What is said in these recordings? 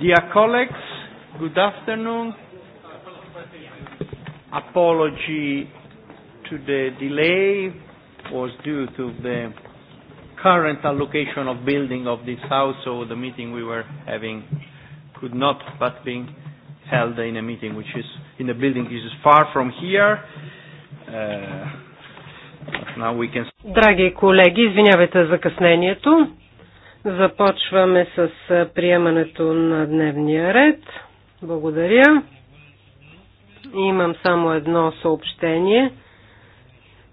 Dear colleagues, good afternoon. Apology to the delay was due to the current allocation of building of this house, so the meeting we were having could not but be held in a meeting which is in a building which is far from here. Uh, now we can... Драги колеги, извинявайте за къснението. Започваме с приемането на дневния ред. Благодаря. Имам само едно съобщение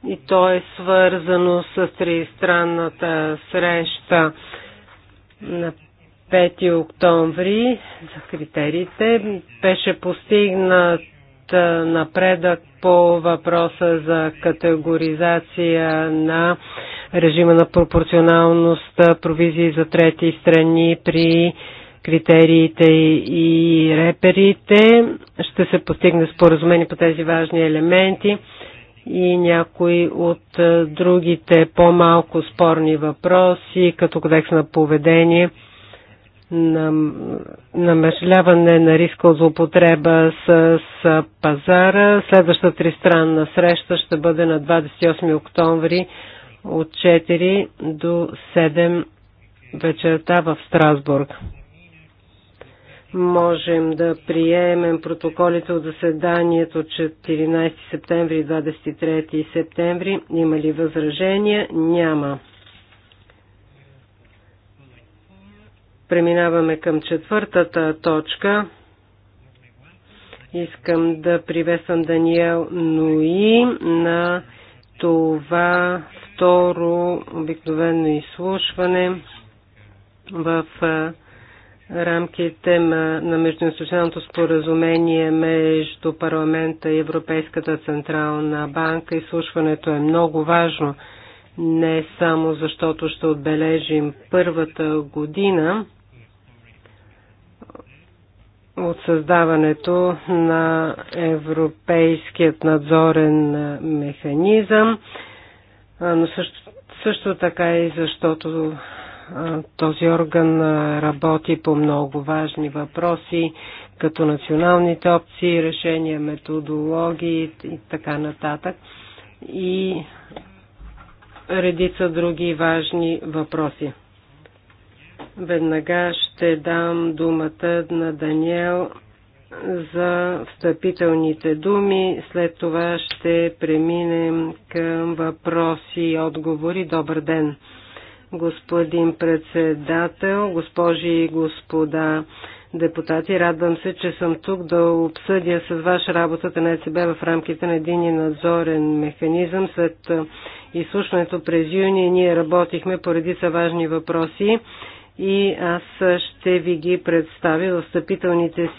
и то е свързано с тристранната среща на 5 октомври за критериите. Беше постигнат напредък по въпроса за категоризация на режима на пропорционалност, провизии за трети страни при критериите и реперите. Ще се постигне споразумение по тези важни елементи и някои от другите по-малко спорни въпроси, като кодекс на поведение, намежляване на риска от злоупотреба с, с пазара. Следващата тристранна среща ще бъде на 28 октомври от 4 до 7 вечерта в Страсбург. Можем да приемем протоколите от заседанието 14 септември и 23 септември. Има ли възражения? Няма. Преминаваме към четвъртата точка. Искам да приветствам Даниел Нуи на това второ обикновено изслушване в рамките на междуинституционалното споразумение между парламента и Европейската централна банка. Изслушването е много важно не само защото ще отбележим първата година от създаването на Европейският надзорен механизъм, но също, също така и защото този орган работи по много важни въпроси, като националните опции, решения, методологии и така нататък. И редица други важни въпроси. Веднага ще дам думата на Даниел за встъпителните думи. След това ще преминем към въпроси и отговори. Добър ден, господин председател, госпожи и господа депутати. Радвам се, че съм тук да обсъдя с ваша работата на ЕЦБ в рамките на един надзорен механизъм. След изслушването през юни ние работихме по редица важни въпроси и аз ще ви ги представя в встъпителните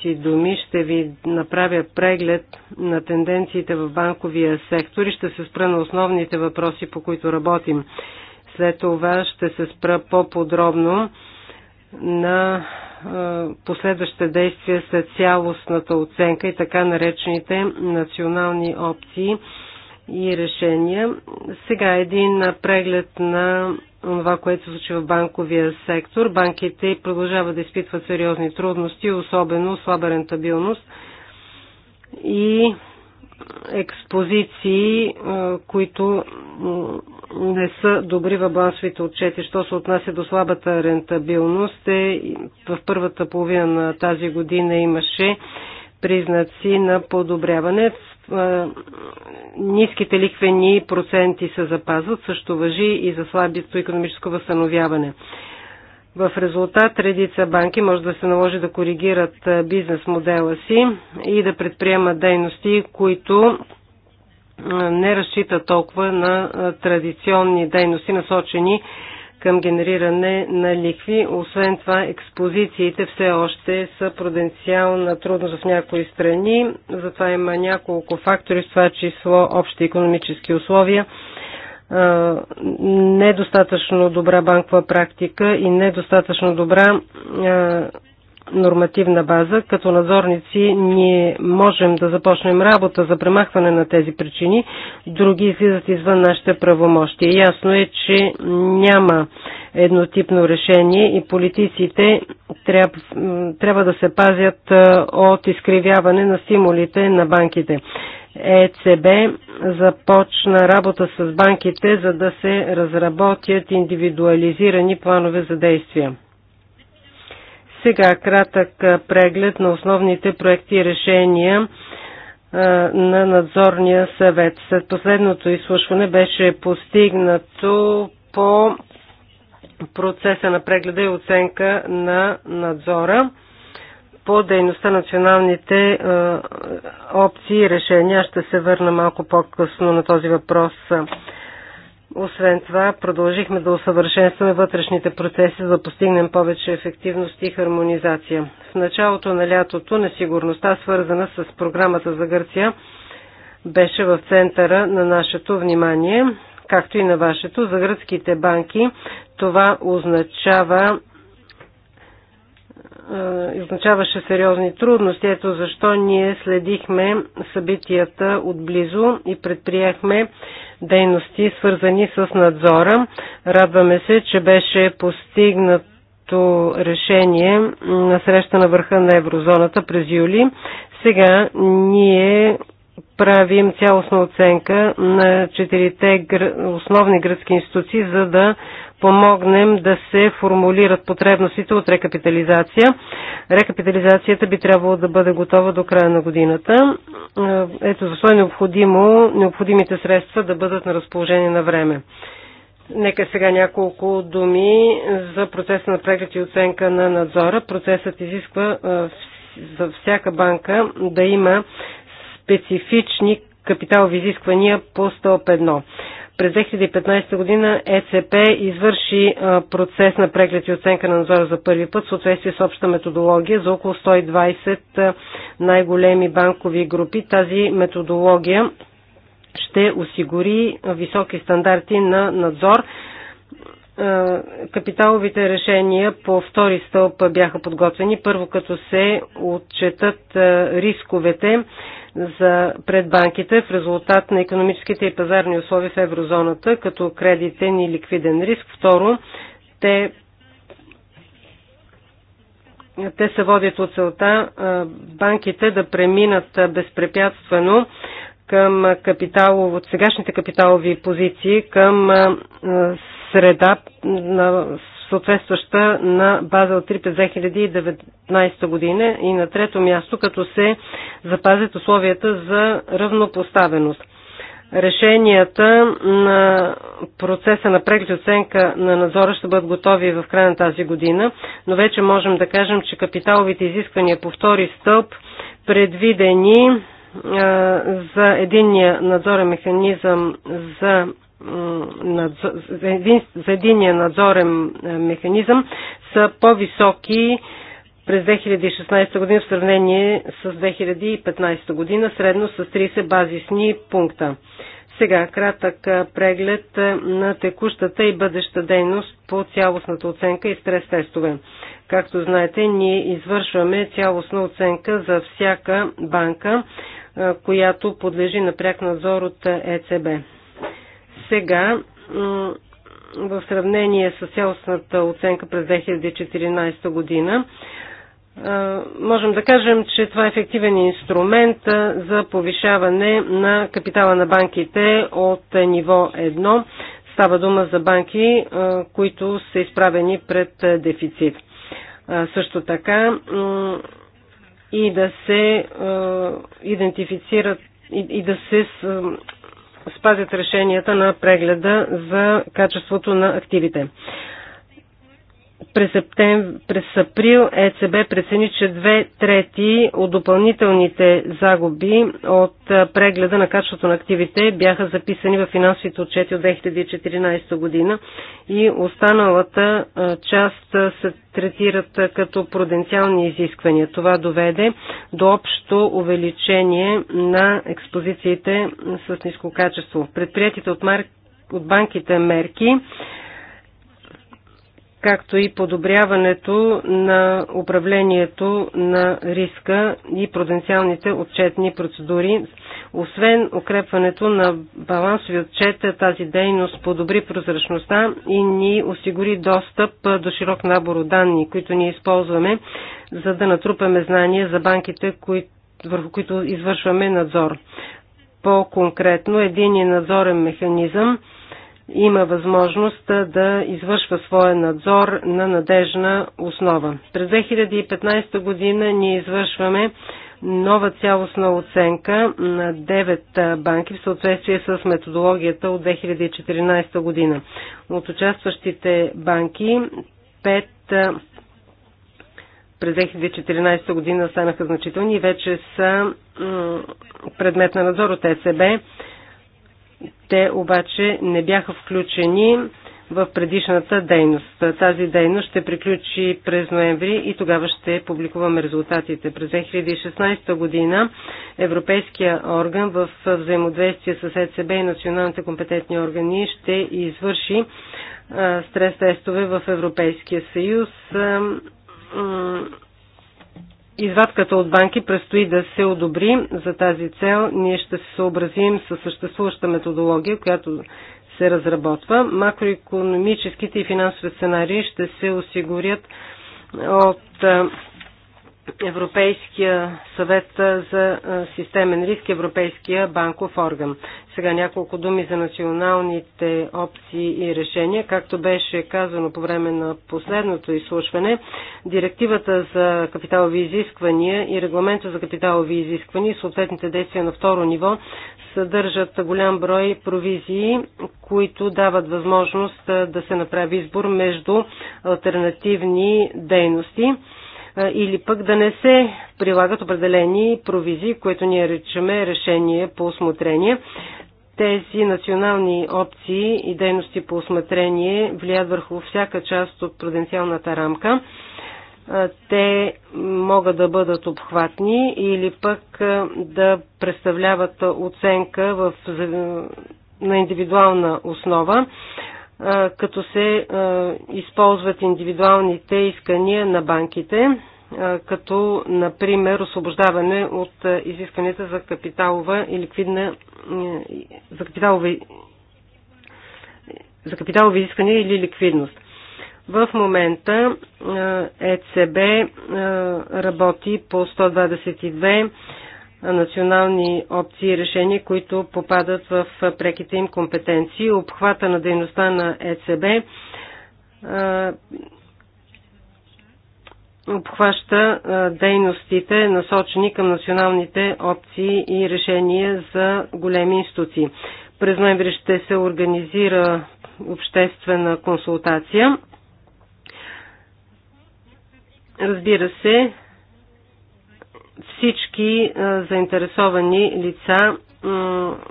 си думи ще ви направя преглед на тенденциите в банковия сектор и ще се спра на основните въпроси, по които работим. След това ще се спра по-подробно на последващите действия след цялостната оценка и така наречените национални опции – и решения. Сега един преглед на това, което се случи в банковия сектор. Банките продължават да изпитват сериозни трудности, особено слаба рентабилност и експозиции, които не са добри в балансовите отчети. Що се отнася до слабата рентабилност, е, в първата половина на тази година имаше признаци на подобряване. Е, ниските ликвени проценти се запазват, също въжи и за слабито економическо възстановяване. В резултат редица банки може да се наложи да коригират е, бизнес модела си и да предприемат дейности, които е, не разчитат толкова на традиционни дейности, насочени към генериране на ликви. Освен това, експозициите все още са проденциална трудност в някои страни. Затова има няколко фактори, в това число общи економически условия, недостатъчно добра банкова практика и недостатъчно добра нормативна база. Като надзорници ние можем да започнем работа за премахване на тези причини. Други излизат извън нашите правомощи. Ясно е, че няма еднотипно решение и политиците тряб, трябва да се пазят от изкривяване на стимулите на банките. ЕЦБ започна работа с банките, за да се разработят индивидуализирани планове за действия. Сега кратък преглед на основните проекти и решения на надзорния съвет. След последното изслушване беше постигнато по процеса на прегледа и оценка на надзора по дейността на националните опции и решения. Ще се върна малко по-късно на този въпрос. Освен това, продължихме да усъвършенстваме вътрешните процеси, за да постигнем повече ефективност и хармонизация. В началото на лятото несигурността, свързана с програмата за Гърция, беше в центъра на нашето внимание, както и на вашето. За гръцките банки това означава означаваше сериозни трудности. Ето защо ние следихме събитията отблизо и предприехме дейности, свързани с надзора. Радваме се, че беше постигнат решение на среща на върха на еврозоната през юли. Сега ние правим цялостна оценка на четирите основни гръцки институции, за да помогнем да се формулират потребностите от рекапитализация. Рекапитализацията би трябвало да бъде готова до края на годината. Ето защо е необходимо необходимите средства да бъдат на разположение на време. Нека сега няколко думи за процеса на преглед и оценка на надзора. Процесът изисква за всяка банка да има специфични капиталови изисквания по стълб през 2015 година ЕЦП извърши процес на преглед и оценка на надзора за първи път в съответствие с обща методология за около 120 най-големи банкови групи. Тази методология ще осигури високи стандарти на надзор. Капиталовите решения по втори стълб бяха подготвени първо като се отчетат рисковете за предбанките в резултат на економическите и пазарни условия в еврозоната, като кредитен и ликвиден риск. Второ, те, те се водят от целта банките да преминат безпрепятствено към капиталово, от сегашните капиталови позиции към среда на съответстваща на база 3 през 2019 година и на трето място, като се запазят условията за равнопоставеност. Решенията на процеса на преглед и оценка на надзора ще бъдат готови в края на тази година, но вече можем да кажем, че капиталовите изисквания по втори стълб, предвидени за единния надзорен механизъм за за, един, за единия надзорен е, механизъм са по-високи през 2016 година в сравнение с 2015 година, средно с 30 базисни пункта. Сега кратък е, преглед е, на текущата и бъдеща дейност по цялостната оценка и стрес тестове. Както знаете, ние извършваме цялостна оценка за всяка банка, която подлежи на пряк надзор от ЕЦБ. Сега, в сравнение с цялостната оценка през 2014 година, можем да кажем, че това е ефективен инструмент за повишаване на капитала на банките от ниво 1. Става дума за банки, които са изправени пред дефицит. Също така и да се идентифицират и да се спазят решенията на прегледа за качеството на активите. През, септем, през април ЕЦБ прецени, че две трети от допълнителните загуби от прегледа на качеството на активите бяха записани в финансовите отчети от 2014 година и останалата част се третират като пруденциални изисквания. Това доведе до общо увеличение на експозициите с ниско качество. Предприятите от, марк... от банките мерки както и подобряването на управлението на риска и проденциалните отчетни процедури. Освен укрепването на балансови отчета тази дейност подобри прозрачността и ни осигури достъп до широк набор от данни, които ние използваме, за да натрупаме знания за банките, върху които извършваме надзор. По-конкретно, един е надзорен механизъм – има възможност да извършва своя надзор на надежна основа. През 2015 година ние извършваме нова цялостна оценка на 9 банки в съответствие с методологията от 2014 година. От участващите банки 5 през 2014 година станаха значителни и вече са предмет на надзор от ЕЦБ. Те обаче не бяха включени в предишната дейност. Тази дейност ще приключи през ноември и тогава ще публикуваме резултатите. През 2016 година Европейския орган в взаимодействие с ЕЦБ и националните компетентни органи ще извърши стрес-тестове в Европейския съюз Извадката от банки предстои да се одобри. За тази цел ние ще се съобразим с съществуваща методология, която се разработва. Макроекономическите и финансови сценарии ще се осигурят от Европейския съвет за системен риск, Европейския банков орган. Сега няколко думи за националните опции и решения. Както беше казано по време на последното изслушване, директивата за капиталови изисквания и регламента за капиталови изисквания и съответните действия на второ ниво съдържат голям брой провизии, които дават възможност да се направи избор между альтернативни дейности или пък да не се прилагат определени провизии, което ние речеме решение по осмотрение. Тези национални опции и дейности по осмотрение влияят върху всяка част от пруденциалната рамка. Те могат да бъдат обхватни или пък да представляват оценка в, на индивидуална основа като се използват индивидуалните искания на банките като например освобождаване от изискванията за капиталова и ликвидна за капиталови, за капиталови изисквания или ликвидност. В момента ЕЦБ работи по 122 национални опции и решения, които попадат в преките им компетенции. Обхвата на дейността на ЕЦБ обхваща дейностите, насочени към националните опции и решения за големи институции. През ноември ще се организира обществена консултация. Разбира се, всички заинтересовани лица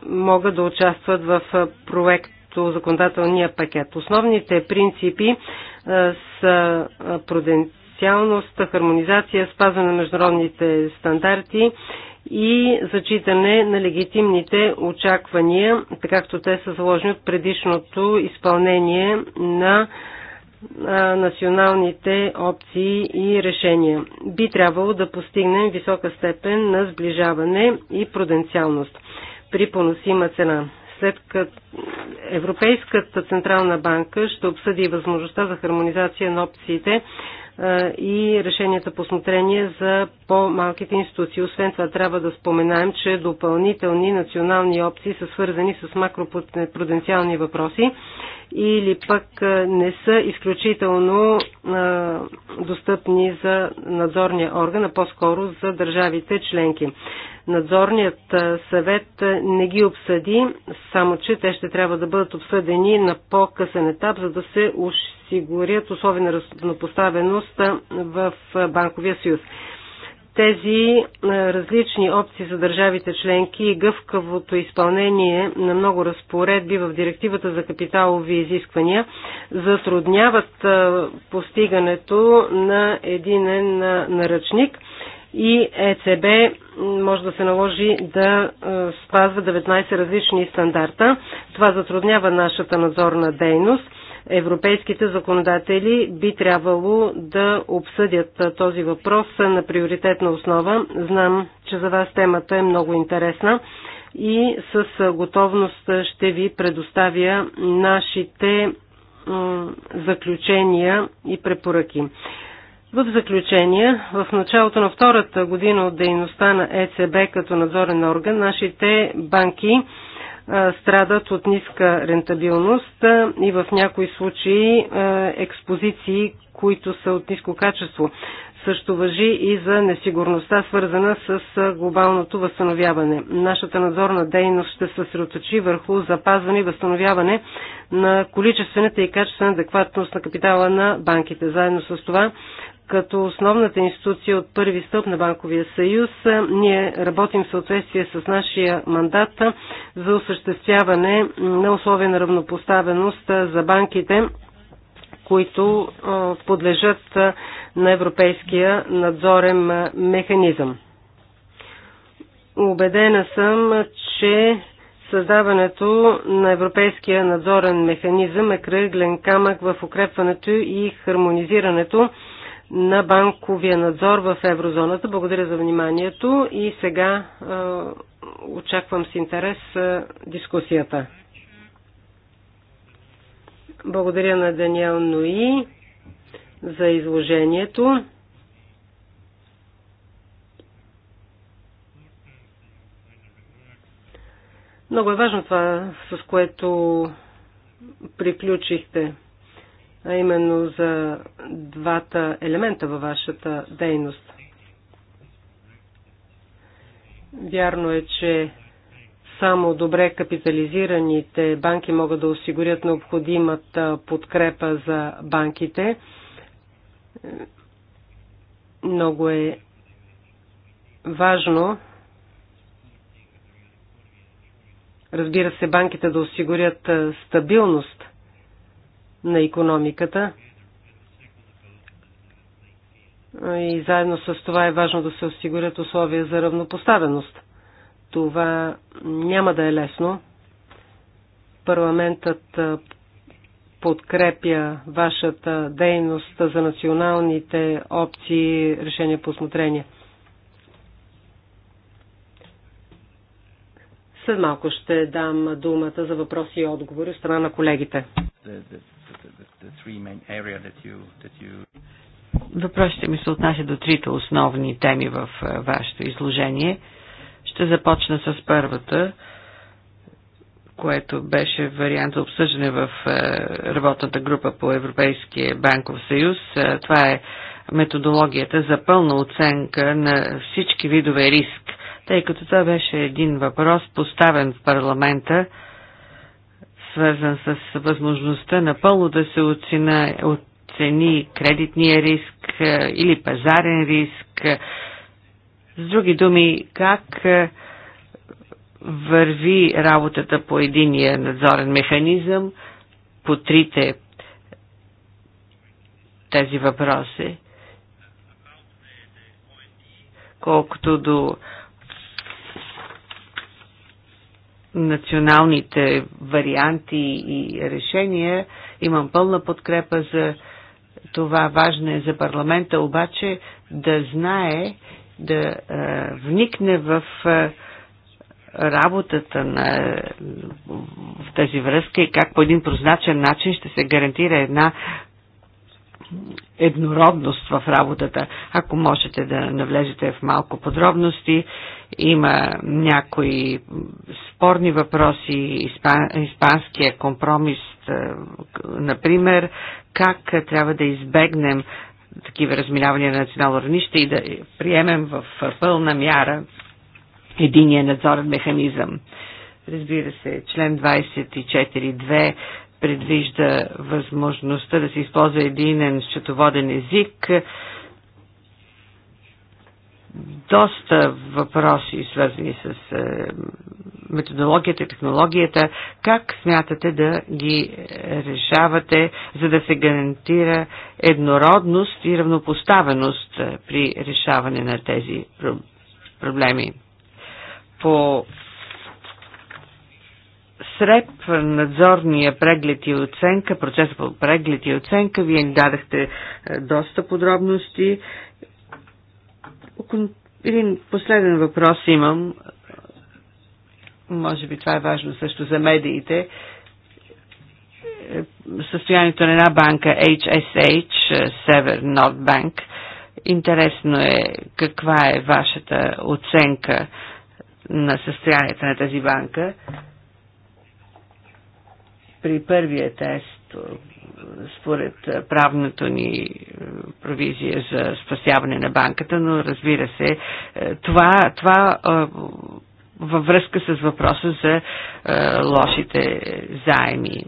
могат да участват в проекто законодателния пакет. Основните принципи са пруденци специалност, хармонизация, спазване на международните стандарти и зачитане на легитимните очаквания, така както те са заложени от предишното изпълнение на националните опции и решения. Би трябвало да постигнем висока степен на сближаване и пруденциалност при поносима цена. След като Европейската Централна банка ще обсъди възможността за хармонизация на опциите и решенията по смотрение за по-малките институции. Освен това трябва да споменаем, че допълнителни национални опции са свързани с макропруденциални въпроси или пък не са изключително достъпни за надзорния орган, а по-скоро за държавите членки. Надзорният съвет не ги обсъди, само че те ще трябва да бъдат обсъдени на по-късен етап, за да се осигурят условия на равнопоставеност в Банковия съюз. Тези различни опции за държавите членки и гъвкавото изпълнение на много разпоредби в директивата за капиталови изисквания затрудняват постигането на единен наръчник и ЕЦБ може да се наложи да спазва 19 различни стандарта. Това затруднява нашата надзорна дейност Европейските законодатели би трябвало да обсъдят този въпрос на приоритетна основа. Знам, че за вас темата е много интересна и с готовност ще ви предоставя нашите заключения и препоръки. В заключение, в началото на втората година от дейността на ЕЦБ като надзорен орган, нашите банки страдат от ниска рентабилност и в някои случаи експозиции, които са от ниско качество. Също въжи и за несигурността, свързана с глобалното възстановяване. Нашата надзорна дейност ще се съсредоточи върху запазване и възстановяване на количествената и качествена адекватност на капитала на банките. Заедно с това като основната институция от първи стъп на Банковия съюз, ние работим в съответствие с нашия мандат за осъществяване на условия на равнопоставеност за банките, които подлежат на европейския надзорен механизъм. Убедена съм, че Създаването на Европейския надзорен механизъм е кръглен камък в укрепването и хармонизирането на банковия надзор в еврозоната. Благодаря за вниманието и сега е, очаквам с интерес е, дискусията. Благодаря на Даниел Нуи за изложението. Много е важно това, с което приключихте а именно за двата елемента във вашата дейност. Вярно е, че само добре капитализираните банки могат да осигурят необходимата подкрепа за банките. Много е важно, разбира се, банките да осигурят стабилност на економиката. И заедно с това е важно да се осигурят условия за равнопоставеност. Това няма да е лесно. Парламентът подкрепя вашата дейност за националните опции решения по осмотрение. След малко ще дам думата за въпроси и отговори от страна на колегите. Въпросите ми се отнася до трите основни теми в е, вашето изложение. Ще започна с първата, което беше вариант за обсъждане в е, работната група по Европейския банков съюз. Е, това е методологията за пълна оценка на всички видове риск, тъй като това беше един въпрос поставен в парламента свързан с възможността напълно да се оцена, оцени кредитния риск е, или пазарен риск. Е, с други думи, как е, върви работата по единия надзорен механизъм по трите тези въпроси. Колкото до националните варианти и решения. Имам пълна подкрепа за това важно е за парламента, обаче да знае, да е, вникне в е, работата на, в тази връзка и как по един прозначен начин ще се гарантира една еднородност в работата. Ако можете да навлезете в малко подробности, има някои спорни въпроси, испанския компромис, е, например, как трябва да избегнем такива разминавания на национално равнище и да приемем в пълна мяра единия надзорен механизъм. Разбира се, член 24.2 предвижда възможността да се използва единен счетоводен език. Доста въпроси, свързани с е, методологията и технологията. Как смятате да ги решавате, за да се гарантира еднородност и равнопоставеност при решаване на тези проблеми? По СРЕП, надзорния преглед и оценка, процеса по преглед и оценка, вие ни дадахте е, доста подробности. Един последен въпрос имам. Може би това е важно също за медиите. Е, състоянието на една банка HSH, е, Север Норд Банк. Интересно е каква е вашата оценка на състоянието на тази банка при първия тест, според правното ни провизия за спасяване на банката, но разбира се, е, това, това е, във връзка с въпроса за е, лошите заеми.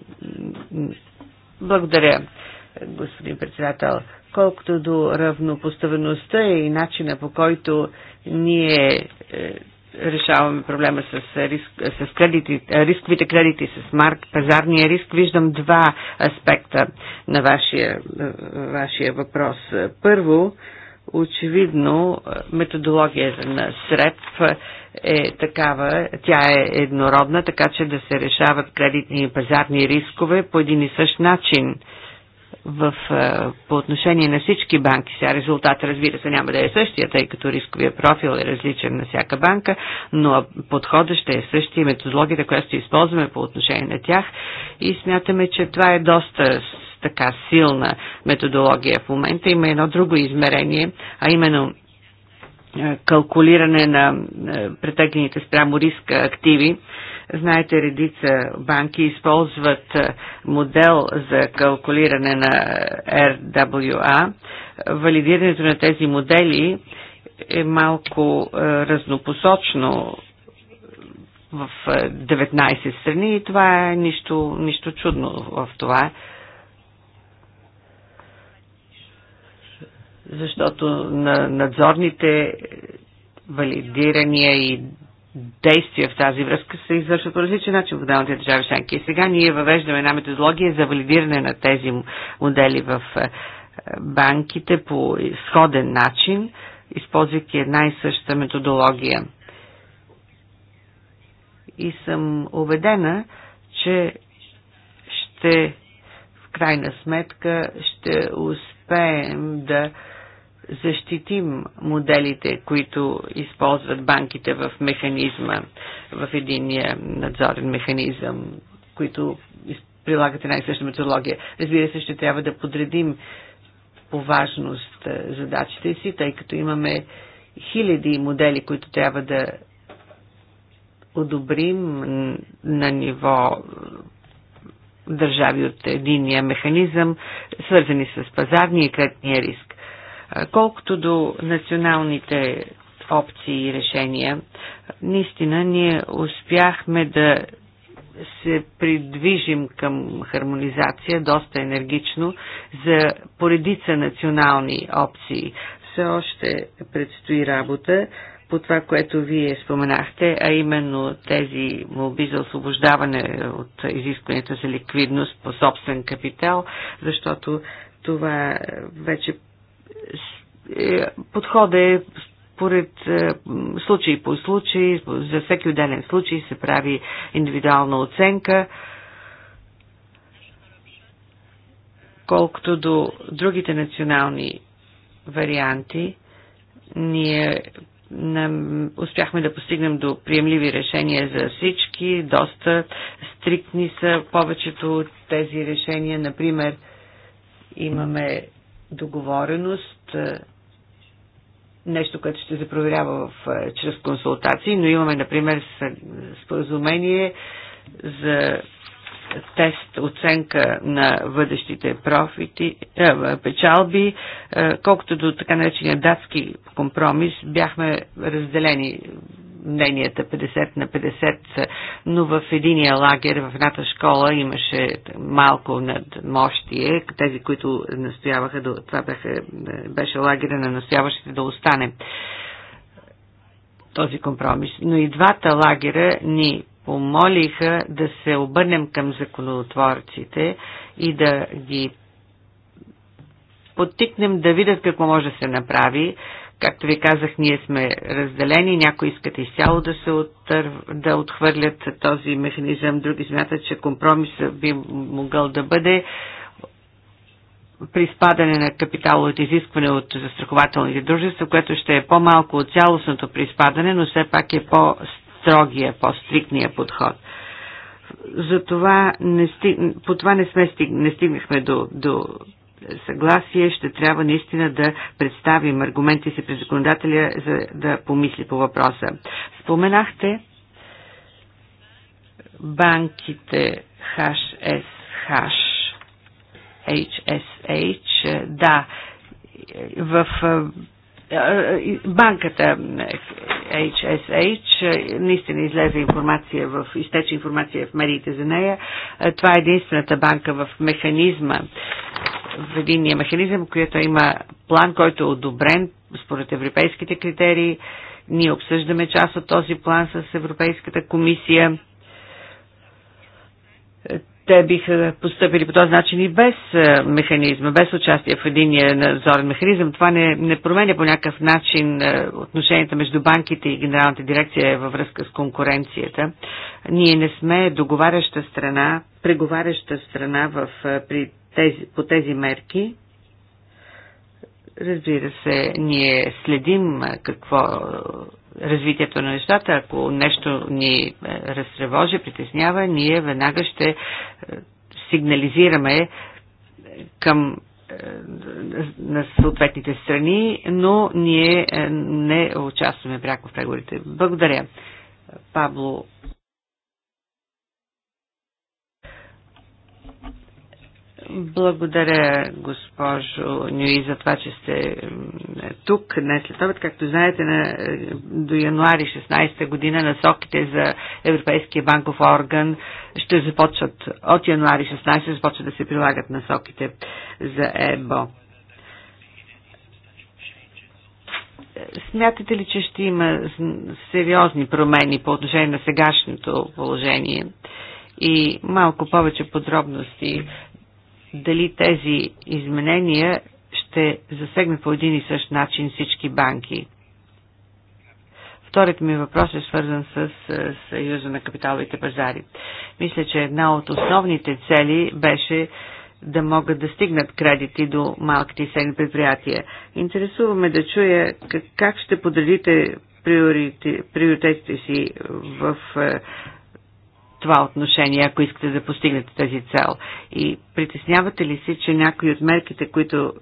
Благодаря, господин председател. Колкото до равнопоставеността и начина по който ние решаваме проблема с, риск, с кредити, рисковите кредити, с марк, пазарния риск. Виждам два аспекта на вашия, вашия въпрос. Първо, очевидно методологията на СРЕП е такава, тя е еднородна, така че да се решават кредитни и пазарни рискове по един и същ начин в, е, по отношение на всички банки. Сега резултат, разбира се, няма да е същия, тъй като рисковия профил е различен на всяка банка, но подходът ще е същия, методологията, която ще използваме по отношение на тях и смятаме, че това е доста така силна методология в момента. Има едно друго измерение, а именно е, калкулиране на е, претеглените спрямо риска активи Знаете, редица банки използват е, модел за калкулиране на е, RWA. Валидирането на тези модели е малко е, разнопосочно в 19 страни и това е нищо, нищо чудно в това. Защото на надзорните валидирания и действия в тази връзка се извършват по различен начин в отделните държави членки. И сега ние въвеждаме една методология за валидиране на тези модели в е, е, банките по сходен начин, използвайки една и съща методология. И съм убедена, че ще в крайна сметка ще успеем да защитим моделите, които използват банките в механизма, в единия надзорен механизъм, които прилагат една и съща методология. Разбира се, ще трябва да подредим по важност е, задачите си, тъй като имаме хиляди модели, които трябва да одобрим на ниво е, държави от единия механизъм, свързани с пазарния и кредитния риск. Колкото до националните опции и решения, наистина ние успяхме да се придвижим към хармонизация доста енергично за поредица национални опции. Все още предстои работа по това, което вие споменахте, а именно тези молби за освобождаване от изискването за ликвидност по собствен капитал, защото това вече е, подходът е според е, случай по случай, за всеки отделен случай се прави индивидуална оценка. Колкото до другите национални варианти, ние успяхме да постигнем до приемливи решения за всички. Доста стриктни са повечето от тези решения. Например, имаме договореност, е, нещо, което ще се проверява в, е, чрез консултации, но имаме, например, е, споразумение за тест, оценка на бъдещите профити, е, печалби, е, колкото до така наречения датски компромис, бяхме разделени мненията 50 на 50, но в единия лагер, в едната школа имаше малко надмощие. Тези, които настояваха, да, това беше, беше лагера на настояващите да остане този компромис. Но и двата лагера ни помолиха да се обърнем към законотворците и да ги подтикнем да видят какво може да се направи Както ви казах, ние сме разделени. Някои искат изцяло да се оттър... да отхвърлят този механизъм, други смятат, че компромисът би могъл да бъде при спадане на от изискване от застрахователните дружества, което ще е по-малко от цялостното при спадане, но все пак е по-строгия, по-стриктния подход. Затова не стиг... по това не, сме стиг... не стигнахме до, до съгласие, ще трябва наистина да представим аргументи си пред законодателя, за да помисли по въпроса. Споменахте банките HSH, HSH, да, в е, е, банката HSH наистина излезе информация в, изтече информация в медиите за нея. Е, това е единствената банка в механизма, в единния механизъм, която има план, който е одобрен според европейските критерии. Ние обсъждаме част от този план с Европейската комисия те биха поступили по този начин и без е, механизма, без участие в единия надзорен механизъм. Това не, не променя по някакъв начин е, отношенията между банките и Генералната дирекция във връзка с конкуренцията. Ние не сме договаряща страна, преговаряща страна в, е, при тези, по тези мерки. Разбира се, ние следим какво развитието на нещата. Ако нещо ни е, разтревожи, притеснява, ние веднага ще е, сигнализираме към е, на съответните страни, но ние не участваме пряко в преговорите. Благодаря. Пабло Благодаря, госпожо Нюи, за това, че сте тук днес след обед. Както знаете, на, е, до януари 16 година насоките за Европейския банков орган ще започват от януари 16 започват да се прилагат насоките за ЕБО. Смятате ли, че ще има сериозни промени по отношение на сегашното положение? и малко повече подробности дали тези изменения ще засегнат по един и същ начин всички банки. Вторият ми въпрос е свързан с Съюза на капиталовите пазари. Мисля, че една от основните цели беше да могат да стигнат кредити до малките и средни предприятия. Интересуваме да чуя как ще подредите приоритетите си в това отношение, ако искате да постигнете тази цел? И притеснявате ли се, че някои от мерките, които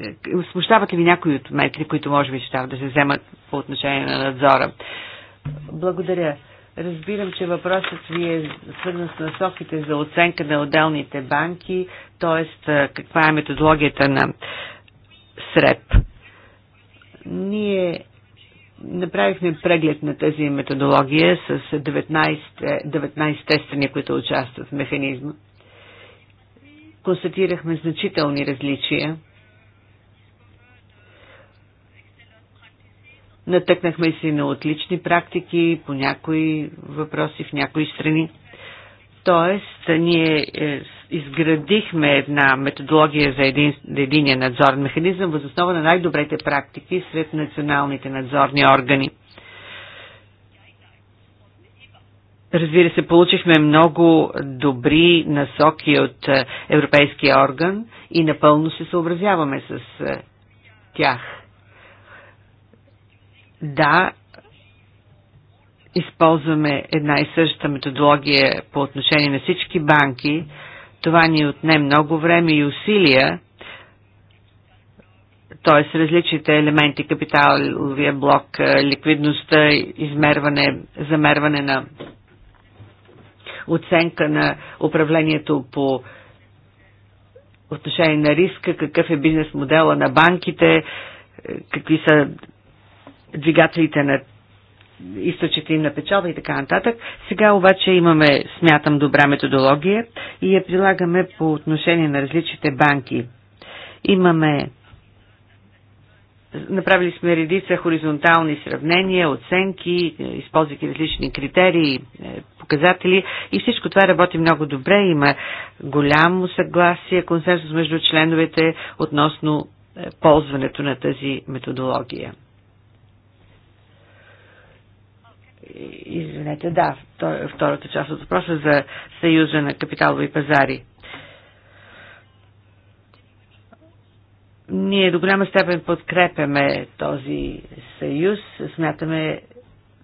е, смущават ли ви някои от мерките, които може би ще да се вземат по отношение на надзора? Благодаря. Разбирам, че въпросът ви е свързан с насоките за оценка на отделните банки, т.е. каква е методологията на СРЕП. Ние Направихме преглед на тази методология с 19, 19 страни, които участват в механизма. Констатирахме значителни различия. Натъкнахме се на отлични практики по някои въпроси в някои страни. Тоест, ние е, изградихме една методология за един, единия надзорен механизъм основа на най-добрите практики сред националните надзорни органи. Разбира се, получихме много добри насоки от е, Европейския орган и напълно се съобразяваме с е, тях. Да, използваме една и съща методология по отношение на всички банки, това ни отне много време и усилия, т.е. различните елементи, капиталовия блок, ликвидността, измерване, замерване на оценка на управлението по отношение на риска, какъв е бизнес модела на банките, какви са двигателите на източите им на печалба и така нататък. Сега обаче имаме, смятам, добра методология и я прилагаме по отношение на различните банки. Имаме Направили сме редица хоризонтални сравнения, оценки, използвайки различни критерии, е, показатели и всичко това работи много добре. Има голямо съгласие, консенсус между членовете относно е, ползването на тази методология. Извинете, да, втората част от въпроса за Съюза на капиталови пазари. Ние до голяма степен подкрепяме този съюз. Смятаме,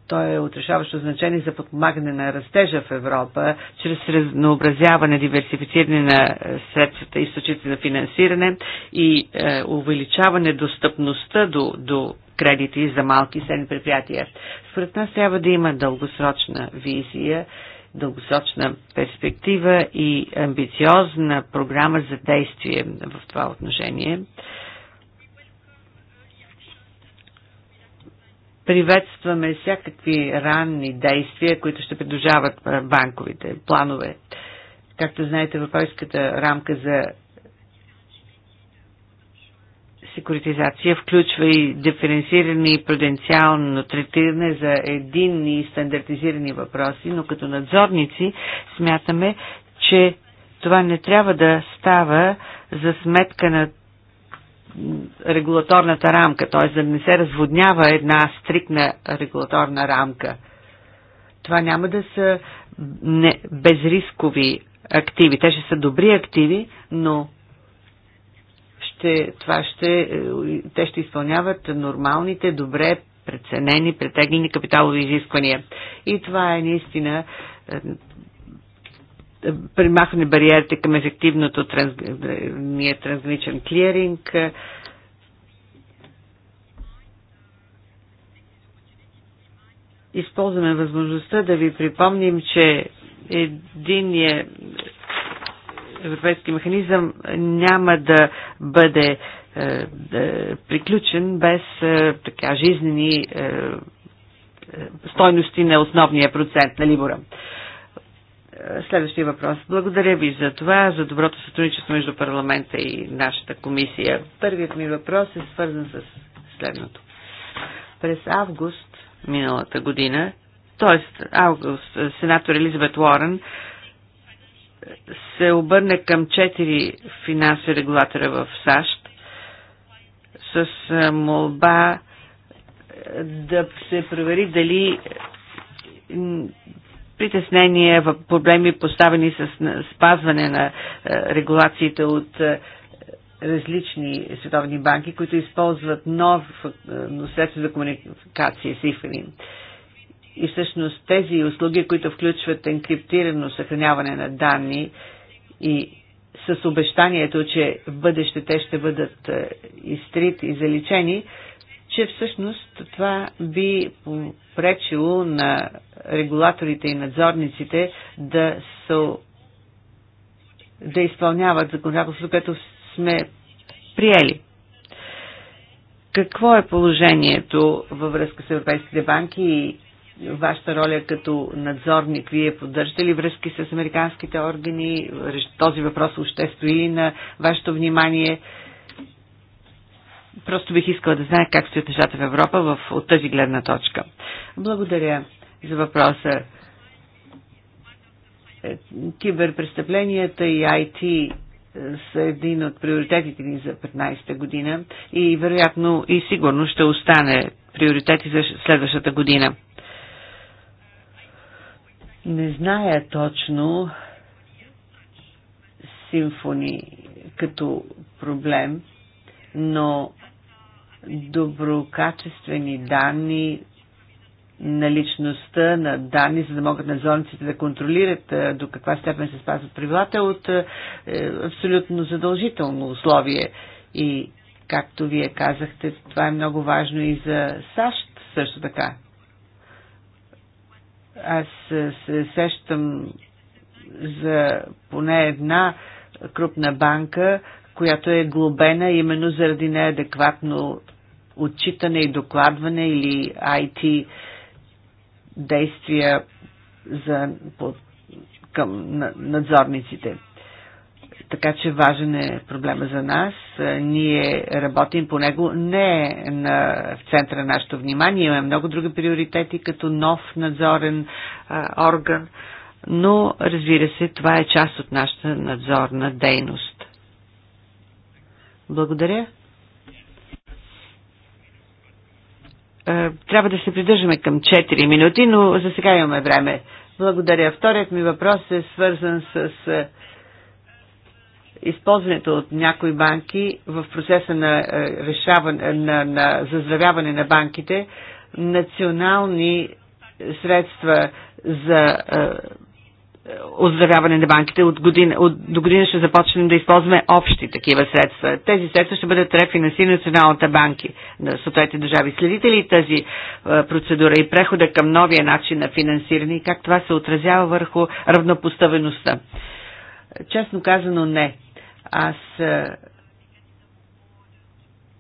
той е отрешаващо значение за подпомагане на растежа в Европа чрез разнообразяване, диверсифициране на е, средствата, източници на финансиране и е, увеличаване достъпността до, до кредити за малки и средни предприятия. Според нас трябва да има дългосрочна визия дългосрочна перспектива и амбициозна програма за действие в това отношение. Приветстваме всякакви ранни действия, които ще придружават банковите планове. Както знаете, Европейската рамка за секуритизация включва и диференциране и пруденциално третиране за единни и стандартизирани въпроси, но като надзорници смятаме, че това не трябва да става за сметка на регулаторната рамка, т.е. да не се разводнява една стрикна регулаторна рамка. Това няма да са не, безрискови активи. Те ще са добри активи, но ще, това ще, е, те ще изпълняват нормалните, добре преценени, претеглени капиталови изисквания. И това е наистина е, примахване бариерите към ефективното трансграничен клиринг, използваме възможността да ви припомним, че единия европейски механизъм няма да бъде е, приключен без е, така жизнени е, стойности на основния процент на Либора. Следващия въпрос. Благодаря ви за това, за доброто сътрудничество между парламента и нашата комисия. Първият ми въпрос е свързан с следното. През август миналата година, т.е. август, сенатор Елизабет Уорън се обърне към четири финансови регулатора в САЩ с молба да се провери дали притеснения, проблеми поставени с спазване на е, регулациите от е, различни световни банки, които използват нов е, средство за комуникация, с цифри. И всъщност тези услуги, които включват енкриптирано съхраняване на данни и с обещанието, че в бъдеще те ще бъдат изтрити и заличени, че всъщност това би пречило на регулаторите и надзорниците да, са, да изпълняват законодателството, което сме приели. Какво е положението във връзка с европейските банки и вашата роля като надзорник? Вие поддържате ли връзки с американските органи? Този въпрос още стои на вашето внимание. Просто бих искала да знае как стоят нещата в Европа в, от тази гледна точка. Благодаря за въпроса. Е, киберпрестъпленията и IT е, са един от приоритетите ни за 15-та година и вероятно и сигурно ще остане приоритети за следващата година. Не зная точно симфони като проблем, но доброкачествени данни на личността, на данни, за да могат надзорниците да контролират е, до каква степен се спазват правилата е от е, абсолютно задължително условие. И както вие казахте, това е много важно и за САЩ също така. Аз се сещам за поне една крупна банка, която е глобена именно заради неадекватно отчитане и докладване или IT действия за, по, към надзорниците. Така че важен е проблема за нас. Ние работим по него не е на, в центъра на нашето внимание. Имаме много други приоритети, като нов надзорен а, орган. Но, разбира се, това е част от нашата надзорна дейност. Благодаря. Е, трябва да се придържаме към 4 минути, но за сега имаме време. Благодаря. Вторият ми въпрос е свързан с е, използването от някои банки в процеса на, е, решаване, на, на заздравяване на банките национални средства за оздравяване на банките. От година, от, до година ще започнем да използваме общи такива средства. Тези средства ще бъдат рефинансирани от Националната банки на съответните държави. Следите ли тази е, процедура и прехода към новия начин на финансиране и как това се отразява върху равнопоставеността? Честно казано не. Аз е,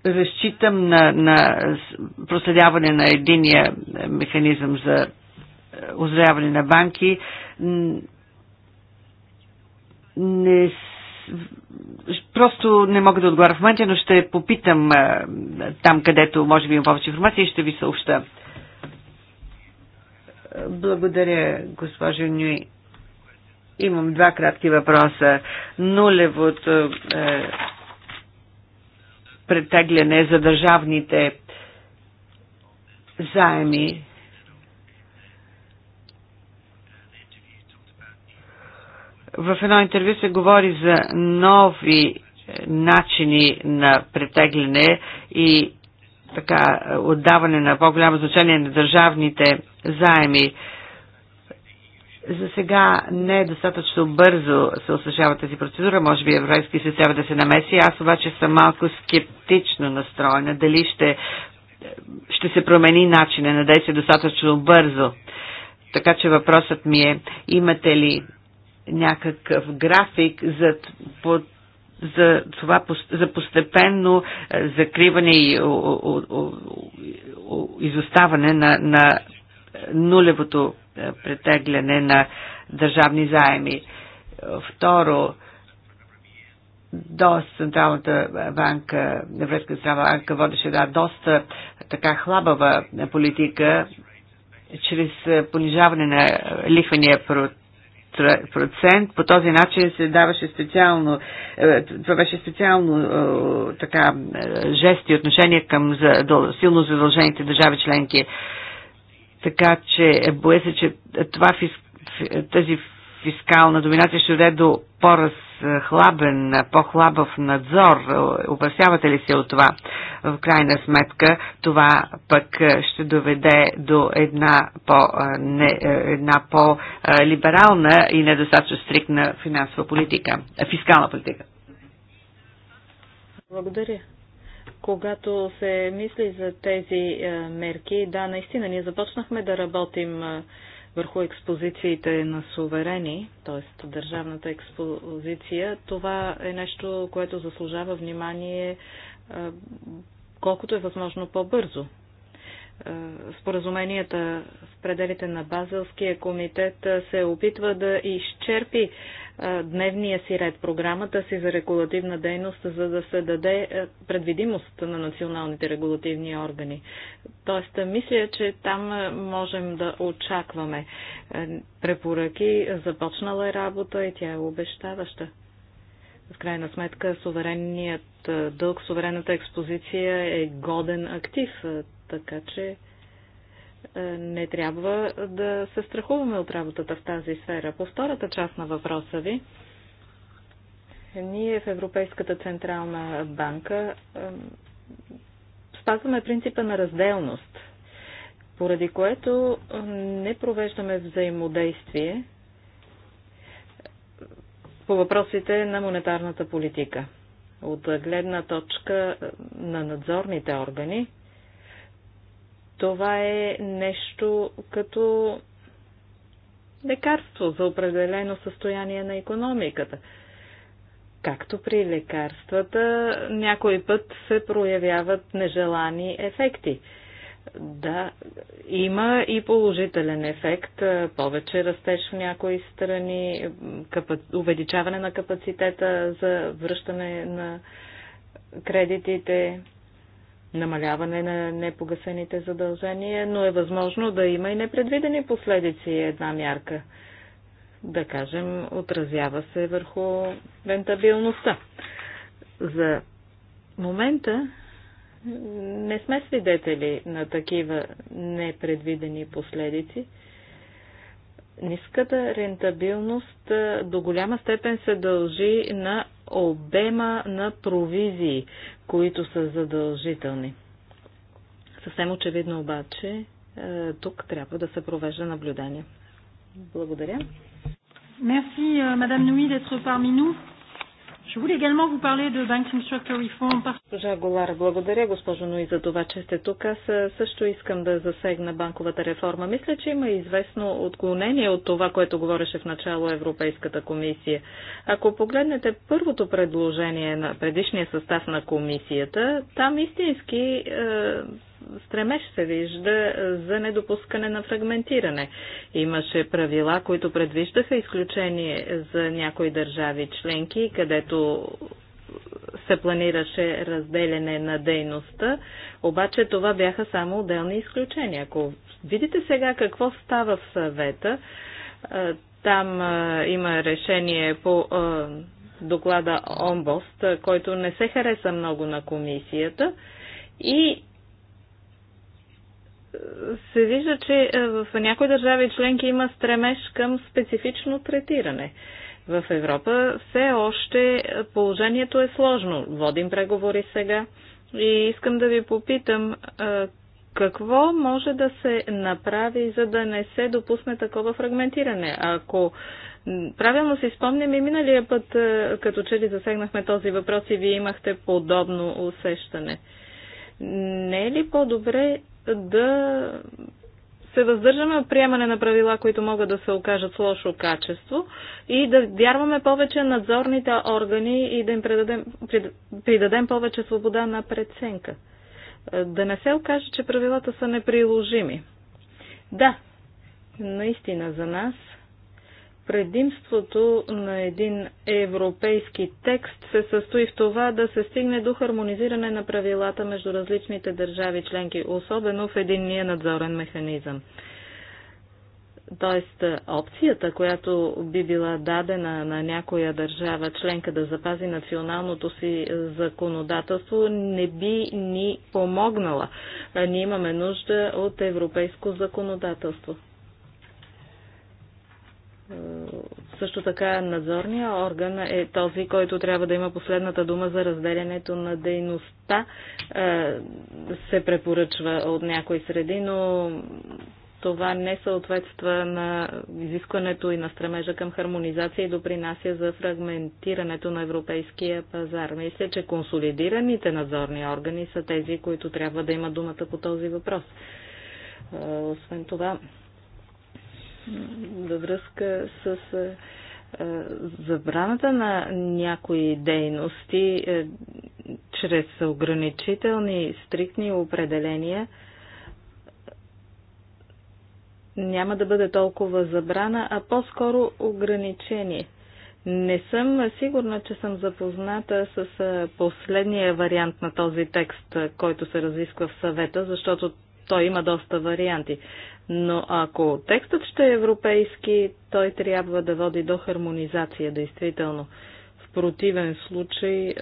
разчитам на, на проследяване на единия механизъм за е, оздравяване на банки не просто не мога да отговоря в момента, но ще попитам там, където може би има повече информация и ще ви съобща. Благодаря, госпожо Нюи. Имам два кратки въпроса. Нулевото е, претегляне за държавните заеми В едно интервю се говори за нови начини на претегляне и така отдаване на по-голямо значение на държавните заеми. За сега не е достатъчно бързо се осъщава тази процедура. Може би Европейски се трябва да се намеси. Аз обаче съм малко скептично настроена дали ще, ще се промени начина на действие достатъчно бързо. Така че въпросът ми е, имате ли някакъв график за, по, за, това, за постепенно е, закриване и о, о, о, изоставане на, на нулевото е, претегляне на държавни заеми. Второ, до Централната банка, Европейска централна банка водеше една доста така хлабава политика чрез е, понижаване на лихвения процент. По този начин се даваше специално, е, това беше специално е, така е, жест и отношение към силно задължените държави членки. Така че боя се, че това, тази фискална доминация ще даде до по-раз хлабен, по-хлабав надзор? Опасявате ли се от това? В крайна сметка това пък ще доведе до една, по, не, е, една по-либерална и недостатъчно стрикна финансова политика, е, фискална политика. Благодаря когато се мисли за тези е, мерки, да, наистина ние започнахме да работим върху експозициите на суверени, т.е. държавната експозиция, това е нещо, което заслужава внимание колкото е възможно по-бързо. Е, споразуменията в пределите на Базелския комитет е, се опитва да изчерпи е, дневния си ред, програмата си за регулативна дейност, за да се даде предвидимост на националните регулативни органи. Тоест, мисля, че там можем да очакваме препоръки. Започнала е работа и тя е обещаваща. В крайна сметка, суверенният дълг, суверенната експозиция е годен актив. Така че е, не трябва да се страхуваме от работата в тази сфера. По втората част на въпроса ви, ние в Европейската централна банка е, спазваме принципа на разделност, поради което не провеждаме взаимодействие по въпросите на монетарната политика. От гледна точка на надзорните органи, това е нещо като лекарство за определено състояние на економиката. Както при лекарствата, някой път се проявяват нежелани ефекти. Да, има и положителен ефект, повече растеж в някои страни, увеличаване на капацитета за връщане на кредитите, намаляване на непогасените задължения, но е възможно да има и непредвидени последици е една мярка. Да кажем, отразява се върху рентабилността. За момента не сме свидетели на такива непредвидени последици. Ниската рентабилност до голяма степен се дължи на обема на провизии, които са задължителни. Съвсем очевидно обаче, тук трябва да се провежда наблюдение. Благодаря. Merci, euh, Madame Nui, d'être parmi nous. Je благодаря госпожо Нуи за това, че сте тук. Аз също искам да засегна банковата реформа. Мисля, че има известно отклонение от това, което говореше в начало Европейската комисия. Ако погледнете първото предложение на предишния състав на комисията, там истински е, стремеж се вижда за недопускане на фрагментиране. Имаше правила, които предвиждаха изключение за някои държави членки, където се планираше разделяне на дейността, обаче това бяха само отделни изключения. Ако видите сега какво става в съвета, там има решение по доклада Омбост, който не се хареса много на комисията и се вижда, че е, в някои държави членки има стремеж към специфично третиране. В Европа все още е, положението е сложно. Водим преговори сега и искам да ви попитам е, какво може да се направи, за да не се допусне такова фрагментиране. Ако правилно си спомням и миналия път, като че ли засегнахме този въпрос и вие имахте подобно усещане. Не е ли по-добре да се въздържаме от приемане на правила, които могат да се окажат с лошо качество и да вярваме повече надзорните органи и да им предадем, придадем повече свобода на преценка. Е, да не се окаже, че правилата са неприложими. Да, наистина за нас – Предимството на един европейски текст се състои в това да се стигне до хармонизиране на правилата между различните държави членки, особено в единния надзорен механизъм. Тоест, опцията, която би била дадена на някоя държава членка да запази националното си законодателство, не би ни помогнала. Ние имаме нужда от европейско законодателство. Също така надзорния орган е този, който трябва да има последната дума за разделянето на дейността. Е, се препоръчва от някои среди, но това не съответства на изискването и на стремежа към хармонизация и допринася за фрагментирането на европейския пазар. Мисля, че консолидираните надзорни органи са тези, които трябва да имат думата по този въпрос. Е, освен това, във връзка с забраната на някои дейности чрез ограничителни, стриктни определения няма да бъде толкова забрана, а по-скоро ограничение. Не съм сигурна, че съм запозната с последния вариант на този текст, който се разисква в съвета, защото той има доста варианти. Но ако текстът ще е европейски, той трябва да води до хармонизация, действително. В противен случай е,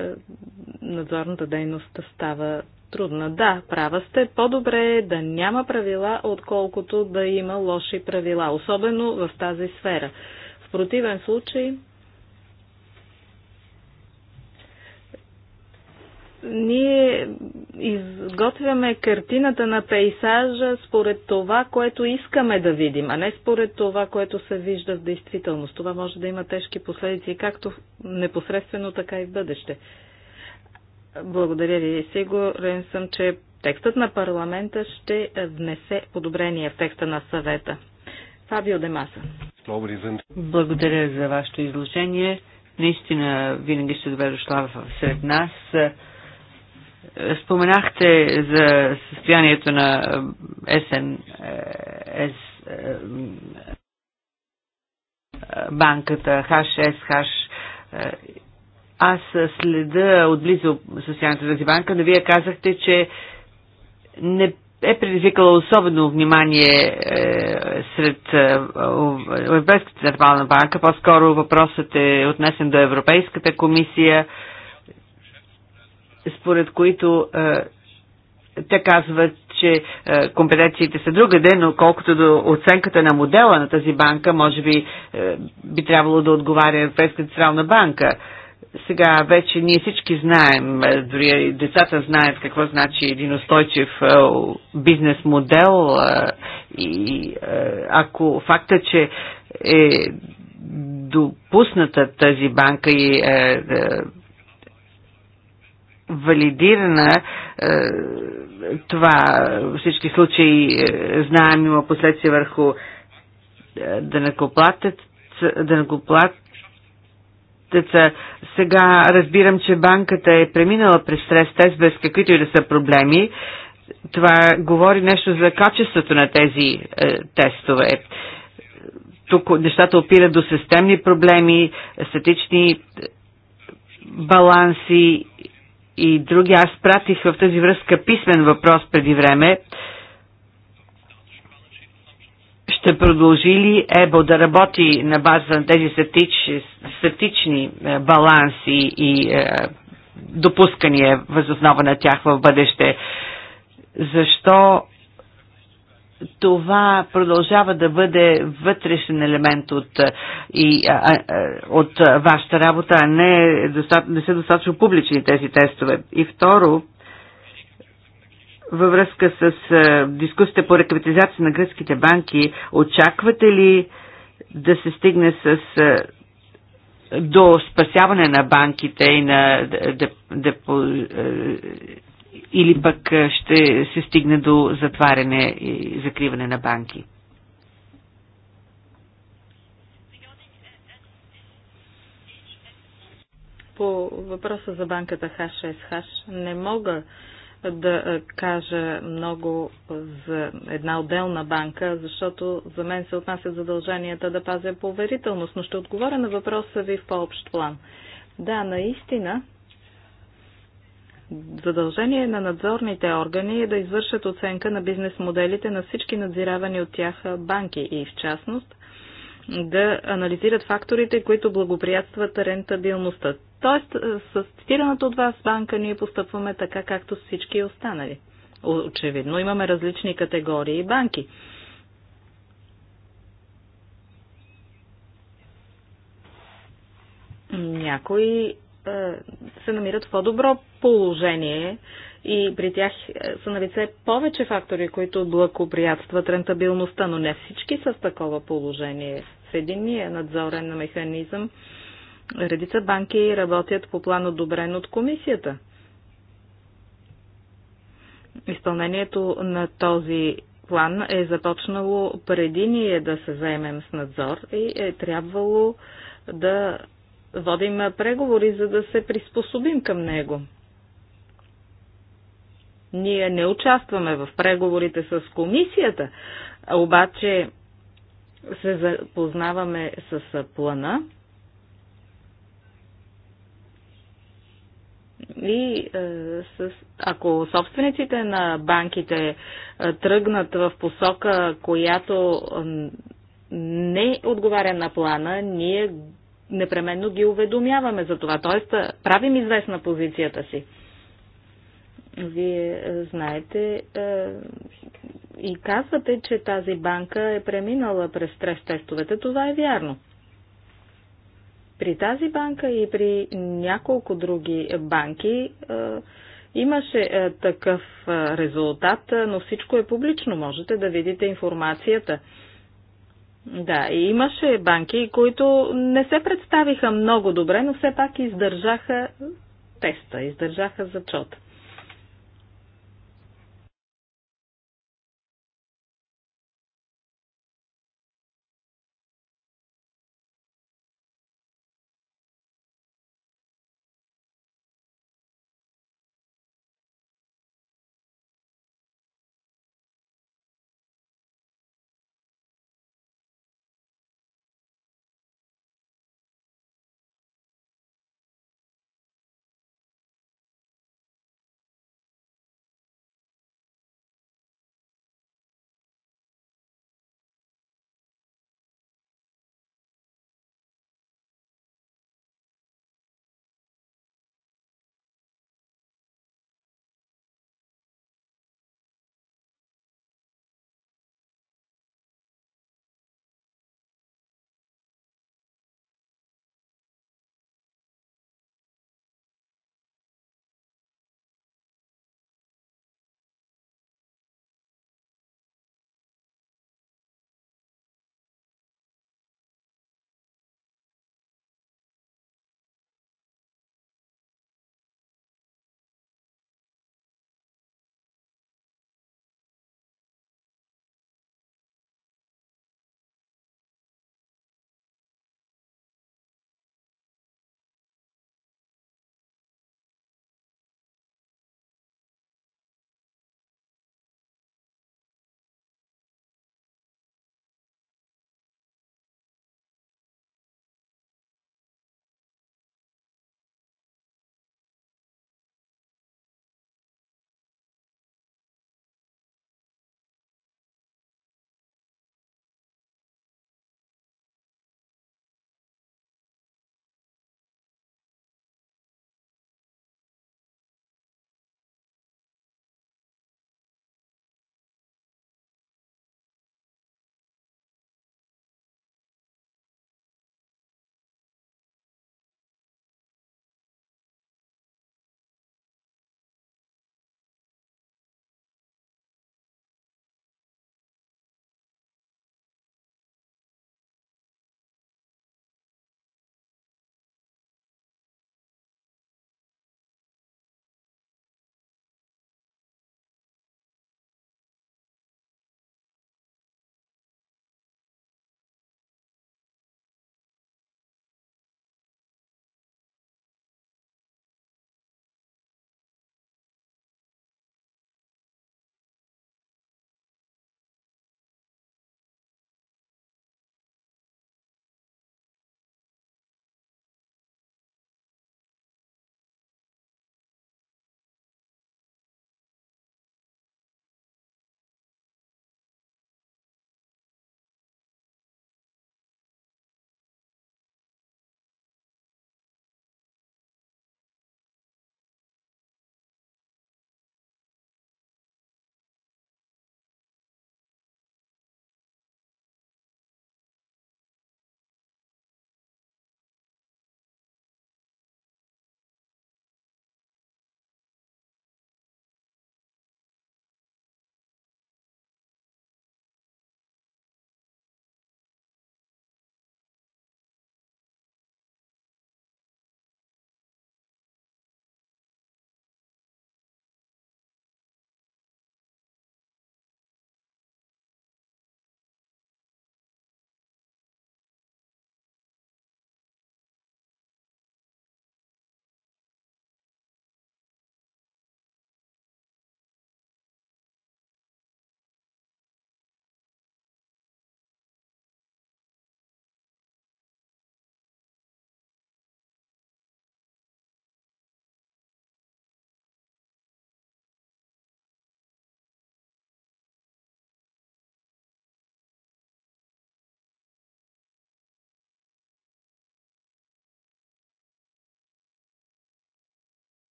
надзорната дейност става трудна. Да, права сте. По-добре е да няма правила, отколкото да има лоши правила, особено в тази сфера. В противен случай ние изготвяме картината на пейсажа според това, което искаме да видим, а не според това, което се вижда в действителност. Това може да има тежки последици, както непосредствено, така и в бъдеще. Благодаря ви. Сигурен съм, че текстът на парламента ще внесе подобрение в текста на съвета. Фабио Демаса. Благодаря за вашето изложение. Наистина винаги ще добре дошла сред нас. Споменахте за състоянието на е, СН, С, е, е, банката ХСХ. Аз следа отблизо състоянието на тази банка, но вие казахте, че не е предизвикала особено внимание е, сред Европейската централна банка. По-скоро въпросът е отнесен до Европейската комисия. Е, според които е, те казват, че е, компетенциите са другаде, но колкото до оценката на модела на тази банка, може би е, би трябвало да отговаря Европейска централна банка. Сега вече ние всички знаем, дори децата знаят какво значи един устойчив бизнес модел и ако факта, че е допусната тази банка и е, валидирана е, това всички случаи е, знаем има последствия върху е, данъкоплатец, данъкоплатеца. Сега разбирам, че банката е преминала през стрес тест без каквито и да са проблеми. Това говори нещо за качеството на тези е, тестове. Тук нещата опират до системни проблеми, статични баланси и други. Аз пратих в тази връзка писмен въпрос преди време. Ще продължи ли ЕБО да работи на база на тези статич, статични е, баланси и е, допускания възоснова на тях в бъдеще? Защо това продължава да бъде вътрешен елемент от, и, а, а, от вашата работа, а не, е не са достатъчно публични тези тестове. И второ, във връзка с а, дискусията по рекапитализация на гръцките банки, очаквате ли да се стигне с, а, до спасяване на банките и на деп, деп, или пък ще се стигне до затваряне и закриване на банки? По въпроса за банката H6H не мога да кажа много за една отделна банка, защото за мен се отнасят задълженията да пазя поверителност, но ще отговоря на въпроса ви в по-общ план. Да, наистина Задължение на надзорните органи е да извършат оценка на бизнес моделите на всички надзиравани от тях банки и в частност да анализират факторите, които благоприятстват рентабилността. Тоест, е, с цитираната от вас банка ние постъпваме така, както всички останали. Очевидно, имаме различни категории банки. Някои е, се намират в по-добро положение и при тях е, са на лице повече фактори, които благоприятстват рентабилността, но не всички са в такова положение. В единия надзорен механизъм редица банки работят по план одобрен от комисията. Изпълнението на този план е започнало преди ние да се заемем с надзор и е трябвало да водим преговори, за да се приспособим към него. Ние не участваме в преговорите с комисията, обаче се запознаваме с плана и е, с, ако собствениците на банките е, тръгнат в посока, която не отговаря на плана, ние непременно ги уведомяваме за това. т.е. правим известна позицията си. Вие знаете и казвате, че тази банка е преминала през стрес тестовете. Това е вярно. При тази банка и при няколко други банки имаше такъв резултат, но всичко е публично. Можете да видите информацията. Да, и имаше банки, които не се представиха много добре, но все пак издържаха теста, издържаха зачота.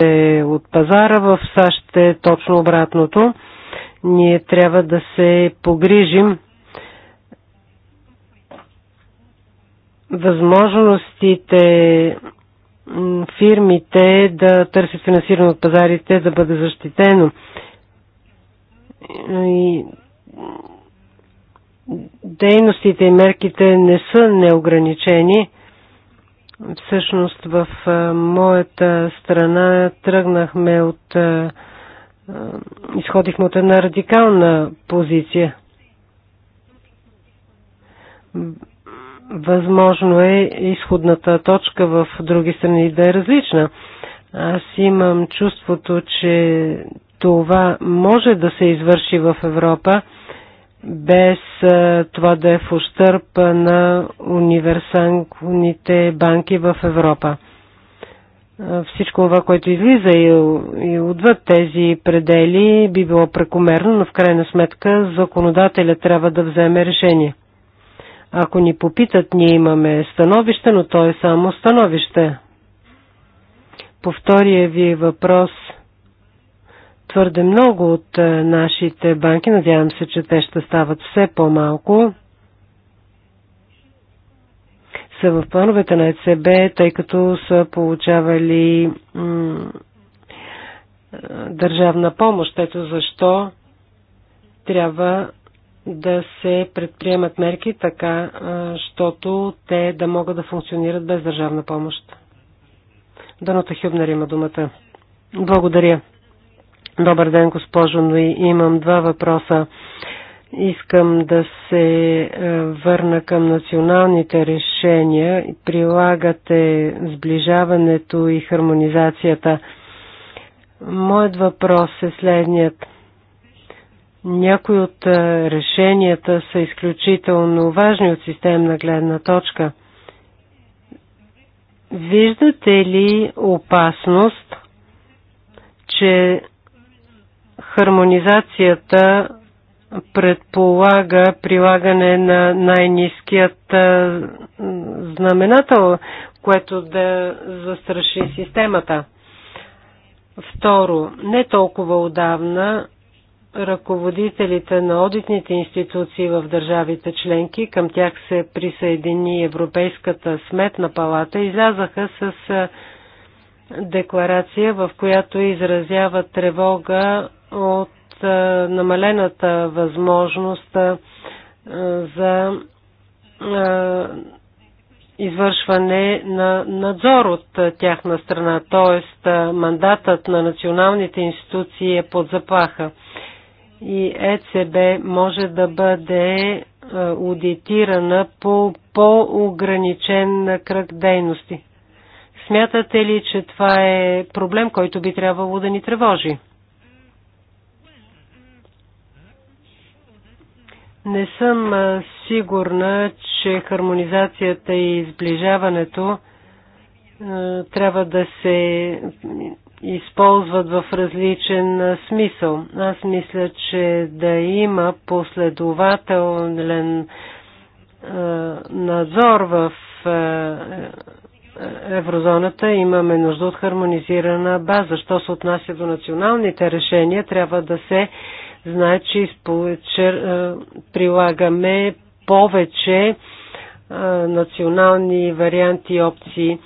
Е от пазара, в САЩ е точно обратното. Ние трябва да се погрижим възможностите фирмите да търсят финансиране от пазарите да бъде защитено. И дейностите и мерките не са неограничени Всъщност в моята страна тръгнахме от. изходихме от една радикална позиция. Възможно е изходната точка в други страни да е различна. Аз имам чувството, че това може да се извърши в Европа без това да е в ущърп на универсалните банки в Европа. Всичко това, което излиза и, и отвъд тези предели, би било прекомерно, но в крайна сметка законодателя трябва да вземе решение. Ако ни попитат, ние имаме становище, но то е само становище. По втория ви въпрос – твърде много от е, нашите банки. Надявам се, че те ще стават все по-малко. Са в плановете на ЕЦБ, тъй като са получавали държавна помощ. Ето защо трябва да се предприемат мерки така, е, щото те да могат да функционират без държавна помощ. Данота Хюбнер има думата. Благодаря. Добър ден, госпожо, но имам два въпроса. Искам да се е, върна към националните решения. Прилагате сближаването и хармонизацията. Моят въпрос е следният. Някои от е, решенията са изключително важни от системна гледна точка. Виждате ли опасност, че Хармонизацията предполага прилагане на най-низкият знаменател, което да застраши системата. Второ, не толкова отдавна ръководителите на одитните институции в държавите членки, към тях се присъедини Европейската сметна палата, излязаха с декларация, в която изразява тревога от е, намалената възможност е, за е, извършване на надзор от тяхна страна, т.е. мандатът на националните институции е под заплаха. И ЕЦБ може да бъде аудитирана по по-ограничен кръг дейности. Смятате ли, че това е проблем, който би трябвало да ни тревожи? Не съм сигурна, че хармонизацията и изближаването трябва да се използват в различен смисъл. Аз мисля, че да има последователен надзор в еврозоната имаме нужда от хармонизирана база. Що се отнася до националните решения, трябва да се Значи е, прилагаме повече е, национални варианти и опции.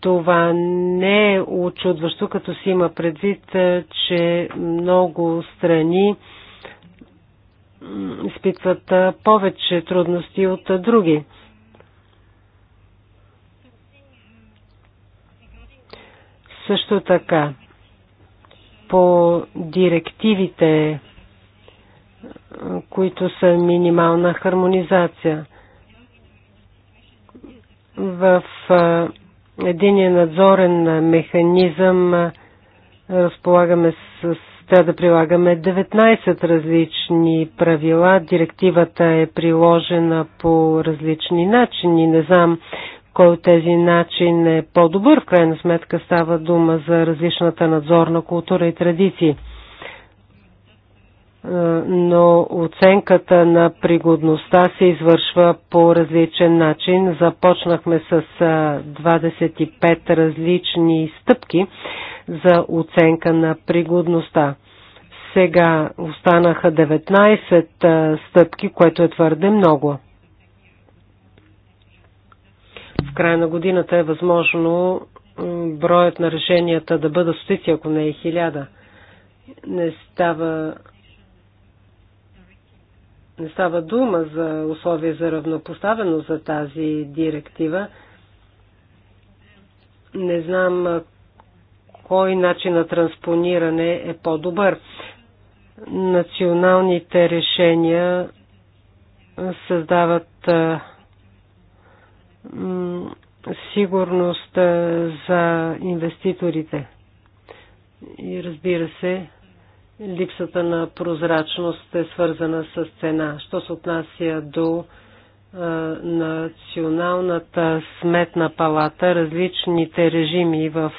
Това не е очудващо, като си има предвид, е, че много страни изпитват повече трудности от други. Също така, по директивите, които са минимална хармонизация. В единия надзорен механизъм разполагаме с трябва да прилагаме 19 различни правила. Директивата е приложена по различни начини. Не знам кой тези начин е по-добър. В крайна сметка става дума за различната надзорна култура и традиции. Е, но оценката на пригодността се извършва по различен начин. Започнахме с 25 е, различни стъпки за оценка на пригодността. Сега останаха 19 е, стъпки, което е твърде много. края на годината е възможно броят на решенията да бъде стотици, ако не е хиляда. Не става не става дума за условия за равнопоставено за тази директива. Не знам кой начин на транспониране е по-добър. Националните решения създават сигурност за инвеститорите. И разбира се, липсата на прозрачност е свързана с цена. Що се отнася до Националната сметна палата, различните режими в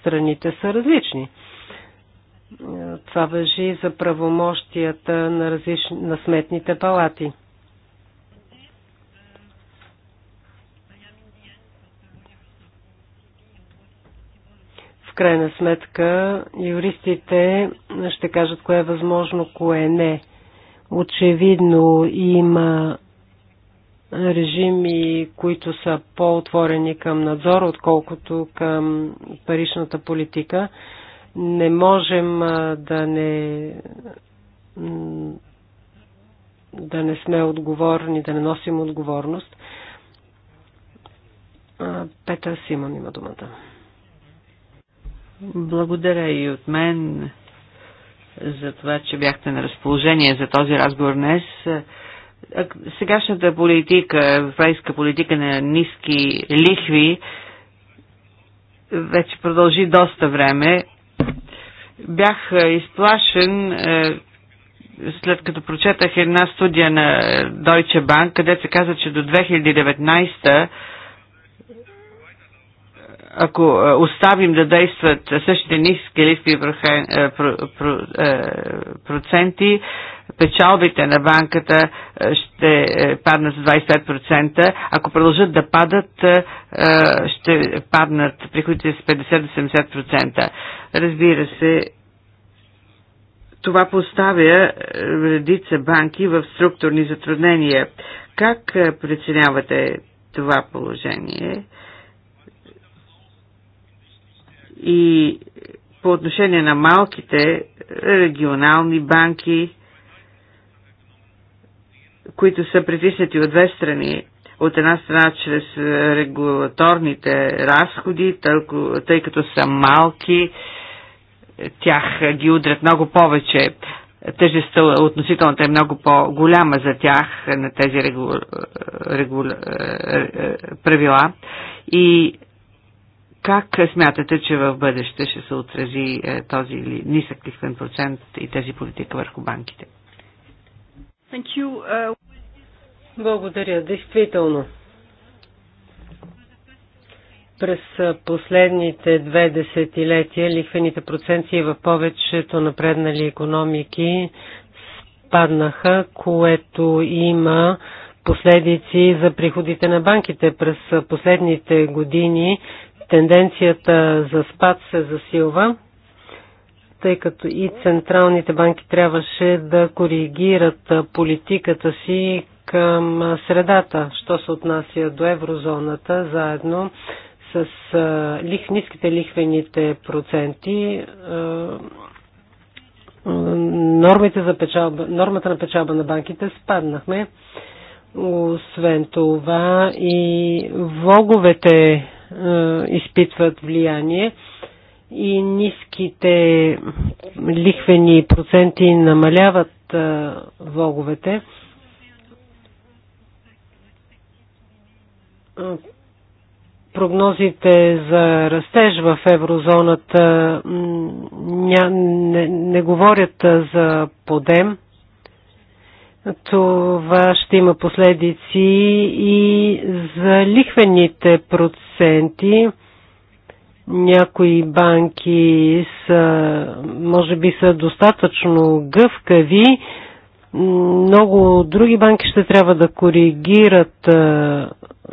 страните са различни. Това въжи за правомощията на, различ... на сметните палати. в крайна сметка юристите ще кажат кое е възможно, кое не. Очевидно има режими, които са по-отворени към надзор, отколкото към паричната политика. Не можем да не да не сме отговорни, да не носим отговорност. Петър Симон има думата. Благодаря и от мен за това, че бяхте на разположение за този разговор днес. Сегашната политика, европейска политика на ниски лихви, вече продължи доста време. Бях изплашен, е, след като прочетах една студия на Deutsche Bank, където се каза, че до 2019 ако е, оставим да действат същите ниски лихви е, е, проценти, печалбите на банката ще паднат с 25%. Ако продължат да падат, ще паднат приходите с 50-70%. Разбира се, това поставя редица банки в структурни затруднения. Как преценявате това положение? и по отношение на малките регионални банки, които са притиснати от две страни. От една страна чрез регулаторните разходи, тъй като са малки, тях ги удрят много повече. Тежестта относителната е много по-голяма за тях на тези регу... Регу... Е, е, правила. И как смятате, че в бъдеще ще се отрази е, този нисък лихвен процент и тези политика върху банките? Uh, Благодаря. Действително. През последните две десетилетия лихвените проценти в повечето напреднали економики спаднаха, което има последици за приходите на банките. През последните години Тенденцията за спад се засилва, тъй като и централните банки трябваше да коригират политиката си към средата, що се отнася до еврозоната, заедно с лих, ниските лихвените проценти нормите за печалба, нормата на печалба на банките спаднахме. Освен това и влоговете е, изпитват влияние и ниските лихвени проценти намаляват е, влоговете. Прогнозите за растеж в еврозоната не, говорят за подем това ще има последици и за лихвените проценти. Някои банки са, може би са достатъчно гъвкави. Много други банки ще трябва да коригират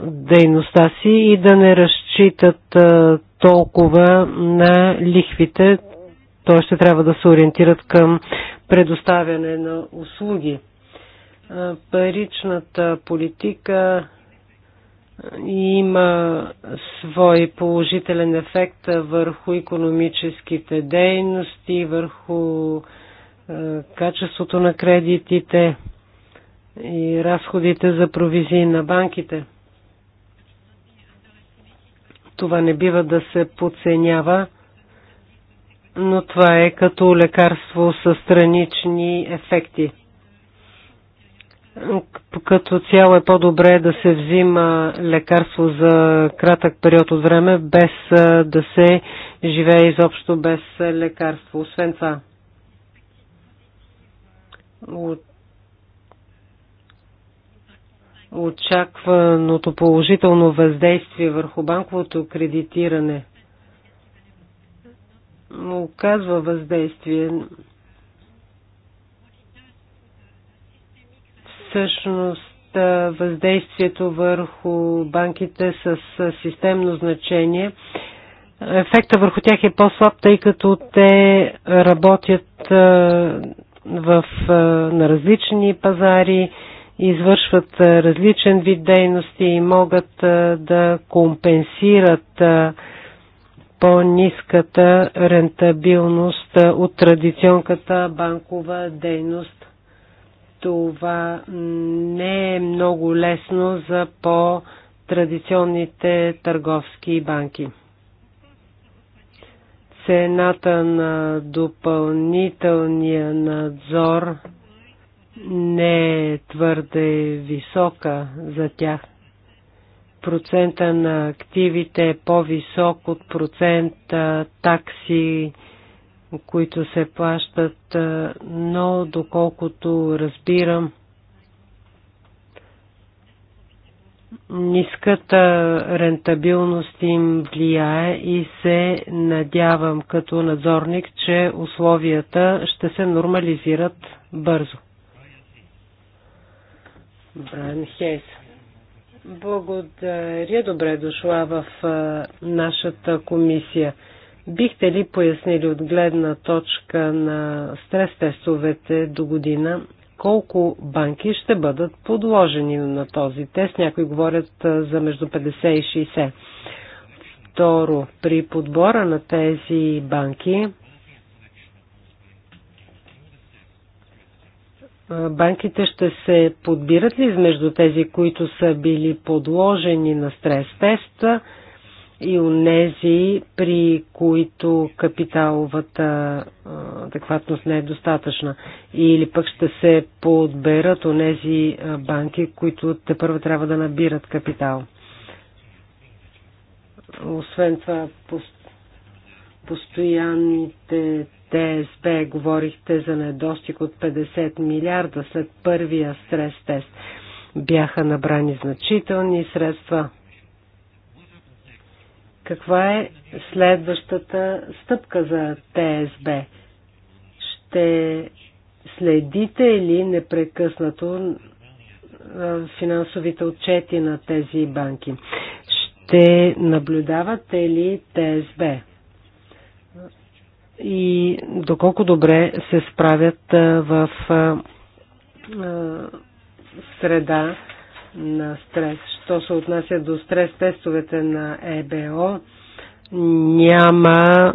дейността си и да не разчитат толкова на лихвите. Той ще трябва да се ориентират към предоставяне на услуги паричната политика има свой положителен ефект върху економическите дейности, върху е, качеството на кредитите и разходите за провизии на банките. Това не бива да се подценява, но това е като лекарство с странични ефекти като цяло е по-добре да се взима лекарство за кратък период от време, без да се живее изобщо без лекарство. Освен това, очакваното положително въздействие върху банковото кредитиране оказва въздействие всъщност въздействието върху банките с системно значение. Ефекта върху тях е по-слаб, тъй като те работят в, на различни пазари, извършват различен вид дейности и могат да компенсират по низката рентабилност от традиционката банкова дейност. Това не е много лесно за по-традиционните търговски банки. Цената на допълнителния надзор не е твърде висока за тях. Процента на активите е по-висок от процента такси, които се плащат, но доколкото разбирам, ниската рентабилност им влияе и се надявам като надзорник, че условията ще се нормализират бързо. Брайан Хейс. Благодаря, добре дошла в нашата комисия. Бихте ли пояснили от гледна точка на стрес тестовете до година колко банки ще бъдат подложени на този тест? Някои говорят за между 50 и 60. Второ, при подбора на тези банки, банките ще се подбират ли между тези, които са били подложени на стрес теста? и унези, при които капиталовата адекватност не е достатъчна. Или пък ще се подберат унези банки, които те първо трябва да набират капитал. Освен това, постоянните ТСП говорихте за недостиг от 50 милиарда след първия стрес тест. Бяха набрани значителни средства каква е следващата стъпка за ТСБ? Ще следите ли непрекъснато финансовите отчети на тези банки? Ще наблюдавате ли ТСБ? И доколко добре се справят в среда, на стрес. Що се отнася до стрес тестовете на ЕБО, няма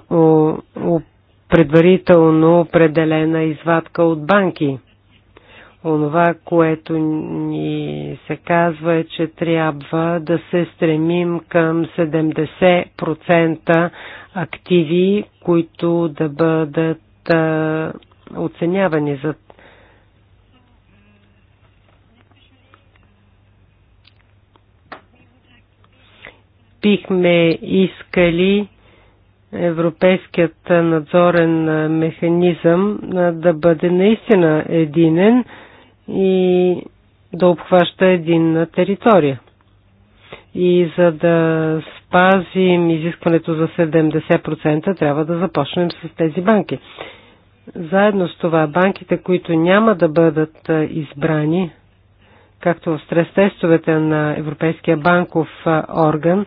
предварително определена извадка от банки. Онова, което ни се казва е, че трябва да се стремим към 70% активи, които да бъдат оценявани за бихме искали Европейският надзорен механизъм да бъде наистина единен и да обхваща единна територия. И за да спазим изискването за 70%, трябва да започнем с тези банки. Заедно с това, банките, които няма да бъдат избрани, както в стрес-тестовете на Европейския банков орган,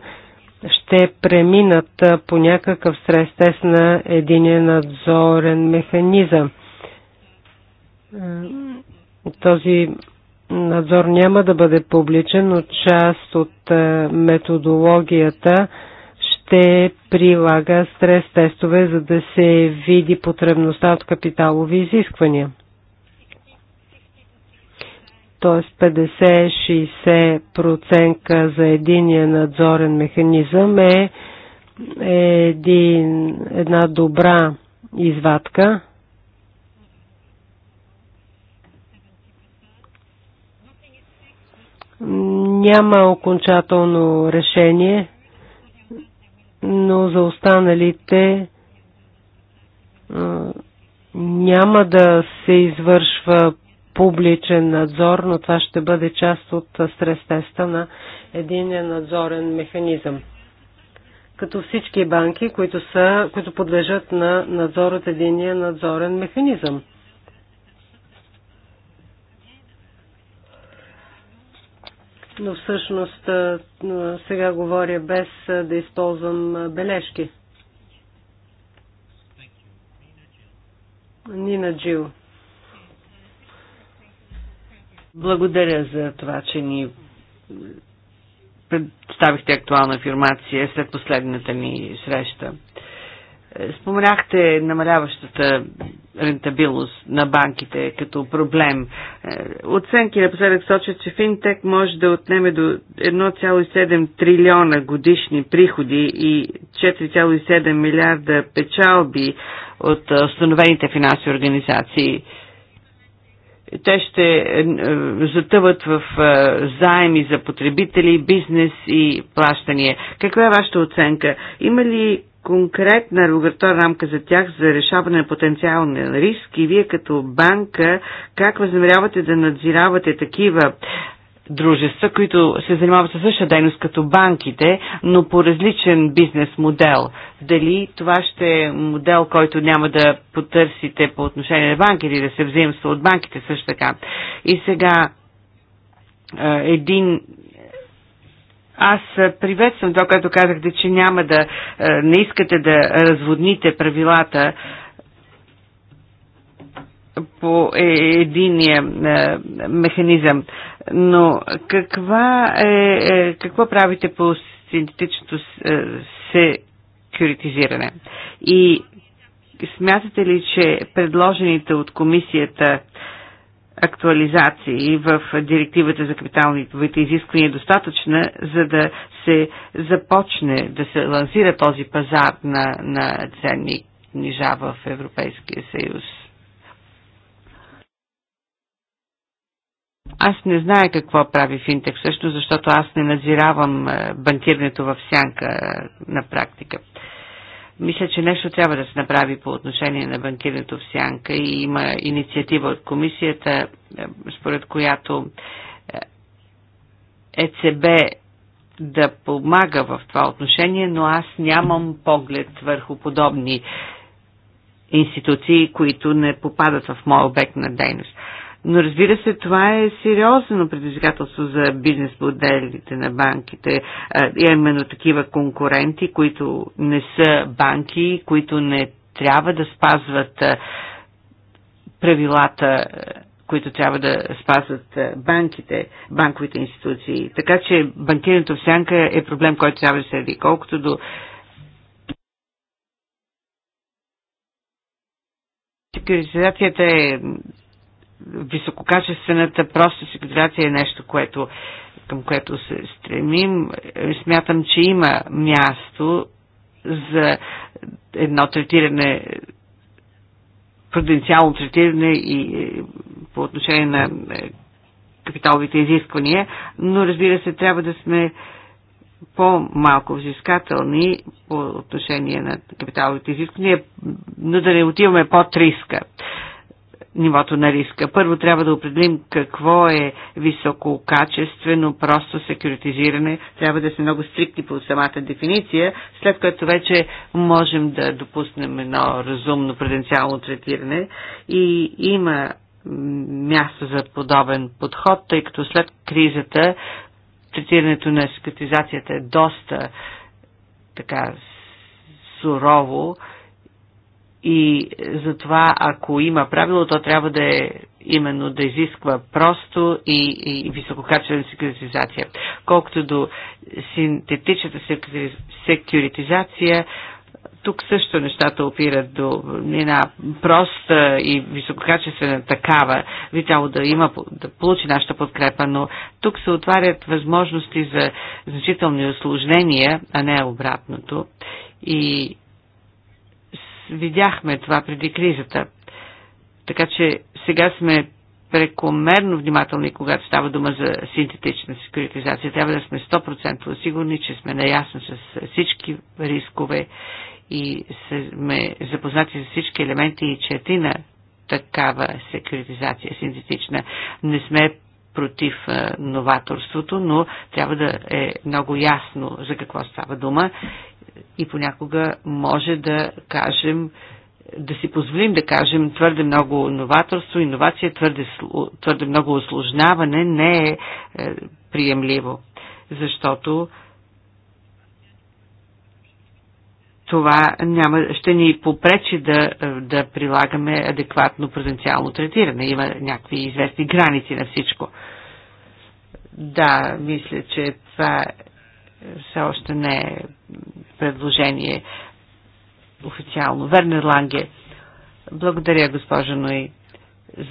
ще преминат по някакъв стрес тест на един надзорен механизъм. Този надзор няма да бъде публичен, но част от методологията ще прилага стрес тестове, за да се види потребността от капиталови изисквания т.е. 50-60% за единия надзорен механизъм е, е един, една добра извадка. Няма окончателно решение, но за останалите няма да се извършва публичен надзор, но това ще бъде част от стрес-теста на един надзорен механизъм. Като всички банки, които, са, които подлежат на надзор от единия надзорен механизъм. Но всъщност сега говоря без да използвам бележки. Нина Джил. Благодаря за това, че ни представихте актуална информация след последната ни среща. Споменахте намаляващата рентабилност на банките като проблем. Оценки напоследък сочат, че финтек може да отнеме до 1,7 трилиона годишни приходи и 4,7 милиарда печалби от установените финансови организации те ще е, е, затъват в е, заеми за потребители, бизнес и плащания. Каква е вашата оценка? Има ли конкретна регулаторна рамка за тях за решаване на потенциални риск и вие като банка как възнамерявате да надзиравате такива дружества, които се занимават със същата дейност като банките, но по различен бизнес модел. Дали това ще е модел, който няма да потърсите по отношение на банките или да се взаимства от банките също така. И сега един аз приветствам това, което казахте, че няма да, не искате да разводните правилата по е, единия е, механизъм. Но каква е, е, какво правите по синтетичното секюритизиране? И смятате ли, че предложените от комисията актуализации в директивата за капиталните изисквания е достатъчна, за да се започне да се лансира този пазар на, на ценни книжа в Европейския съюз? Аз не зная какво прави финтек също, защото аз не надзиравам е, банкирането в сянка е, на практика. Мисля, че нещо трябва да се направи по отношение на банкирането в сянка и има инициатива от комисията, е, според която ЕЦБ да помага в това отношение, но аз нямам поглед върху подобни институции, които не попадат в моя обект на дейност. Но разбира се, това е сериозно предизвикателство за бизнес моделите на банките. и е Именно такива конкуренти, които не са банки, които не трябва да спазват правилата, които трябва да спазват банките, банковите институции. Така че банкирането в сянка е проблем, който трябва да се реди. Колкото до секюризацията е висококачествената проста секретация е нещо, което, към което се стремим. Смятам, че има място за едно третиране, пруденциално третиране и е, по отношение на е, капиталовите изисквания, но разбира се, трябва да сме по-малко взискателни по отношение на капиталовите изисквания, но да не отиваме под риска нивото на риска. Първо трябва да определим какво е висококачествено, просто секюритизиране. Трябва да сме много стрикти по самата дефиниция, след което вече можем да допуснем едно разумно преденциално третиране. И има място за подобен подход, тъй като след кризата третирането на секретизацията е доста така сурово и затова, ако има правило, то трябва да е именно да изисква просто и, и висококачествена секюритизация. Колкото до синтетичната секюритизация, тук също нещата опират до една проста и висококачествена такава. Ви трябва да има, да получи нашата подкрепа, но тук се отварят възможности за значителни осложнения, а не обратното. И видяхме това преди кризата. Така че сега сме прекомерно внимателни, когато става дума за синтетична секюритизация. Трябва да сме 100% сигурни, че сме наясно с всички рискове и сме запознати с всички елементи и черти на такава секюритизация синтетична. Не сме против новаторството, но трябва да е много ясно за какво става дума и понякога може да кажем, да си позволим да кажем твърде много новаторство, иновация, твърде, твърде много осложняване не е, е приемливо, защото това няма, ще ни попречи да, да прилагаме адекватно потенциално третиране. Има някакви известни граници на всичко. Да, мисля, че това все още не е предложение официално. Вернер Ланге, благодаря госпожа Нои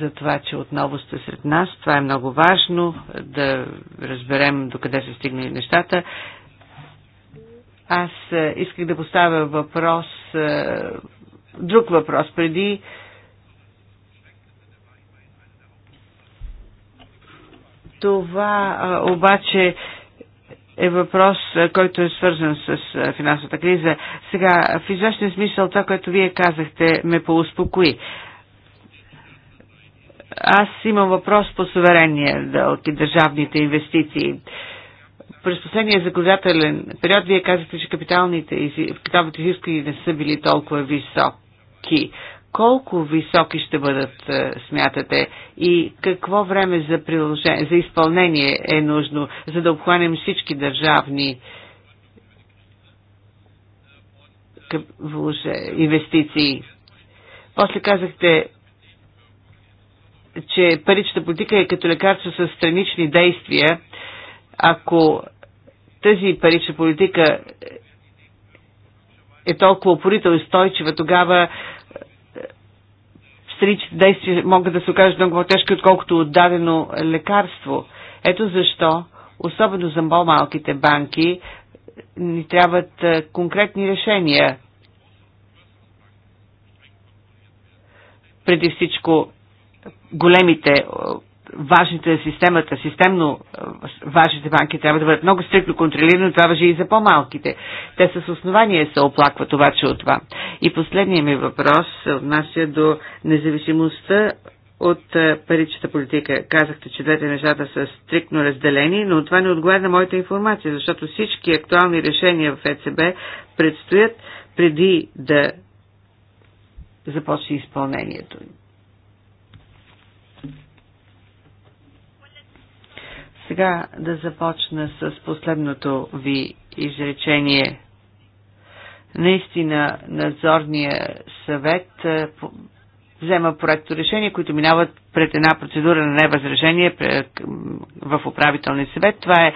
за това, че отново сте сред нас. Това е много важно да разберем докъде са стигнали нещата. Аз е, исках да поставя въпрос, е, друг въпрос преди. Това е, обаче е въпрос, е, който е свързан с е, финансовата криза. Сега, в известен смисъл, това, което вие казахте, ме поуспокои. Аз имам въпрос по суверения дълг и държавните инвестиции. През последния законодателен период вие казахте, че капиталните, капиталните изисквания не са били толкова високи колко високи ще бъдат, е, смятате, и какво време за, за изпълнение е нужно, за да обхванем всички държавни инвестиции. После казахте, че паричната политика е като лекарство с странични действия. Ако тази парична политика е толкова упорита и устойчива, тогава страничните действия могат да се окажат много по-тежки, отколкото отдадено лекарство. Ето защо, особено за по-малките банки, ни трябват е, конкретни решения. Преди всичко големите е, важните системата, системно е, важните банки трябва да бъдат много стрикно контролирани, това въжи и за по-малките. Те с основание се оплакват обаче от това. И последният ми въпрос се отнася до независимостта от е, паричната политика. Казахте, че двете нещата са стриктно разделени, но това не отговаря на моята информация, защото всички актуални решения в ЕЦБ предстоят преди да започне изпълнението им. Сега да започна с последното ви изречение. Наистина надзорния съвет е, взема проекто решения, които минават пред една процедура на невъзражение в управителния съвет. Това е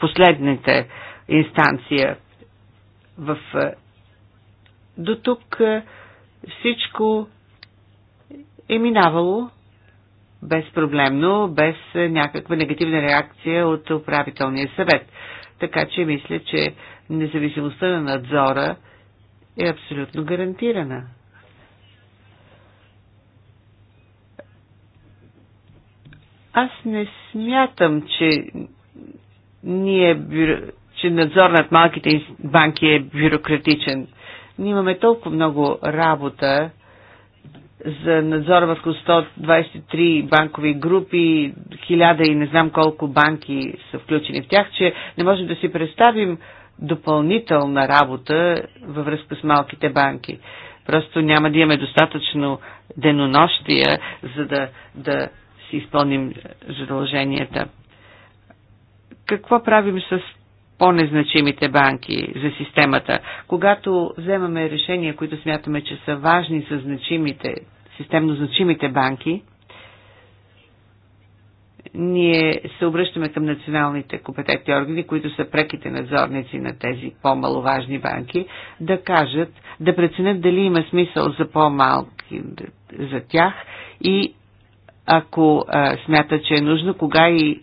последната инстанция. В... Е, до тук е, всичко е минавало безпроблемно, без някаква негативна реакция от управителния съвет. Така че мисля, че независимостта на надзора е абсолютно гарантирана. Аз не смятам, че ние, че надзор над малките банки е бюрократичен. Ние имаме толкова много работа, за надзор върху 123 банкови групи, хиляда и не знам колко банки са включени в тях, че не можем да си представим допълнителна работа във връзка с малките банки. Просто няма да имаме достатъчно денонощия, за да, да си изпълним задълженията. Какво правим с по-незначимите банки за системата. Когато вземаме решения, които смятаме, че са важни за значимите системно значимите банки, ние се обръщаме към националните компетентни органи, които са преките надзорници на тези по-маловажни банки, да кажат, да преценят дали има смисъл за по-малки за тях и ако а, смятат, че е нужно, кога и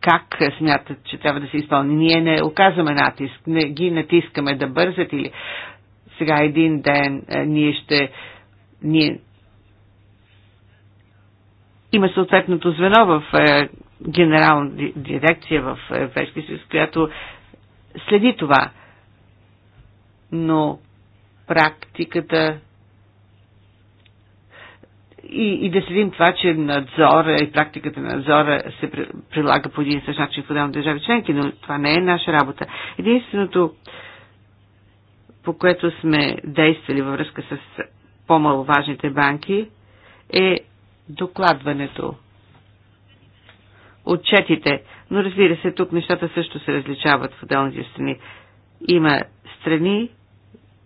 как смятат, че трябва да се изпълни. Ние не оказваме натиск, не ги натискаме да бързат или сега един ден а, ние ще а, ние има съответното звено в е, генерална дирекция в Европейския съюз, която следи това. Но практиката и, и да следим това, че надзора и практиката на надзора се прилага по един и същ начин в отделни държави членки, но това не е наша работа. Единственото, по което сме действали във връзка с по-маловажните банки е докладването, отчетите. Но разбира се, тук нещата също се различават в отделните страни. Има страни,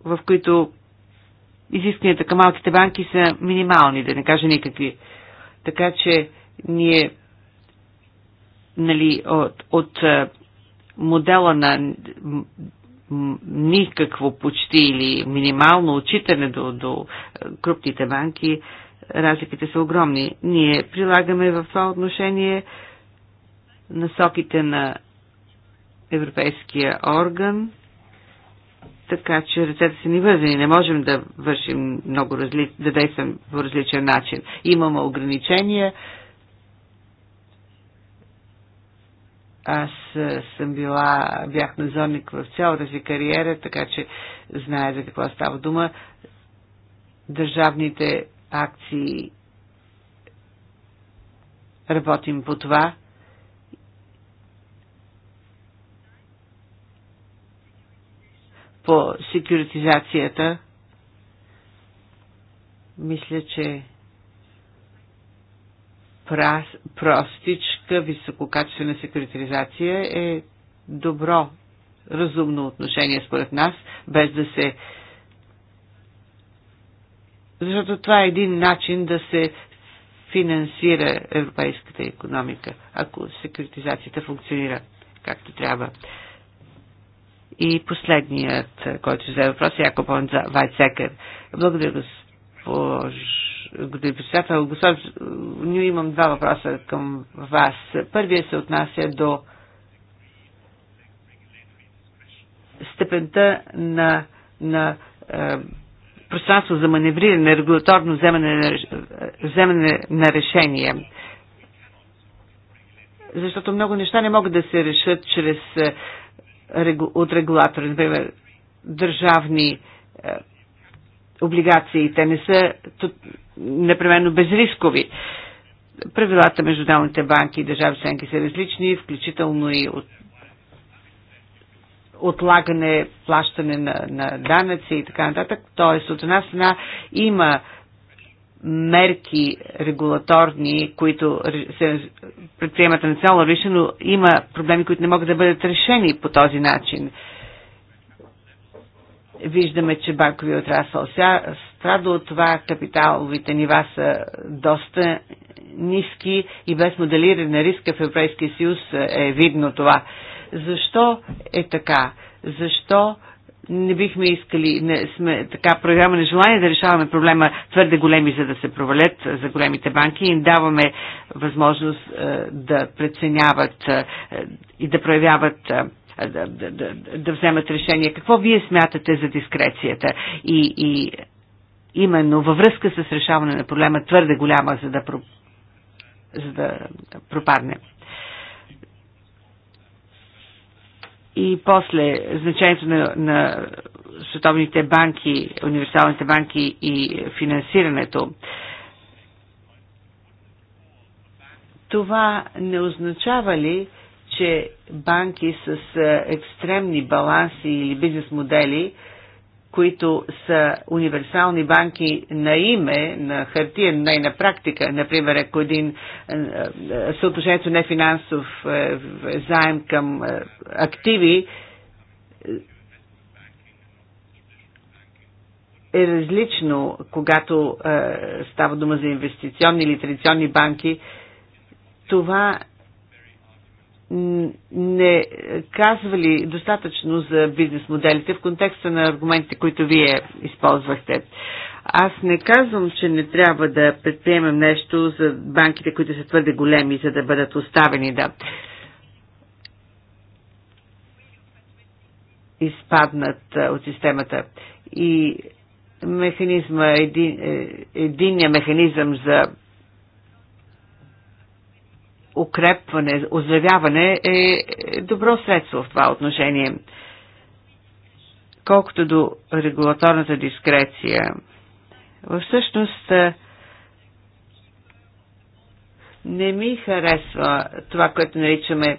в които изискванията към малките банки са минимални, да не кажа никакви. Така че ние нали, от, от модела на никакво почти или минимално отчитане до, до е, крупните банки, разликите са огромни. Ние прилагаме в това отношение насоките на Европейския орган, така че ръцете са ни вързани. Не можем да вършим много разли... да действам по различен начин. Имаме ограничения, Аз съм била, бях надзорник в цялата си кариера, така че зная за какво става дума. Държавните акции работим по това. По секюритизацията мисля, че простичка, висококачествена секретаризация е добро, разумно отношение според нас, без да се. Защото това е един начин да се финансира европейската економика, ако секретизацията функционира както трябва. И последният, който взе въпрос е Якоб Вайцекер. Благодаря, госпожо господин председател. Господин, имам два въпроса към вас. Първият се отнася до степента на, на е, пространство за маневриране, регулаторно вземане на, вземане на решение. Защото много неща не могат да се решат чрез, е, от регулатори, например, държавни е, облигации. Те не са непременно безрискови. Правилата между отделните банки и държави членки са различни, включително и от отлагане, плащане на, на данъци и така нататък. Тоест, от една страна има мерки регулаторни, които се предприемат на национално решение, но има проблеми, които не могат да бъдат решени по този начин. Виждаме, че банкови отрасъл страда от това, капиталовите нива са доста ниски и без моделиране на риска в Европейския съюз е видно това. Защо е така? Защо не бихме искали, не сме така проявяваме желание да решаваме проблема твърде големи, за да се провалят за големите банки и им даваме възможност е, да преценяват е, и да проявяват е, да, да, да, да вземат решение. Какво вие смятате за дискрецията и, и именно във връзка с решаване на проблема твърде голяма, за да, про, за да пропадне? И после значението на, на световните банки, универсалните банки и финансирането. Това не означава ли, че банки с екстремни баланси или бизнес модели, които са универсални банки на име, на хартия, и на практика. Например, ако един съотношението не финансов заем към активи е различно, когато става дума за инвестиционни или традиционни банки, това не казвали достатъчно за бизнес моделите в контекста на аргументите, които вие използвахте. Аз не казвам, че не трябва да предприемем нещо за банките, които са твърде големи, за да бъдат оставени да изпаднат от системата. И механизма, един, е, единия механизъм за укрепване, оздравяване е добро средство в това отношение. Колкото до регулаторната дискреция, всъщност не ми харесва това, което наричаме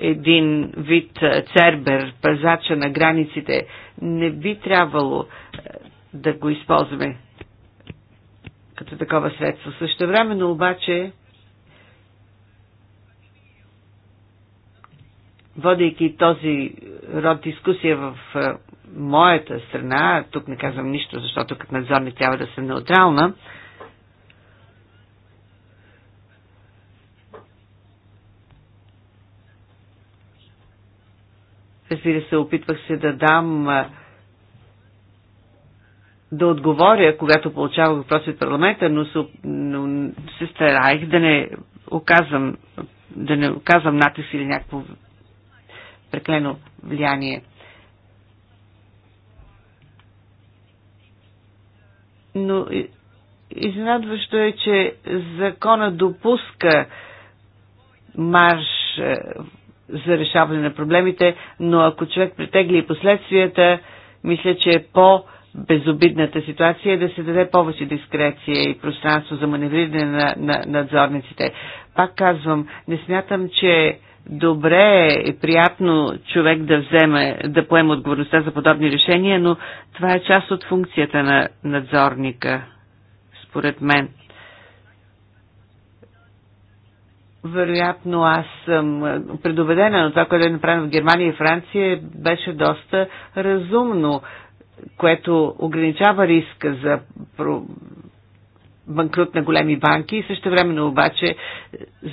един вид цербер, пазача на границите. Не би трябвало да го използваме като такова средство. Също времено обаче водейки този род дискусия в е, моята страна, тук не казвам нищо, защото като надзорник трябва да съм неутрална, Разбира се, опитвах се да дам е, да отговоря, когато получавах въпроси от парламента, но се, но се стараех да не оказвам да не оказвам натиск или някакво преклено влияние. Но изненадващо е, че закона допуска марш е, за решаване на проблемите, но ако човек претегли последствията, мисля, че е по- безобидната ситуация е да се даде повече дискреция и пространство за маневриране на, на надзорниците. Пак казвам, не смятам, че добре е приятно човек да вземе, да поеме отговорността за подобни решения, но това е част от функцията на надзорника, според мен. Вероятно аз съм предубедена, но това, което е направено в Германия и Франция, беше доста разумно, което ограничава риска за банкрут на големи банки и също времено обаче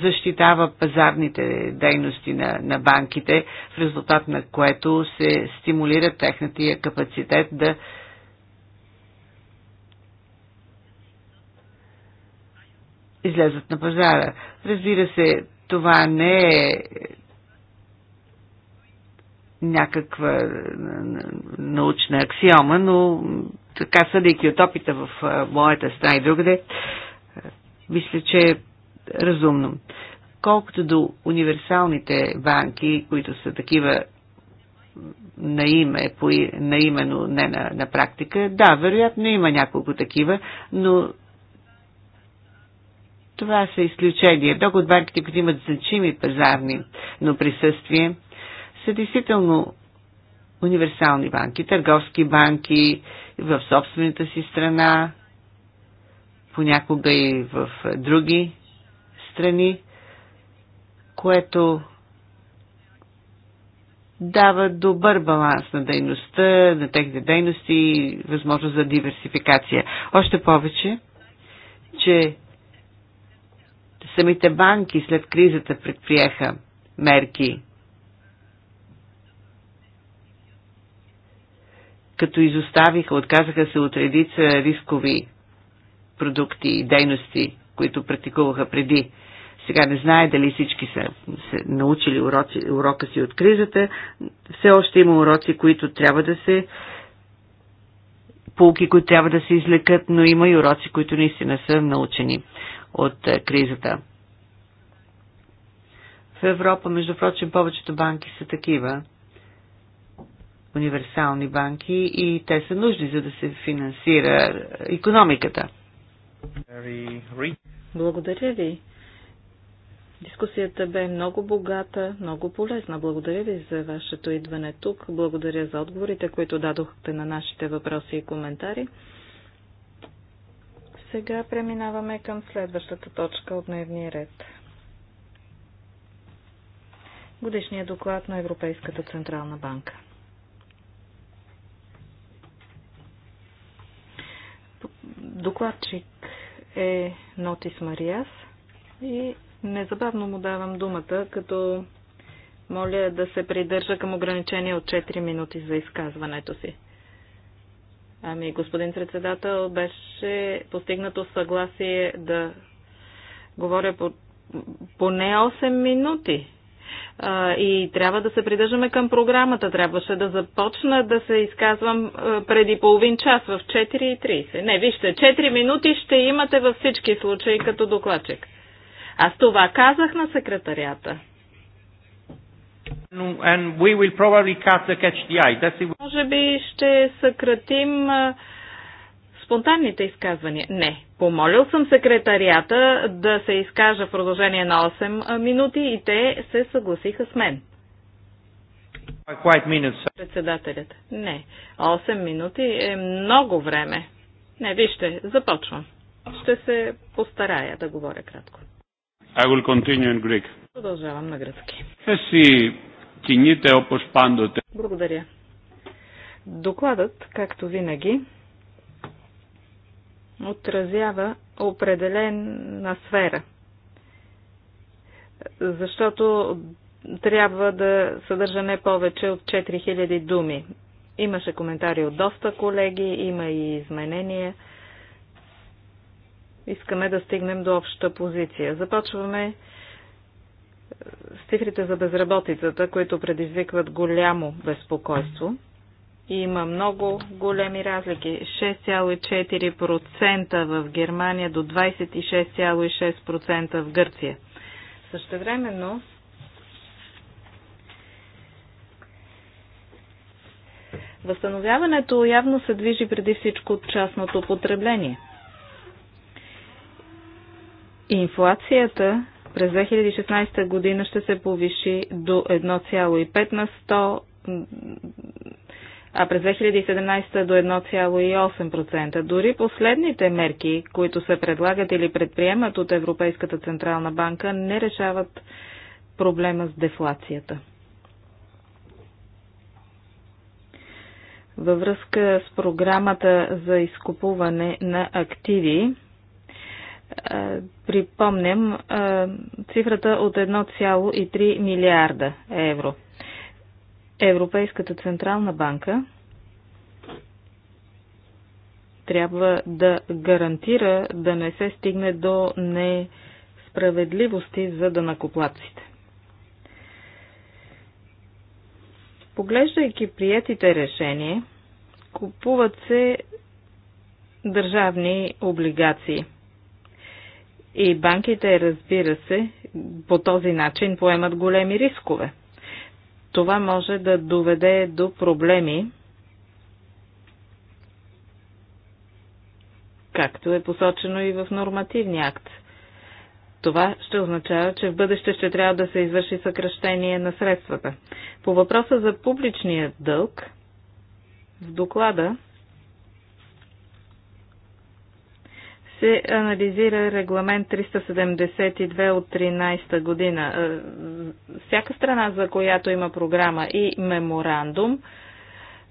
защитава пазарните дейности на, на банките, в резултат на което се стимулира техния е капацитет да излезат на пазара. Разбира се, това не е някаква научна аксиома, но така съдейки от опита в моята страна и другаде, мисля, че е разумно. Колкото до универсалните банки, които са такива на име, по, на име, но не на, на практика, да, вероятно има няколко такива, но това са изключения. Много от банките, които имат значими пазарни, но присъствие, са действително универсални банки, търговски банки, в собствената си страна, понякога и в други страни, което дава добър баланс на дейността, на техните дейности и възможност за диверсификация. Още повече, че самите банки след кризата предприеха мерки като изоставиха, отказаха се от редица рискови продукти и дейности, които практикуваха преди. Сега не знае дали всички са се научили уроци, урока си от кризата. Все още има уроци, които трябва да се полки, които трябва да се излекат, но има и уроци, които наистина са научени от е, кризата. В Европа, между прочим, повечето банки са такива универсални банки и те са нужни, за да се финансира економиката. Благодаря ви. Дискусията бе много богата, много полезна. Благодаря ви за вашето идване тук. Благодаря за отговорите, които дадохте на нашите въпроси и коментари. Сега преминаваме към следващата точка от дневния ред. Годишния доклад на Европейската Централна банка. Докладчик е Нотис Мариас и незабавно му давам думата, като моля да се придържа към ограничение от 4 минути за изказването си. Ами, господин председател, беше постигнато съгласие да говоря по поне 8 минути и трябва да се придържаме към програмата. Трябваше да започна да се изказвам преди половин час в 4.30. Не, вижте, 4 минути ще имате във всички случаи като докладчик. Аз това казах на секретарията. And we will probably cut the catch the eye. That's it. Може би ще съкратим спонтанните изказвания. Не. Помолил съм секретарията да се изкажа в продължение на 8 минути и те се съгласиха с мен. Председателят. Не. 8 минути е много време. Не, вижте, започвам. Ще се постарая да говоря кратко. I will continue in Greek. Продължавам на гръцки. Еси пандоте. Благодаря. Докладът, както винаги, отразява определена сфера. Защото трябва да съдържа не повече от 4000 думи. Имаше коментари от доста колеги, има и изменения. Искаме да стигнем до обща позиция. Започваме с цифрите за безработицата, които предизвикват голямо безпокойство – има много големи разлики. 6,4% в Германия до 26,6% в Гърция. времено възстановяването явно се движи преди всичко от частното потребление. Инфлацията през 2016 година ще се повиши до 1,5 на 100 а през 2017 до 1,8%. Дори последните мерки, които се предлагат или предприемат от Европейската Централна банка, не решават проблема с дефлацията. Във връзка с програмата за изкупуване на активи, припомням цифрата от 1,3 милиарда евро – Европейската централна банка трябва да гарантира да не се стигне до несправедливости за данакоплаците. Поглеждайки приятите решения, купуват се държавни облигации. И банките, разбира се, по този начин поемат големи рискове – това може да доведе до проблеми, както е посочено и в нормативния акт. Това ще означава, че в бъдеще ще трябва да се извърши съкръщение на средствата. По въпроса за публичния дълг, в доклада се анализира регламент 372 от 13 година. Е, всяка страна, за която има програма и меморандум,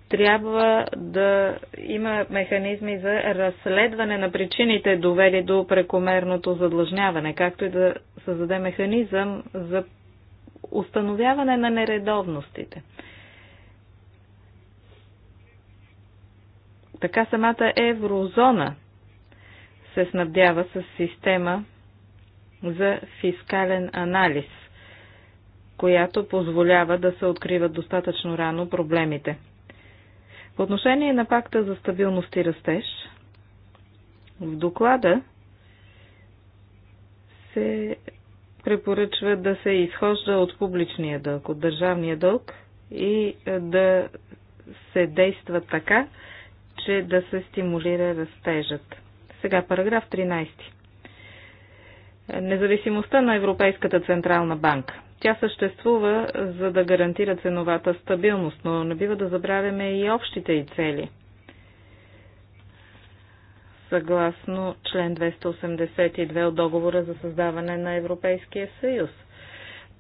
трябва да има механизми за разследване на причините, довели до прекомерното задлъжняване, както и да създаде механизъм за установяване на нередовностите. Така самата еврозона – се снабдява с система за фискален анализ, която позволява да се откриват достатъчно рано проблемите. По отношение на пакта за стабилност и растеж, в доклада се препоръчва да се изхожда от публичния дълг, от държавния дълг и е, да се действа така, че да се стимулира растежът. Сега параграф 13. Независимостта на Европейската централна банка. Тя съществува за да гарантира ценовата стабилност, но не бива да забравяме и общите и цели. Съгласно член 282 от договора за създаване на Европейския съюз.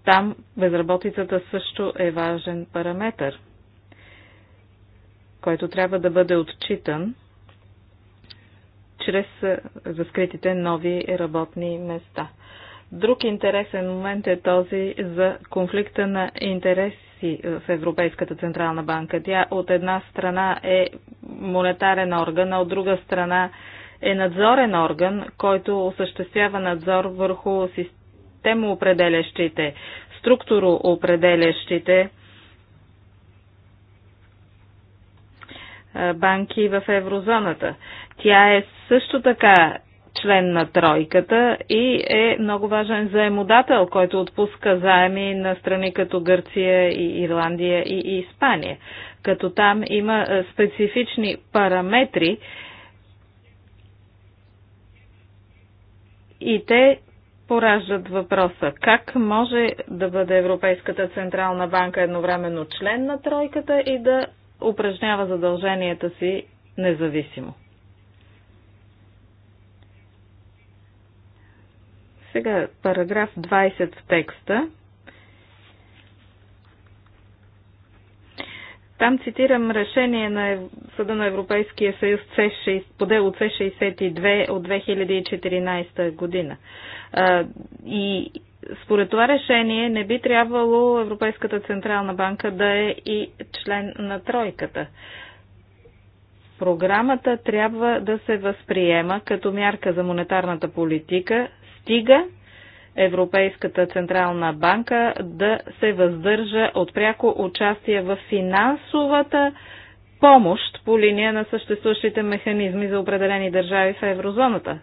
Там безработицата също е важен параметр, който трябва да бъде отчитан – чрез е, разкритите нови работни места. Друг интересен момент е този за конфликта на интереси е, в Европейската Централна банка. Тя от една страна е монетарен орган, а от друга страна е надзорен орган, който осъществява надзор върху системоопределящите, структуроопределящите е, банки в еврозоната. Тя е също така член на тройката и е много важен заемодател, който отпуска заеми на страни като Гърция и Ирландия и Испания. Като там има е, специфични параметри и те пораждат въпроса как може да бъде Европейската Централна банка едновременно член на тройката и да упражнява задълженията си независимо. Сега параграф 20 в текста. Там цитирам решение на Съда на Европейския съюз C6, по дело с 62 от 2014 година. И според това решение не би трябвало Европейската Централна банка да е и член на тройката. Програмата трябва да се възприема като мярка за монетарната политика стига Европейската централна банка да се въздържа от пряко участие в финансовата помощ по линия на съществуващите механизми за определени държави в еврозоната.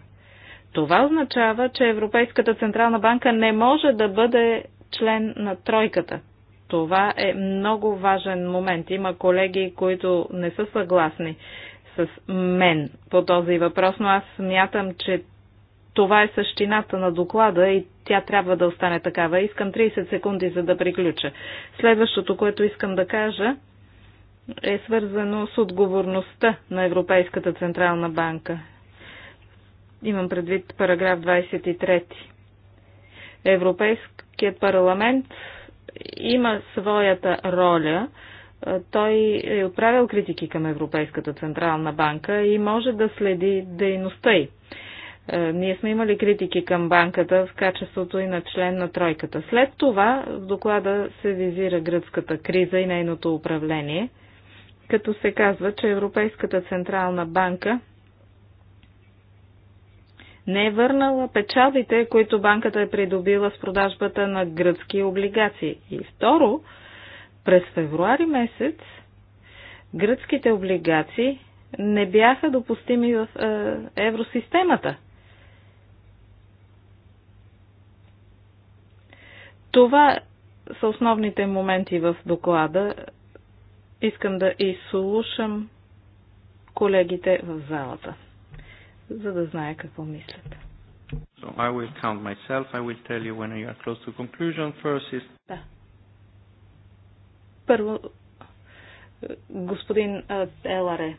Това означава, че Европейската централна банка не може да бъде член на тройката. Това е много важен момент. Има колеги, които не са съгласни с мен по този въпрос, но аз смятам, че това е същината на доклада и тя трябва да остане такава. Искам 30 секунди, за да приключа. Следващото, което искам да кажа, е свързано с отговорността на Европейската Централна банка. Имам предвид параграф 23. Европейският парламент има своята роля. Той е отправил критики към Европейската Централна банка и може да следи дейността й. Е, ние сме имали критики към банката в качеството и на член на тройката. След това в доклада се визира гръцката криза и нейното управление, като се казва, че Европейската централна банка не е върнала печалбите, които банката е придобила с продажбата на гръцки облигации. И второ, през февруари месец гръцките облигации не бяха допустими в е, евросистемата. Това са основните моменти в доклада. Искам да изслушам колегите в залата, за да знае какво мислят. So I will count myself. I will tell you when you are close to conclusion. First is... Да. Първо, е, господин е, Еларе.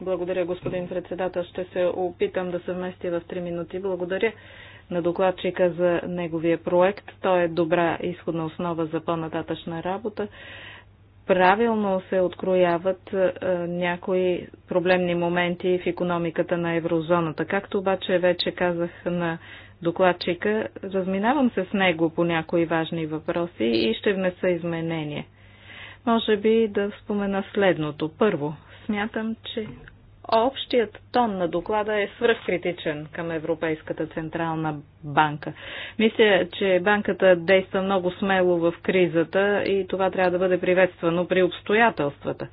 Благодаря, господин председател. Ще се опитам да се вмести в три минути. Благодаря на докладчика за неговия проект. Той е добра изходна основа за по-нататъчна работа. Правилно се открояват е, някои проблемни моменти в економиката на еврозоната. Както обаче вече казах на докладчика, разминавам се с него по някои важни въпроси и ще внеса изменения. Може би да спомена следното. Първо, смятам, че Общият тон на доклада е свръхкритичен към Европейската централна банка. Мисля, че банката действа много смело в кризата и това трябва да бъде приветствано при обстоятелствата.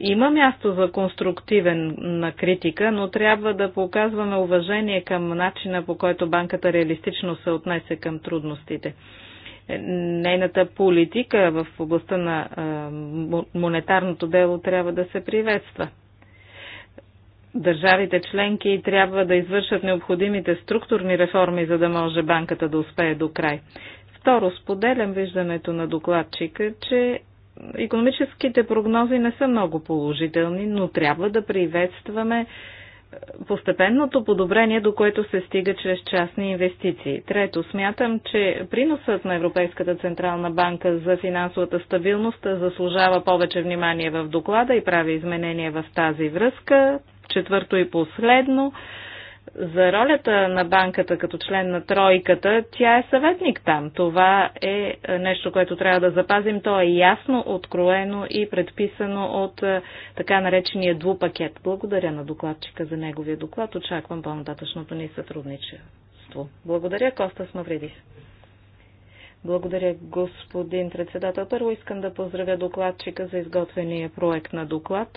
Има място за конструктивен на критика, но трябва да показваме уважение към начина по който банката реалистично се отнесе към трудностите е, нейната политика в областта на монетарното дело трябва да се приветства. Държавите членки трябва да извършат необходимите структурни реформи, за да може банката да успее до край. Второ, споделям виждането на докладчика, че економическите прогнози не са много положителни, но трябва да приветстваме постепенното подобрение, до което се стига чрез частни инвестиции. Трето, смятам, че приносът на Европейската Централна банка за финансовата стабилност заслужава повече внимание в доклада и прави изменения в тази връзка. Четвърто и последно, за ролята на банката като член на тройката, тя е съветник там. Това е нещо, което трябва да запазим. То е ясно, откроено и предписано от е, така наречения двупакет. Благодаря на докладчика за неговия доклад. Очаквам по-нататъчното ни сътрудничество. Благодаря, Коста Смавридис. Благодаря, господин председател. Първо искам да поздравя докладчика за изготвения проект на доклад.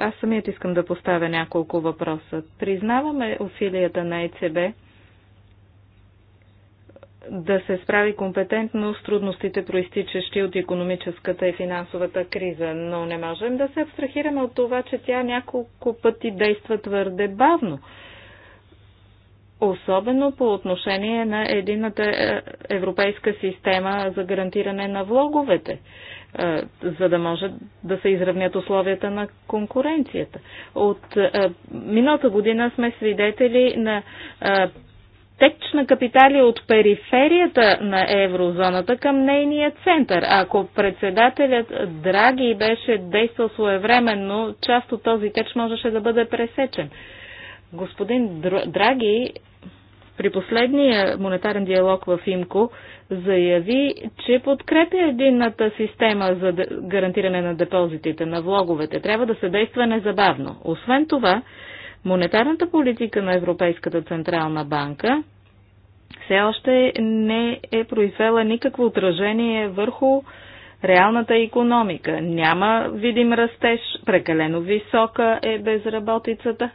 Аз самият искам да поставя няколко въпроса. Признаваме усилията на ЕЦБ да се справи компетентно с трудностите, проистичащи от економическата и финансовата криза, но не можем да се абстрахираме от това, че тя няколко пъти действа твърде бавно. Особено по отношение на едината е, европейска система за гарантиране на влоговете. Е, за да може да се изравнят условията на конкуренцията. От е, миналата година сме свидетели на е, теч на капитали от периферията на еврозоната към нейния център. Ако председателят Драги беше действал своевременно, част от този теч можеше да бъде пресечен. Господин Драги при последния монетарен диалог в ИМКО заяви, че подкрепя единната система за гарантиране на депозитите, на влоговете. Трябва да се действа незабавно. Освен това, монетарната политика на Европейската централна банка все още не е произвела никакво отражение върху реалната економика. Няма видим растеж, прекалено висока е безработицата.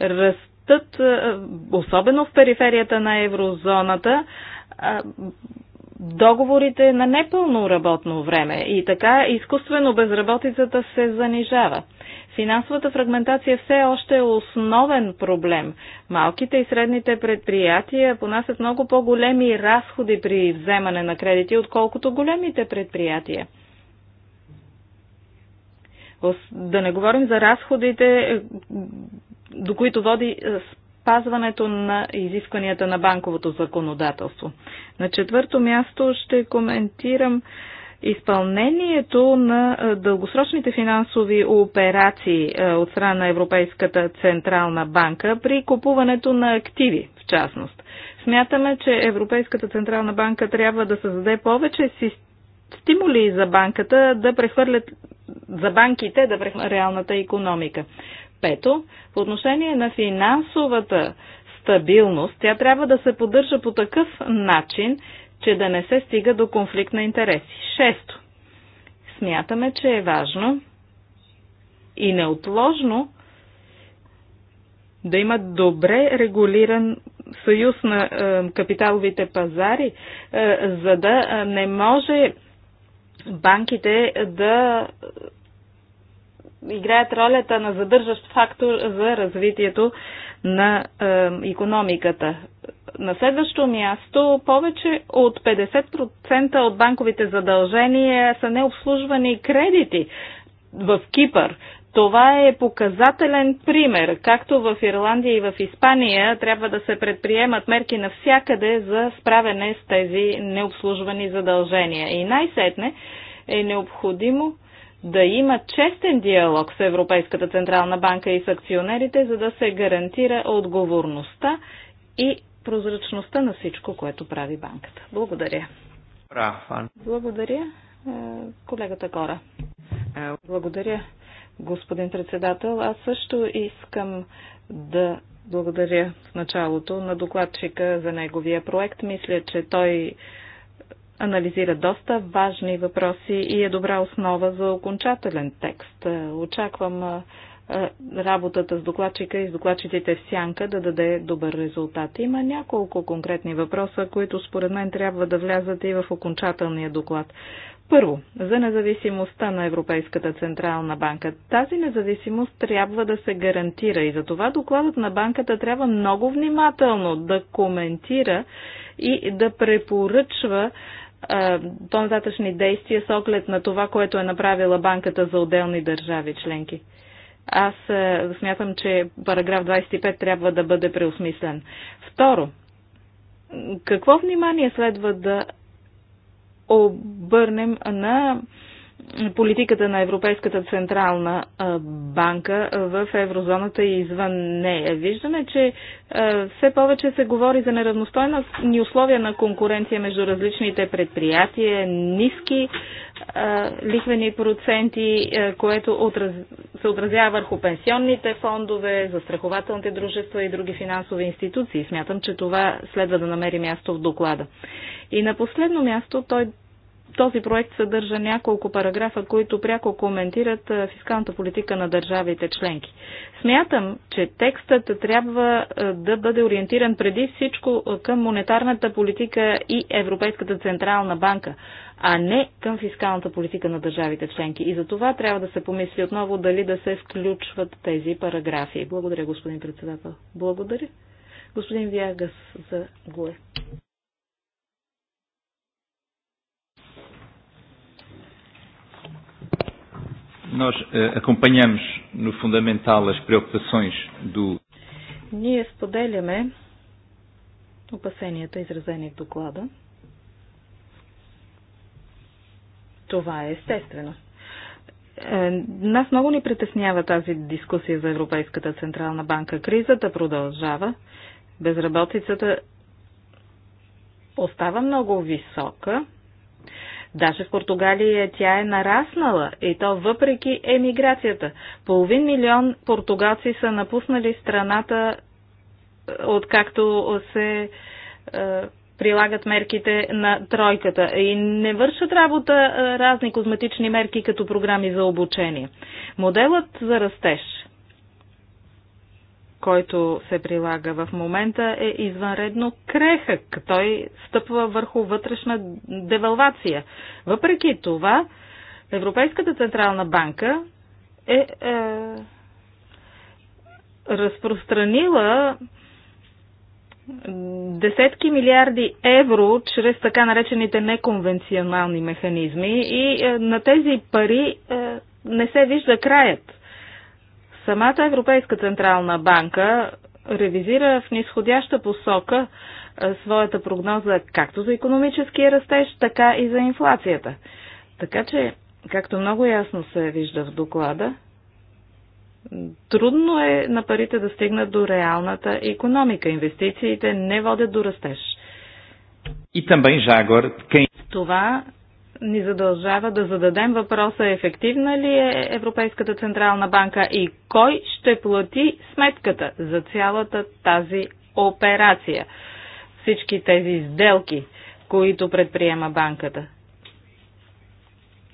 Раст растат, е, особено в периферията на еврозоната, е, договорите на непълно работно време и така изкуствено безработицата се занижава. Финансовата фрагментация все още е основен проблем. Малките и средните предприятия понасят много по-големи разходи при вземане на кредити, отколкото големите предприятия. Да не говорим за разходите, до които води е, спазването на изискванията на банковото законодателство. На четвърто място ще коментирам изпълнението на е, дългосрочните финансови операции е, от страна на Европейската централна банка при купуването на активи, в частност. Смятаме, че Европейската централна банка трябва да създаде повече стимули за банката да прехвърлят за банките да прехвърлят реалната економика. Пето, по отношение на финансовата стабилност, тя трябва да се поддържа по такъв начин, че да не се стига до конфликт на интереси. Шесто, смятаме, че е важно и неотложно да има добре регулиран съюз на е, капиталовите пазари, е, за да е, не може банките да играят ролята на задържащ фактор за развитието на е, економиката. На следващо място, повече от 50% от банковите задължения са необслужвани кредити в Кипър. Това е показателен пример. Както в Ирландия и в Испания трябва да се предприемат мерки навсякъде за справяне с тези необслужвани задължения. И най-сетне е необходимо да има честен диалог с Европейската Централна банка и с акционерите, за да се гарантира отговорността и прозрачността на всичко, което прави банката. Благодаря. Благодаря, е, колегата Кора. Е, благодаря, господин председател. Аз също искам да благодаря в началото на докладчика за неговия проект. Мисля, че той анализира доста важни въпроси и е добра основа за окончателен текст. Е, очаквам е, е, работата с докладчика и с докладчиците в сянка да даде добър резултат. Има няколко конкретни въпроса, които според мен трябва да влязат и в окончателния доклад. Първо, за независимостта на Европейската Централна банка. Тази независимост трябва да се гарантира и за това докладът на банката трябва много внимателно да коментира и да препоръчва по-нататъчни действия с оглед на това, което е направила банката за отделни държави членки. Аз смятам, че параграф 25 трябва да бъде преосмислен. Второ, какво внимание следва да обърнем на политиката на Европейската централна банка в еврозоната и извън нея. Виждаме, че все повече се говори за неравностойни условия на конкуренция между различните предприятия, ниски лихвени проценти, което отраз... се отразява върху пенсионните фондове, застрахователните дружества и други финансови институции. Смятам, че това следва да намери място в доклада. И на последно място той този проект съдържа няколко параграфа, които пряко коментират фискалната политика на държавите членки. Смятам, че текстът трябва да бъде ориентиран преди всичко към монетарната политика и Европейската централна банка, а не към фискалната политика на държавите членки. И за това трябва да се помисли отново дали да се включват тези параграфи. Благодаря, господин председател. Благодаря. Господин Виагас, за ГУЕ. Nós uh, acompanhamos no fundamental as preocupações do. Ние споделяме опасенията, изразени в доклада. Това е естествено. Е, нас много ни притеснява тази дискусия за Европейската Централна банка. Кризата продължава. Безработицата остава много висока Даже в Португалия тя е нараснала и то въпреки емиграцията. Половин милион португалци са напуснали страната, е, откакто се е, прилагат мерките на тройката и не вършат работа е, разни козметични мерки като програми за обучение. Моделът за растеж който се прилага в момента, е извънредно крехък. Той стъпва върху вътрешна девалвация. Въпреки това, Европейската централна банка е, е разпространила десетки милиарди евро чрез така наречените неконвенционални механизми и е, на тези пари е, не се вижда краят. Самата Европейска Централна банка ревизира в нисходяща посока своята прогноза както за економическия растеж, така и за инфлацията. Така че, както много ясно се вижда в доклада, трудно е на парите да стигнат до реалната економика. Инвестициите не водят до растеж. И também já agora, Това ни задължава да зададем въпроса ефективна ли е Европейската Централна банка и кой ще плати сметката за цялата тази операция, всички тези сделки, които предприема банката.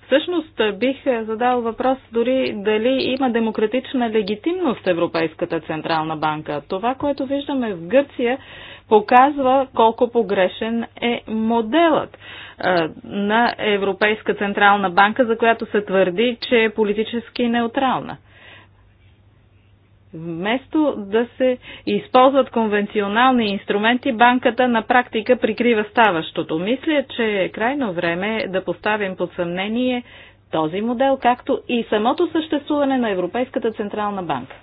Всъщност бих задал въпрос дори дали има демократична легитимност Европейската Централна банка. Това, което виждаме в Гърция, показва колко погрешен е моделът е, на Европейска централна банка, за която се твърди, че е политически неутрална. Вместо да се използват конвенционални инструменти, банката на практика прикрива ставащото. Мисля, че е крайно време да поставим под съмнение този модел, както и самото съществуване на Европейската централна банка.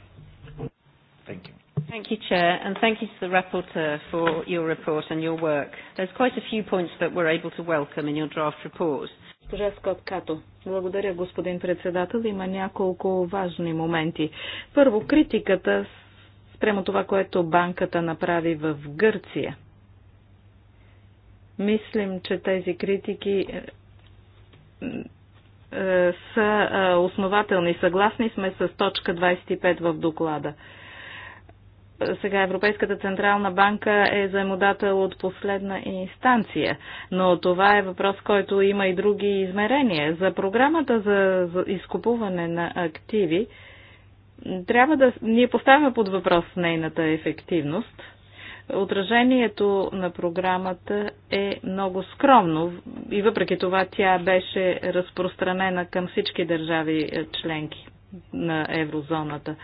Thank you. Thank you, Chair, and thank you to the Rapporteur for your report and your work. There's quite a few points that we're able to welcome in your draft report. Госпожа Скот Като. Благодаря, господин председател. Има няколко важни моменти. Първо, критиката спрямо това, което банката направи в Гърция. Мислим, че тези критики е, е, са е, основателни. Съгласни сме с точка 25 в доклада сега Европейската централна банка е заемодател от последна инстанция, но това е въпрос, който има и други измерения. За програмата за, за изкупуване на активи трябва да ние поставяме под въпрос нейната ефективност. Отражението на програмата е много скромно и въпреки това тя беше разпространена към всички държави е, членки на еврозоната.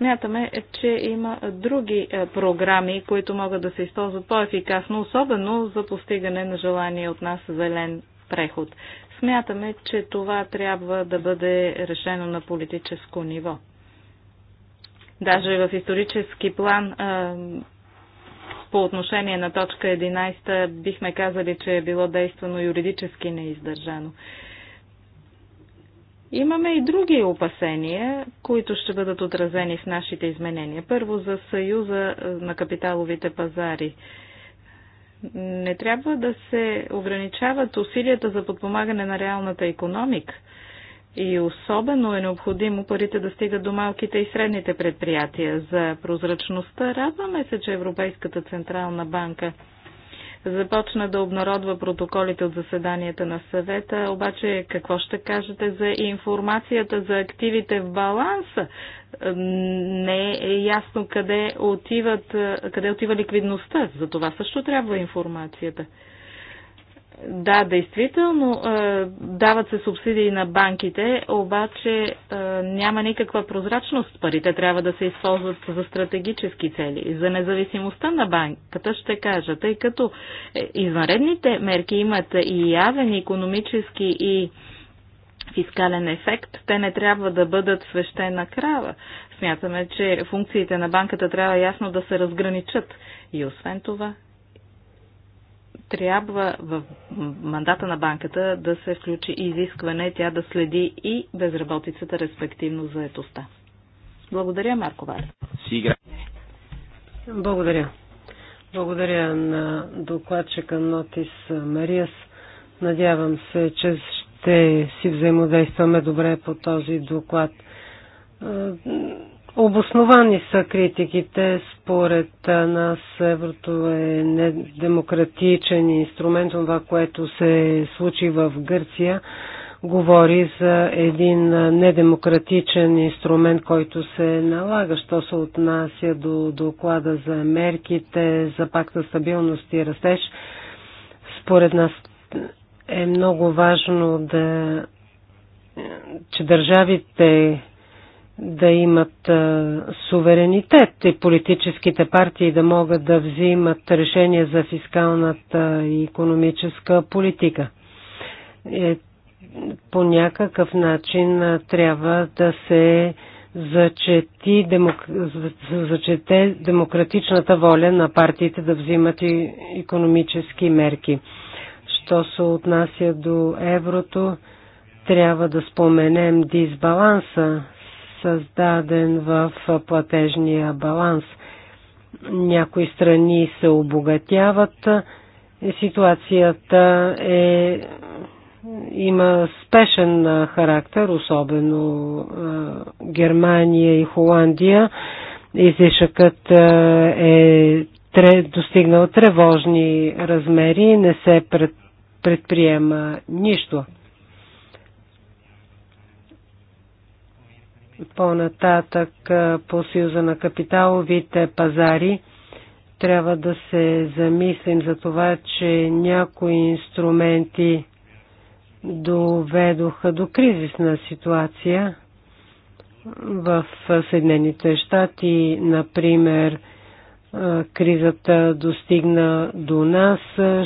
Смятаме, че има други е, програми, които могат да се използват по-ефикасно, особено за постигане на желание от нас зелен преход. Смятаме, че това трябва да бъде решено на политическо ниво. Даже в исторически план е, по отношение на точка 11 бихме казали, че е било действано юридически неиздържано. Имаме и други опасения, които ще бъдат отразени в нашите изменения. Първо за съюза е, на капиталовите пазари. Не трябва да се ограничават усилията за подпомагане на реалната економика. И особено е необходимо парите да стигат до малките и средните предприятия. За прозрачността радваме се, че Европейската Централна банка започна да обнародва протоколите от заседанията на съвета, обаче какво ще кажете за информацията за активите в баланса? Не е ясно къде, отиват, къде отива ликвидността. За това също трябва информацията. Да, действително е, дават се субсидии на банките, обаче е, няма никаква прозрачност. Парите трябва да се използват за стратегически цели. За независимостта на банката ще кажа, тъй като е, извънредните мерки имат и явен економически и фискален ефект, те не трябва да бъдат свещена крава. Смятаме, че функциите на банката трябва ясно да се разграничат. И освен това, трябва в мандата на банката да се включи изискване тя да следи и безработицата, респективно заетостта. Благодаря, Марко Вар. Благодаря. Благодаря на докладчика Нотис Мариас. Надявам се, че ще си взаимодействаме добре по този доклад. Обосновани са критиките. Според нас еврото е недемократичен инструмент. Това, което се случи в Гърция, говори за един недемократичен инструмент, който се налага, що се отнася до доклада за мерките, за пакта стабилност и растеж. Според нас е много важно да че държавите, да имат суверенитет и политическите партии да могат да взимат решения за фискалната и економическа политика. Е, по някакъв начин трябва да се зачети, демок... зачете демократичната воля на партиите да взимат и економически мерки. Що се отнася до еврото, трябва да споменем дисбаланса създаден в платежния баланс. Някои страни се обогатяват. Ситуацията е, има спешен характер, особено Германия и Холандия. Излишъкът е достигнал тревожни размери и не се предприема нищо. По-нататък по Съюза на капиталовите пазари трябва да се замислим за това, че някои инструменти доведоха до кризисна ситуация в Съединените щати, например, кризата достигна до нас,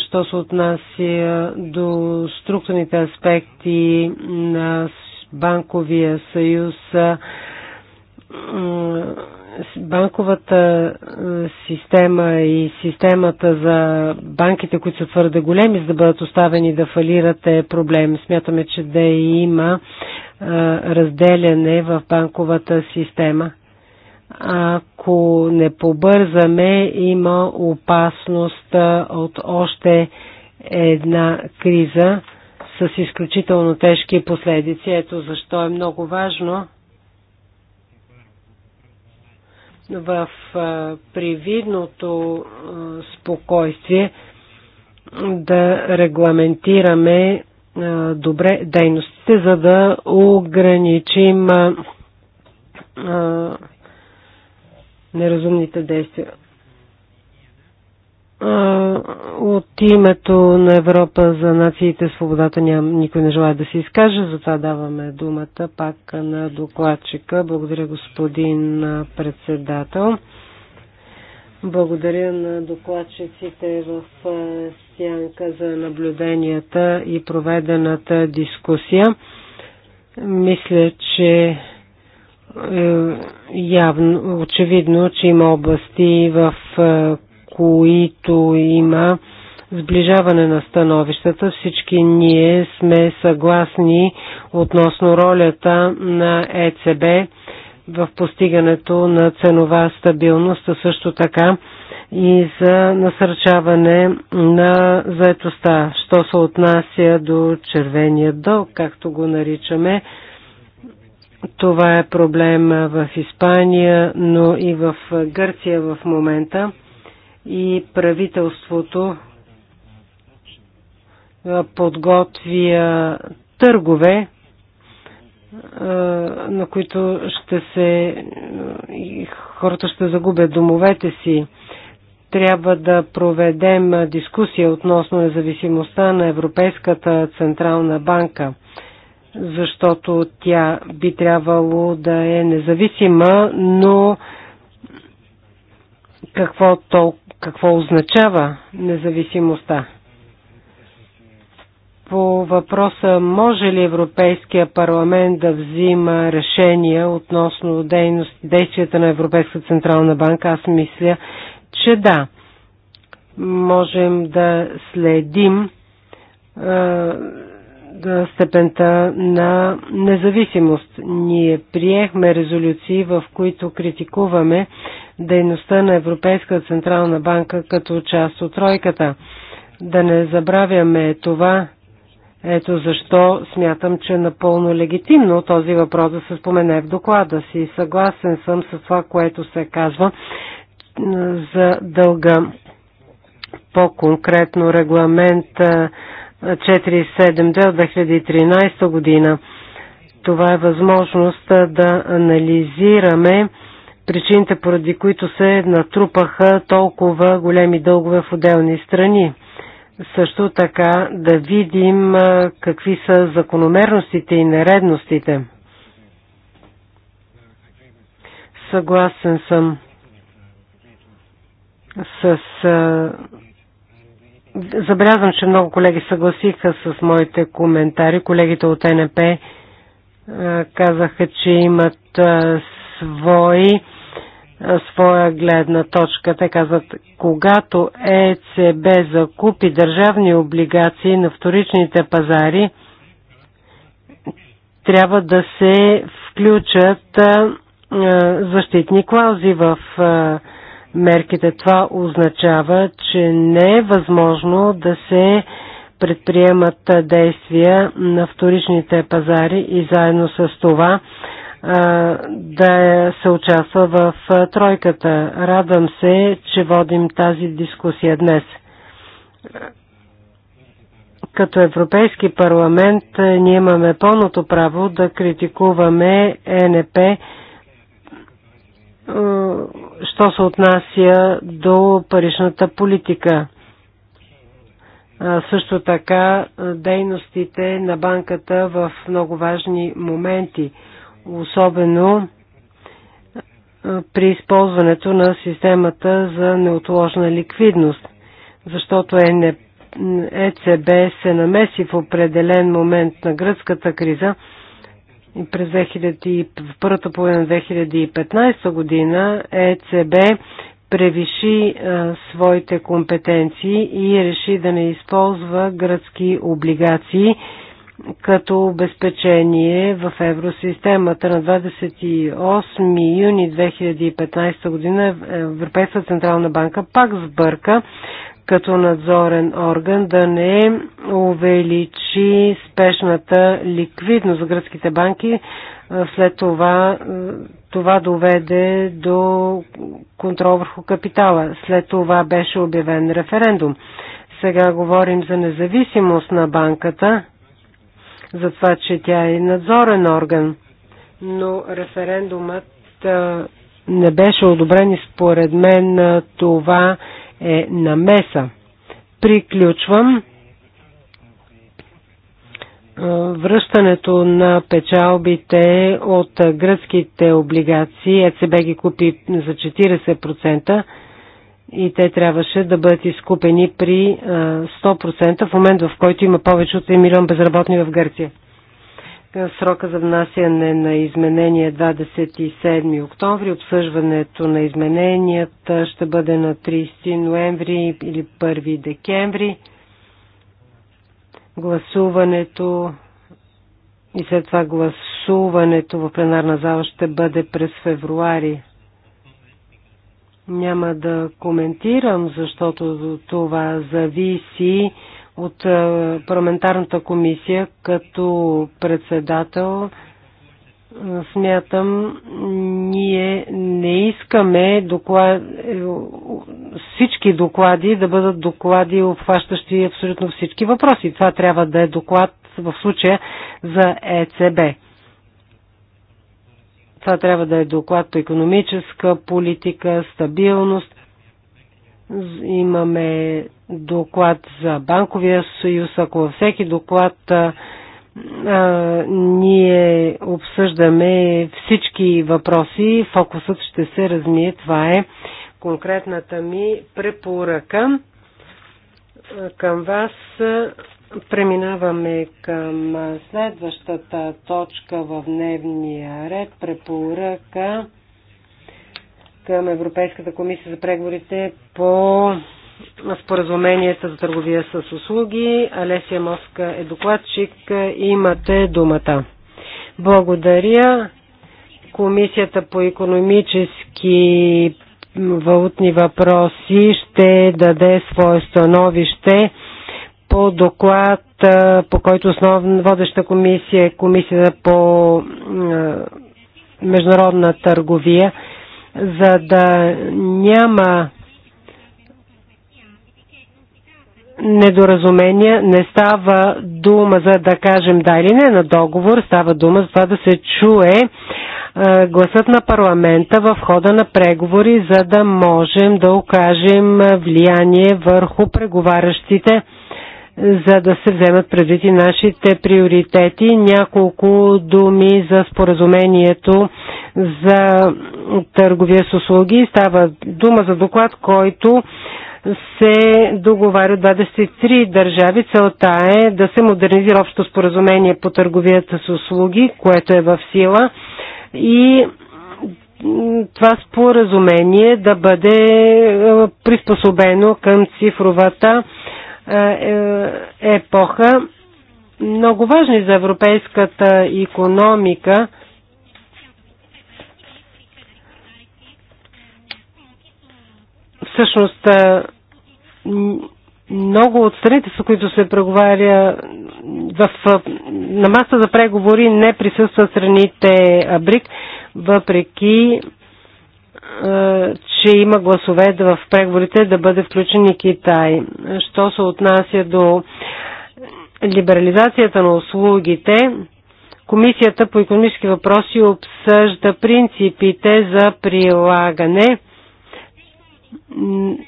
що се отнася до структурните аспекти на банковия съюз, банковата система и системата за банките, които са твърде големи, за да бъдат оставени да фалират е проблем. Смятаме, че да има разделяне в банковата система. Ако не побързаме, има опасност от още една криза с изключително тежки последици. Ето защо е много важно в привидното спокойствие да регламентираме добре дейностите, за да ограничим неразумните действия от името на Европа за нациите свободата ням, никой не желая да се изкаже, затова даваме думата пак на докладчика. Благодаря господин председател. Благодаря на докладчиците в сянка за наблюденията и проведената дискусия. Мисля, че е, явно, очевидно, че има области, в които има сближаване на становищата. Всички ние сме съгласни относно ролята на ЕЦБ в постигането на ценова стабилност, а също така и за насърчаване на заетостта. Що се отнася до червения дълг, както го наричаме, това е проблем в Испания, но и в Гърция в момента и правителството подготвя търгове, на които ще се хората ще загубят домовете си. Трябва да проведем дискусия относно независимостта на Европейската Централна банка, защото тя би трябвало да е независима, но какво толкова какво означава независимостта. По въпроса може ли Европейския парламент да взима решения относно дейност, действията на Европейска централна банка, аз мисля, че да. Можем да следим да степента на независимост. Ние приехме резолюции, в които критикуваме дейността на Европейската централна банка като част от тройката. Да не забравяме това. Ето защо смятам, че е напълно легитимно този въпрос да се спомене в доклада си. Съгласен съм с това, което се казва за дълга. По-конкретно регламент 472 от 2013 година. Това е възможност да анализираме причините, поради които се натрупаха толкова големи дългове в отделни страни. Също така да видим какви са закономерностите и нередностите. Съгласен съм с. Забелязвам, че много колеги съгласиха с моите коментари. Колегите от НП казаха, че имат свои своя гледна точка. Те казват, когато ЕЦБ закупи държавни облигации на вторичните пазари, трябва да се включат защитни клаузи в мерките. Това означава, че не е възможно да се предприемат действия на вторичните пазари и заедно с това да се участва в тройката. Радвам се, че водим тази дискусия днес. Като Европейски парламент ние имаме пълното право да критикуваме ЕНП, що се отнася до паричната политика. Също така дейностите на банката в много важни моменти – особено при използването на системата за неотложна ликвидност, защото ЕЦБ е се намеси в определен момент на гръцката криза и през 2000, в първата половина 2015 година ЕЦБ превиши а, своите компетенции и реши да не използва гръцки облигации като обезпечение в евросистемата. На 28 юни 2015 година Европейска Централна банка пак сбърка като надзорен орган да не увеличи спешната ликвидност за гръцките банки. След това това доведе до контрол върху капитала. След това беше обявен референдум. Сега говорим за независимост на банката за това, че тя е надзорен орган. Но референдумът не беше одобрен и според мен това е намеса. Приключвам. Връщането на печалбите от гръцките облигации, ЕЦБ ги купи за 40%, и те трябваше да бъдат изкупени при 100% в момент, в който има повече от 1 милион безработни в Гърция. Срока за внасяне на изменения 27 е октомври. Обсъждането на измененията ще бъде на 30 ноември или 1 декември. Гласуването и след това гласуването в пленарна зала ще бъде през февруари няма да коментирам, защото това зависи от е, парламентарната комисия като председател. Е, смятам, ние не искаме доклад... Е, всички доклади да бъдат доклади, обхващащи абсолютно всички въпроси. Това трябва да е доклад в случая за ЕЦБ. Това трябва да е доклад по економическа политика, стабилност. Имаме доклад за банковия съюз. Ако във всеки доклад а, ние обсъждаме всички въпроси, фокусът ще се размие. Това е конкретната ми препоръка към вас. Преминаваме към следващата точка в дневния ред. Препоръка към Европейската комисия за преговорите по споразуменията за търговия с услуги. Алесия Моска е докладчик. Имате думата. Благодаря. Комисията по економически валутни въпроси ще даде свое становище по доклад, по който основна водеща комисия е комисията по международна търговия, за да няма недоразумения, не става дума за да кажем да или не на договор, става дума за това да се чуе гласът на парламента в хода на преговори, за да можем да окажем влияние върху преговарящите за да се вземат предвид и нашите приоритети. Няколко думи за споразумението за търговия с услуги. Става дума за доклад, който се договаря 23 държави. Целта е да се модернизира общо споразумение по търговията с услуги, което е в сила и това споразумение да бъде е, приспособено към цифровата е, е, епоха, много важни за европейската економика. Всъщност, е, много от страните, с които се преговаря в, на маса за преговори, не присъстват страните БРИК, въпреки че има гласове в преговорите да бъде включен и Китай. Що се отнася до либерализацията на услугите, Комисията по економически въпроси обсъжда принципите за прилагане,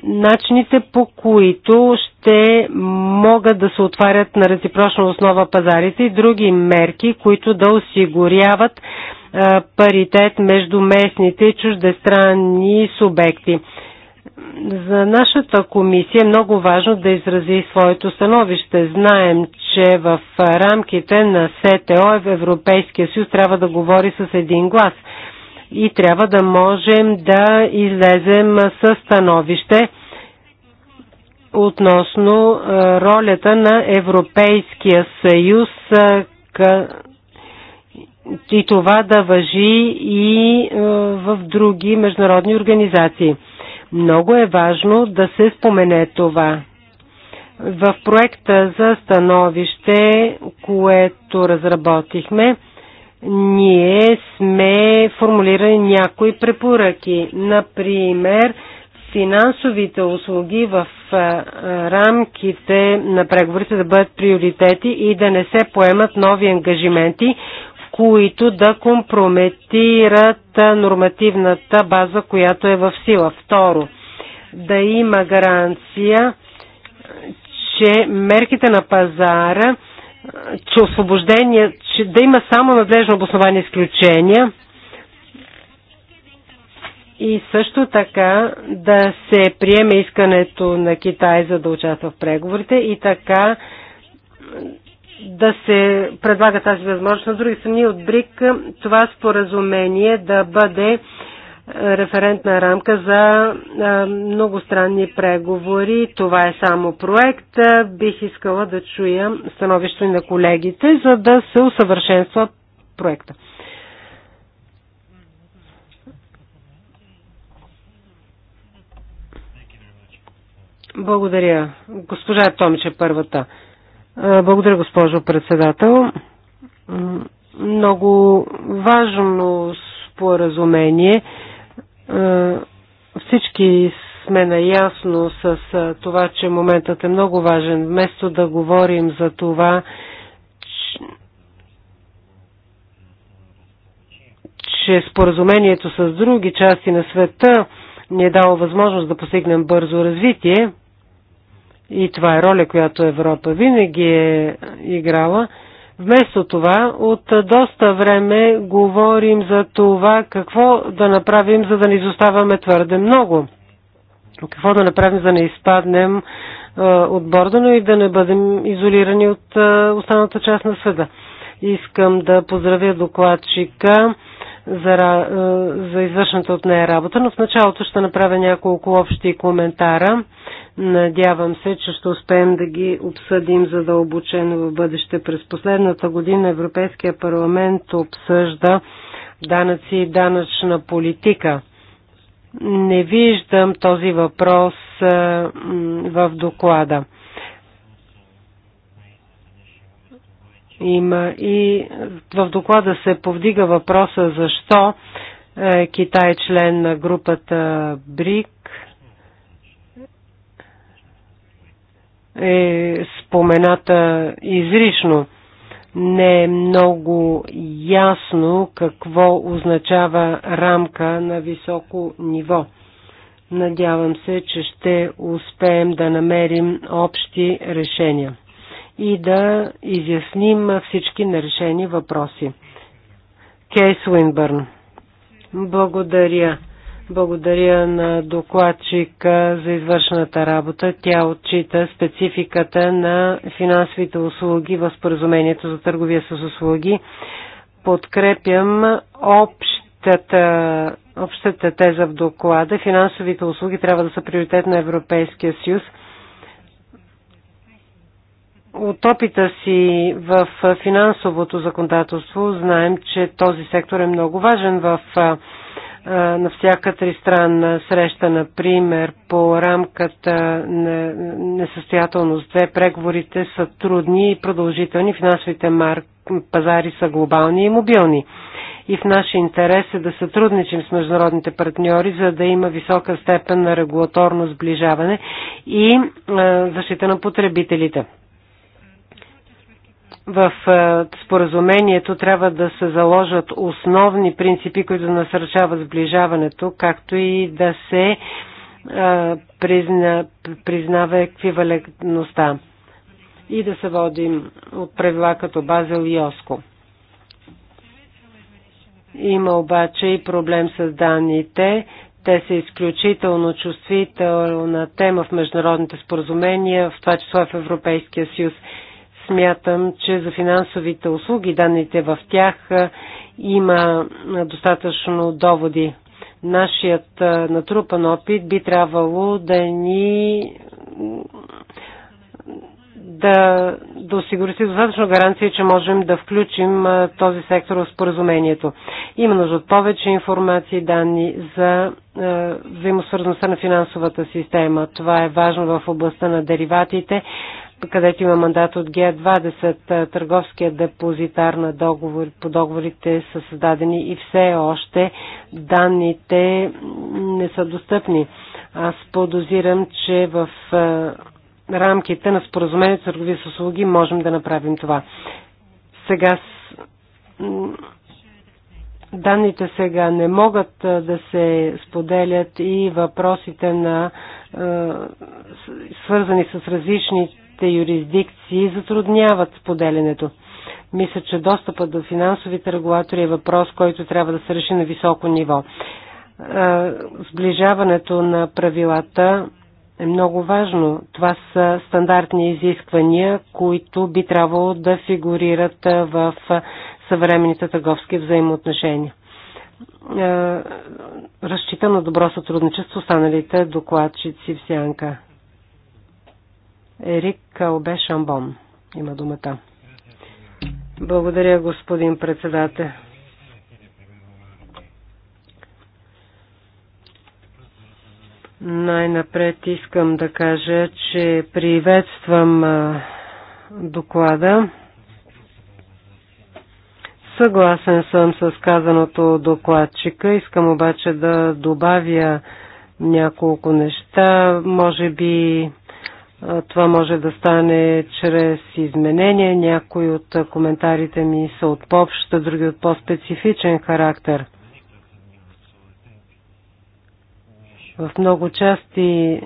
начините по които ще могат да се отварят на реципрочна основа пазарите и други мерки, които да осигуряват паритет между местните и чуждестранни субекти. За нашата комисия е много важно да изрази своето становище. Знаем, че в рамките на СТО Европейския съюз трябва да говори с един глас и трябва да можем да излезем със становище относно ролята на Европейския съюз и това да въжи и е, в други международни организации. Много е важно да се спомене това. В проекта за становище, което разработихме, ние сме формулирали някои препоръки. Например, финансовите услуги в е, рамките на преговорите да бъдат приоритети и да не се поемат нови ангажименти, които да компрометират нормативната база, която е в сила. Второ, да има гаранция, че мерките на пазара, че освобождение, че да има само надлежно обосновани изключения и също така да се приеме искането на Китай за да участва в преговорите и така да се предлага тази възможност. На други страни от БРИК това споразумение да бъде е, референтна рамка за е, многостранни преговори. Това е само проект. Бих искала да чуя становище на колегите, за да се усъвършенства проекта. Благодаря. Госпожа Томича е първата. Благодаря, госпожо председател. Много важно споразумение. Всички сме наясно с това, че моментът е много важен. Вместо да говорим за това, че споразумението с други части на света ни е дало възможност да постигнем бързо развитие, и това е роля, която Европа винаги е играла. Вместо това, от доста време говорим за това какво да направим, за да не изоставаме твърде много. Какво да направим, за да не изпаднем е, от борда, но и да не бъдем изолирани от е, останалата част на света. Искам да поздравя докладчика за, е, за извършната от нея работа, но в началото ще направя няколко общи коментара. Надявам се, че ще успеем да ги обсъдим задълбочено в бъдеще. През последната година Европейския парламент обсъжда данъци и данъчна политика. Не виждам този въпрос в доклада. Има и в доклада се повдига въпроса защо е, Китай е член на групата БРИК е спомената изрично. Не е много ясно какво означава рамка на високо ниво. Надявам се, че ще успеем да намерим общи решения и да изясним всички нерешени въпроси. Кейс Уинбърн. Благодаря. Благодаря на докладчика за извършената работа. Тя отчита спецификата на финансовите услуги в споразумението за търговия с услуги. Подкрепям общата, общата теза в доклада. Финансовите услуги трябва да са приоритет на Европейския съюз. От опита си в финансовото законодателство знаем, че този сектор е много важен в на всяка тристранна среща, например, по рамката на несъстоятелност две преговорите са трудни и продължителни, финансовите марк, пазари са глобални и мобилни. И в наш интерес е да сътрудничим с международните партньори, за да има висока степен на регулаторно сближаване и защита на потребителите в е, споразумението трябва да се заложат основни принципи, които насърчават сближаването, както и да се е, призна, признава еквивалентността и да се водим от правила като Базел и Оско. Има обаче и проблем с данните. Те са изключително чувствителна тема в международните споразумения, в това число в Европейския съюз. Смятам, че за финансовите услуги, данните в тях, има достатъчно доводи. Нашият натрупан опит би трябвало да ни да, да осигурите достатъчно гаранция, че можем да включим а, този сектор в споразумението. Има нужда от повече информации, и данни за а, взаимосвързаността на финансовата система. Това е важно в областта на дериватите, където има мандат от Г20, търговският депозитар на договор, по договорите са създадени и все още данните не са достъпни. Аз подозирам, че в рамките на споразумението за търговия с услуги можем да направим това. Сега данните сега не могат да се споделят и въпросите на свързани с различни Различните юрисдикции затрудняват споделянето. Мисля, че достъпът до финансовите регулатори е въпрос, който трябва да се реши на високо ниво. Сближаването на правилата е много важно. Това са стандартни изисквания, които би трябвало да фигурират в съвременните търговски взаимоотношения. Разчита на добро сътрудничество останалите докладчици в Сянка. Ерик Калбе Шамбон има думата. Благодаря, господин председател. Най-напред искам да кажа, че приветствам доклада. Съгласен съм с казаното докладчика. Искам обаче да добавя няколко неща. Може би това може да стане чрез изменения. Някои от коментарите ми са от по-общ, други от по-специфичен характер. В много части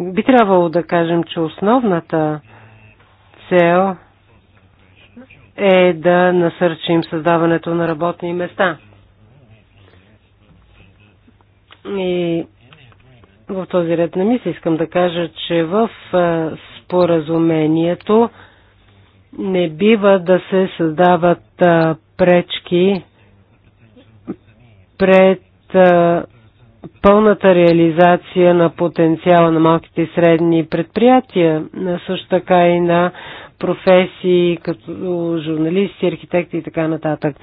би трябвало да кажем, че основната цел е да насърчим създаването на работни места. И в този ред на мисли искам да кажа, че в споразумението не бива да се създават пречки пред пълната реализация на потенциала на малките и средни предприятия, също така и на професии като журналисти, архитекти и така нататък.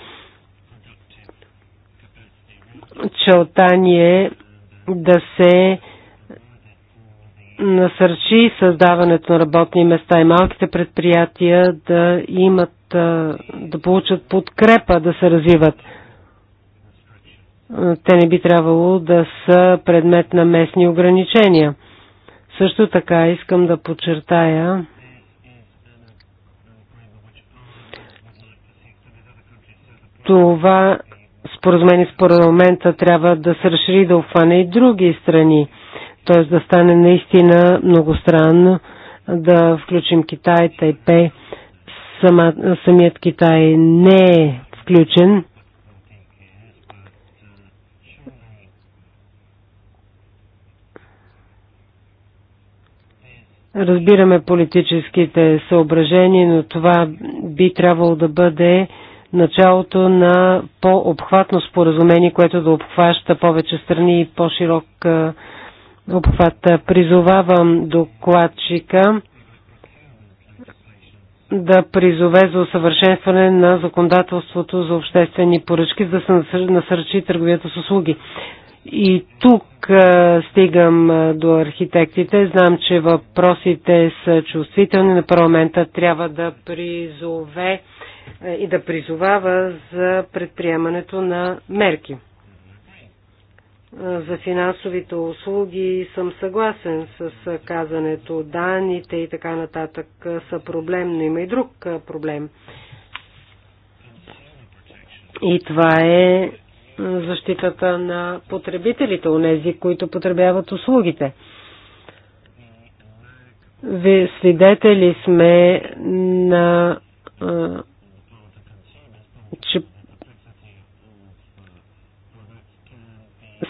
Челта ни е да се насърчи създаването на работни места и малките предприятия да имат, да получат подкрепа да се развиват. Те не би трябвало да са предмет на местни ограничения. Също така искам да подчертая, това споразумение с парламента трябва да се разшири да обхване и други страни – т.е. да стане наистина много странно да включим Китай, Тайпе, сама, самият Китай не е включен. Разбираме политическите съображения, но това би трябвало да бъде началото на по-обхватно споразумение, което да обхваща повече страни и по-широк обхвата. Призовавам докладчика да призове за усъвършенстване на законодателството за обществени поръчки, за да се насърчи търговията с услуги. И тук стигам до архитектите. Знам, че въпросите са чувствителни на парламента. Трябва да призове и да призовава за предприемането на мерки за финансовите услуги съм съгласен с казането данните и така нататък са проблем, но има и друг проблем. И това е защитата на потребителите, онези, които потребяват услугите. Свидетели сме на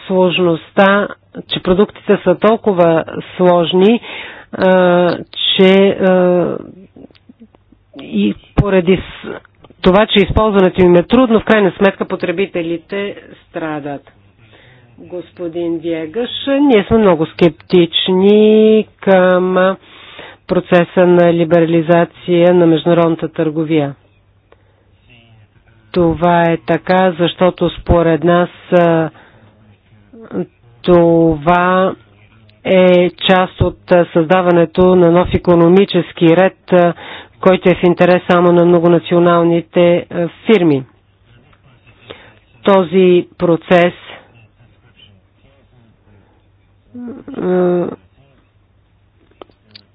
сложността, че продуктите са толкова сложни, че и поради това, че използването им е трудно, в крайна сметка потребителите страдат. Господин Вегаш, ние сме много скептични към процеса на либерализация на международната търговия. Това е така, защото според нас това е част от създаването на нов економически ред, който е в интерес само на многонационалните фирми. Този процес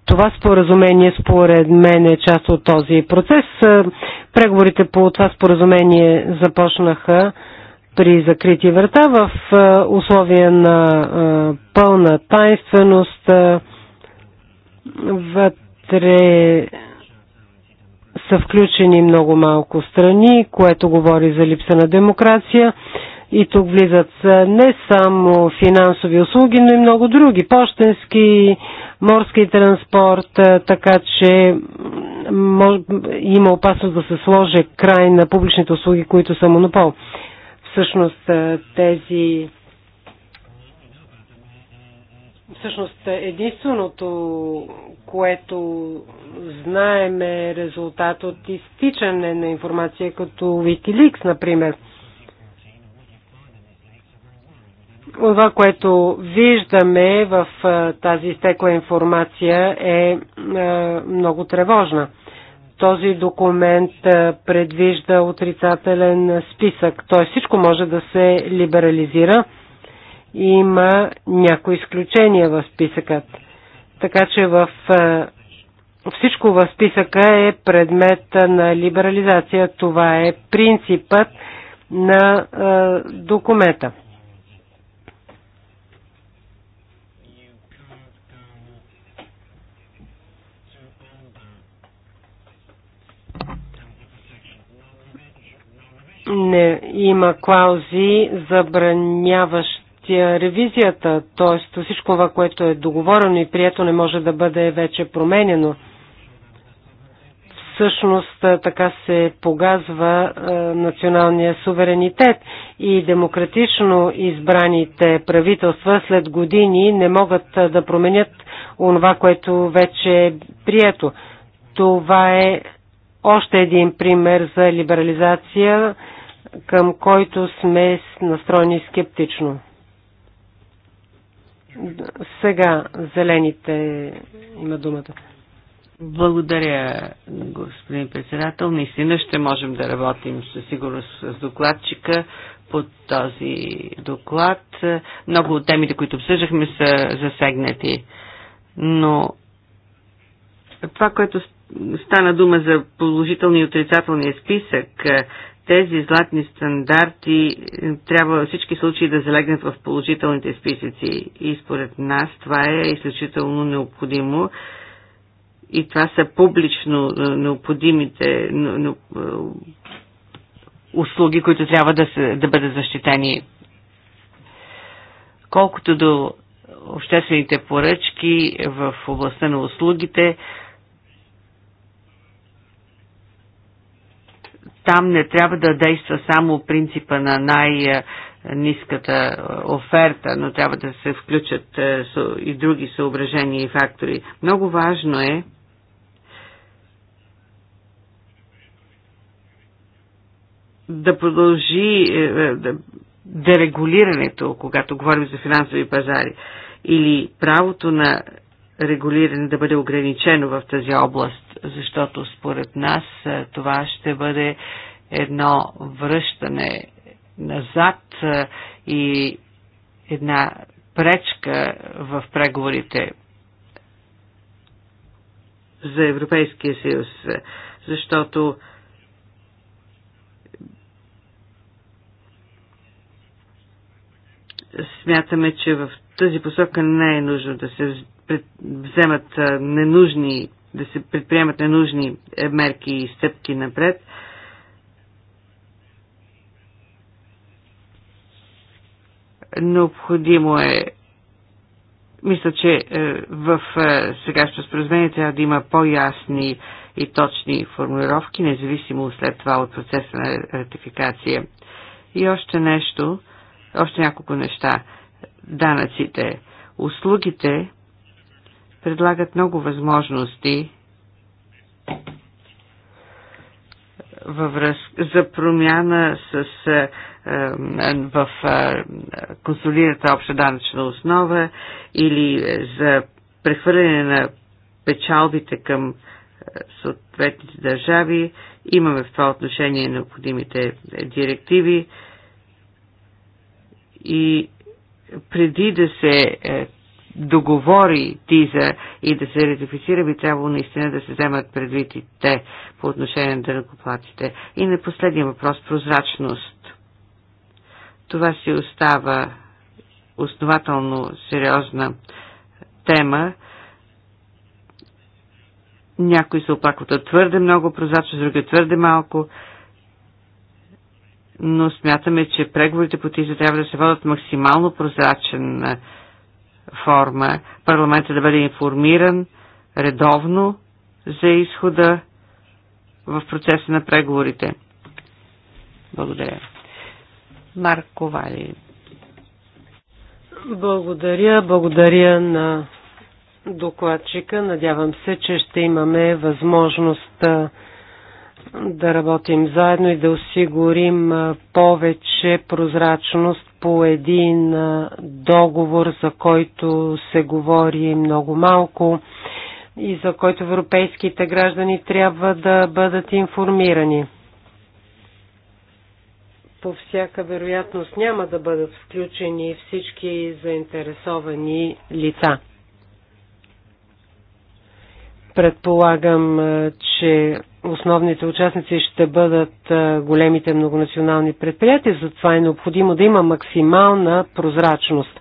това споразумение според мен е част от този процес. Преговорите по това споразумение започнаха при закрити врата в е, условия на е, пълна тайнственост е, вътре са включени много малко страни, което говори за липса на демокрация. И тук влизат не само финансови услуги, но и много други. Пощенски, морски транспорт, така че има опасност да се сложи край на публичните услуги, които са монопол. Всъщност тези Всъщност единственото, което знаем е резултат от изтичане на информация като Wikileaks, например. Това, което виждаме в тази изтекла информация е много тревожна този документ предвижда отрицателен списък. Тоест всичко може да се либерализира. Има някои изключения в списъкът. Така че в всичко в списъка е предмет на либерализация. Това е принципът на документа. не има клаузи, забраняващи ревизията, т.е. всичко това, което е договорено и прието, не може да бъде вече променено. Всъщност така се погазва е, националния суверенитет и демократично избраните правителства след години не могат да променят онова, което вече е прието. Това е още един пример за либерализация към който сме настроени скептично. Сега зелените има думата. Благодаря, господин председател. Наистина ще можем да работим със сигурност с докладчика под този доклад. Много от темите, които обсъждахме, са засегнати. Но това, което стана дума за положителни и отрицателния списък, тези златни стандарти е, трябва във всички случаи да залегнат в положителните списъци. И според нас това е изключително необходимо. И това са публично е, необходимите е, услуги, които трябва да, се, да бъдат защитени. Колкото до обществените поръчки в областта на услугите, Там не трябва да действа само принципа на най- ниската е, оферта, но трябва да се включат е, и други съображения и фактори. Много важно е да продължи е, дерегулирането, когато говорим за финансови пазари, или правото на регулиране да бъде ограничено в тази област, защото според нас това ще бъде едно връщане назад и една пречка в преговорите за Европейския съюз, защото смятаме, че в тази посока не е нужно да се вземат ненужни, да се предприемат ненужни е, мерки и стъпки напред. Необходимо е мисля, че е, в е, сегашното споразумение трябва да има по-ясни и точни формулировки, независимо след това от процеса на ратификация. И още нещо, още няколко неща. Данъците, услугите предлагат много възможности във връзка, за промяна с, а, е, е, в а, е, консолидната обща данъчна основа или за прехвърляне на печалбите към съответните държави. Имаме в това отношение необходимите директиви и преди да се договори ТИЗА и да се ретифицира, би трябвало наистина да се вземат предвид и те по отношение на дъргоплатите. И на последния въпрос – прозрачност. Това си остава основателно сериозна тема. Някои се оплакват от твърде много прозрачност, други твърде малко но смятаме, че преговорите по тези трябва да се водят максимално прозрачен форма парламента да бъде информиран редовно за изхода в процеса на преговорите. Благодаря. Марко Вали. Благодаря, благодаря на докладчика. Надявам се, че ще имаме възможност да работим заедно и да осигурим повече прозрачност по един договор, за който се говори много малко и за който европейските граждани трябва да бъдат информирани. По всяка вероятност няма да бъдат включени всички заинтересовани лица. Предполагам, че основните участници ще бъдат големите многонационални предприятия, затова е необходимо да има максимална прозрачност.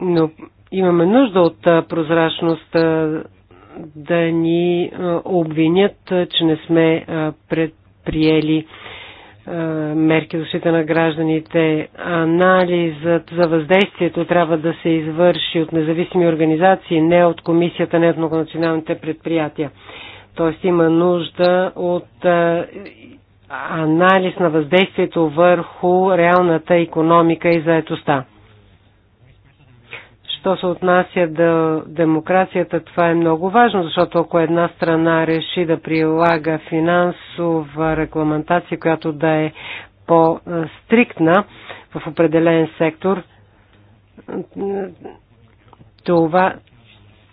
Но имаме нужда от прозрачност да ни обвинят, че не сме предприели е, мерки защита на гражданите. Анализът за въздействието трябва да се извърши от независими организации, не от комисията, не от многонационалните предприятия. Тоест има нужда от е, анализ на въздействието върху реалната економика и заетостта. Що се отнася до демокрацията, това е много важно, защото ако една страна реши да прилага финансова регламентация, която да е по-стриктна в определен сектор, това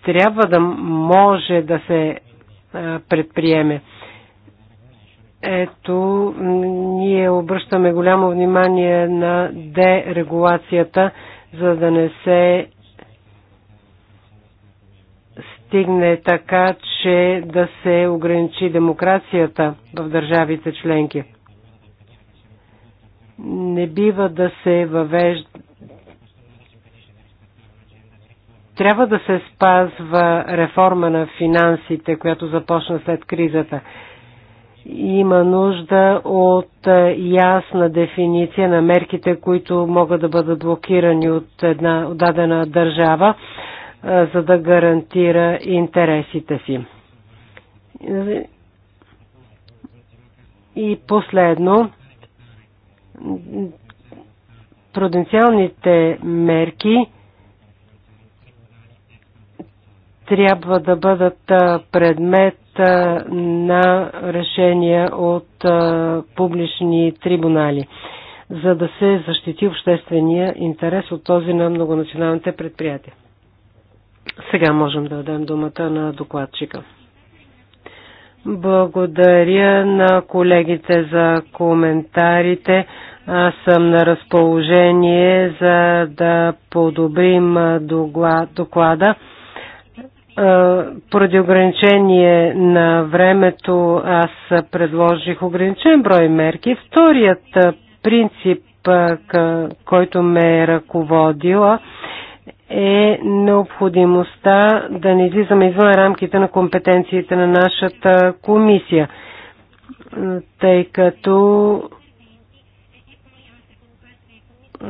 трябва да може да се предприеме. Ето, ние обръщаме голямо внимание на дерегулацията, за да не се стигне така, че да се ограничи демокрацията в държавите членки. Не бива да се въвежда. Трябва да се спазва реформа на финансите, която започна след кризата. Има нужда от е, ясна дефиниция на мерките, които могат да бъдат блокирани от една от дадена държава за да гарантира интересите си. И последно, пруденциалните мерки трябва да бъдат предмет на решения от публични трибунали, за да се защити обществения интерес от този на многонационалните предприятия. Сега можем да дадем думата на докладчика. Благодаря на колегите за коментарите. Аз съм на разположение за да подобрим доклада. Поради ограничение на времето аз предложих ограничен брой мерки. Вторият принцип, който ме е ръководила, е необходимостта да не излизаме извън рамките на компетенциите на нашата комисия, тъй като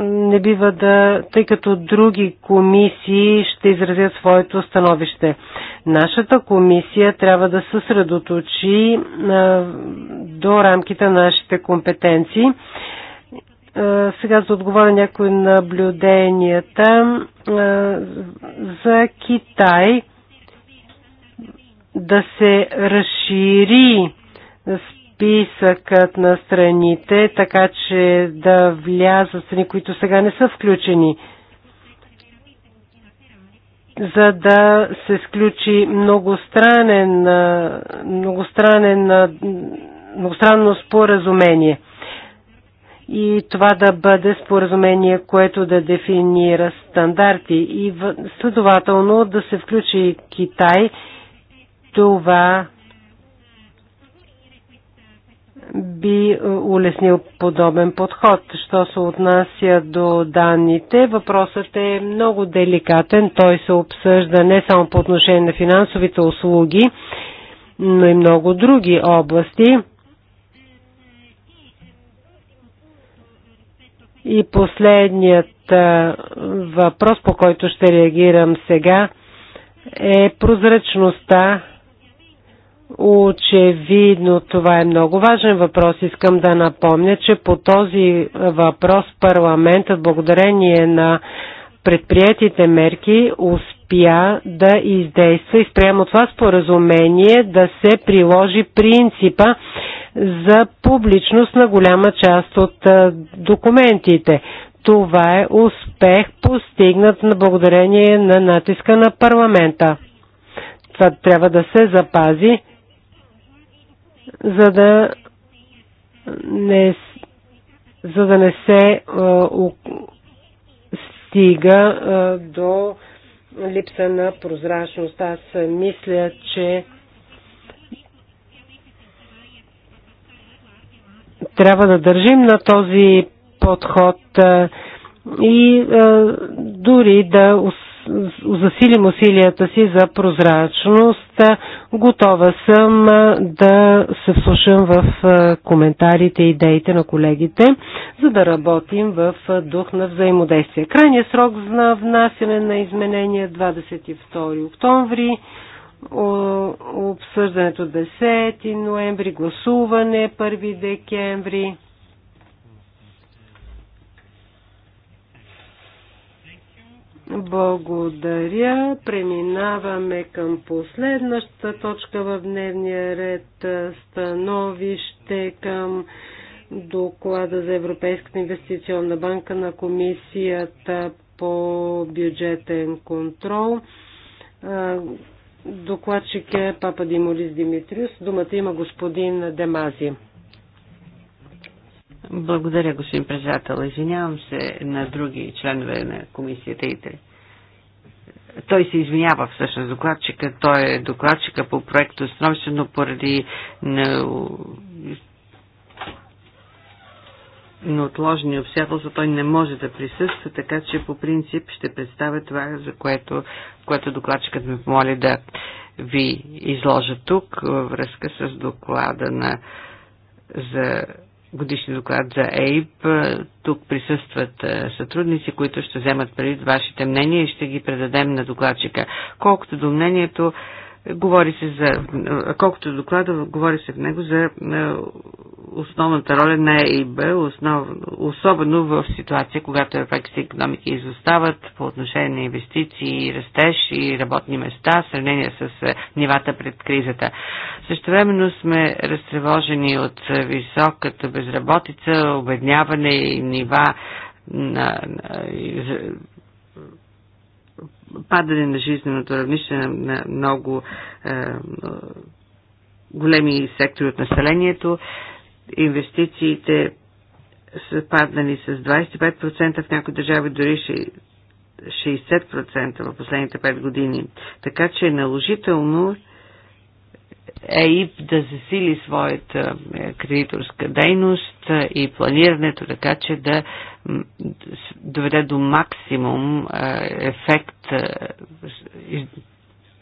не бива да, тъй като други комисии ще изразят своето становище. Нашата комисия трябва да съсредоточи до рамките на нашите компетенции е, сега за да отговоря някои наблюденията е, за Китай да се разшири списъкът на страните, така че да влязат страни, които сега не са включени, за да се сключи многостранен, е, многостранен, многостранно споразумение – и това да бъде споразумение, което да дефинира стандарти и следователно да се включи Китай. Това би улеснил подобен подход. Що се отнася до данните, въпросът е много деликатен. Той се обсъжда не само по отношение на финансовите услуги, но и много други области. И последният въпрос, по който ще реагирам сега, е прозрачността. Очевидно, това е много важен въпрос. Искам да напомня, че по този въпрос парламентът, благодарение на предприятите мерки, успя да издейства и спрямо това споразумение да се приложи принципа за публичност на голяма част от документите. Това е успех постигнат на благодарение на натиска на парламента. Това трябва да се запази, за да не, за да не се а, у, стига а, до липса на прозрачност. Аз мисля, че Трябва да държим на този подход и дори да засилим усилията си за прозрачност. Готова съм да се вслушам в коментарите и идеите на колегите, за да работим в дух на взаимодействие. Крайният срок на внасяне на изменения 22 е октомври обсъждането 10 ноември, гласуване 1 декември. Благодаря. Преминаваме към последната точка в дневния ред становище към доклада за Европейската инвестиционна банка на комисията по бюджетен контрол. Докладчик е Папа Димолис Димитриус. Думата има господин Демази. Благодаря, господин председател. Извинявам се на други членове на комисията ИТРЕ. Той се извинява всъщност докладчика. Той е докладчика по проекто но поради неотложни обстоятелства той не може да присъства, така че по принцип ще представя това, за което, което докладчикът ме помоли да ви изложа тук във връзка с доклада на за годишния доклад за ЕИП. Тук присъстват сътрудници, които ще вземат преди вашите мнения и ще ги предадем на докладчика. Колкото до мнението, Говори се за, колкото е доклада, говори се в него за е, основната роля на ЕИБ, основ, особено в ситуация, когато европейските економики изостават по отношение на инвестиции, растеж и работни места, в сравнение с е, нивата пред кризата. Също времено сме разтревожени от високата безработица, обедняване и нива на, на, падане на жизненото равнище на, на много е, големи сектори от населението. Инвестициите са паднали с 25%, в някои държави дори 60% в последните 5 години. Така че е наложително ЕИП да засили своята е, кредиторска дейност е, и планирането, така че да доведе до максимум е, ефект е,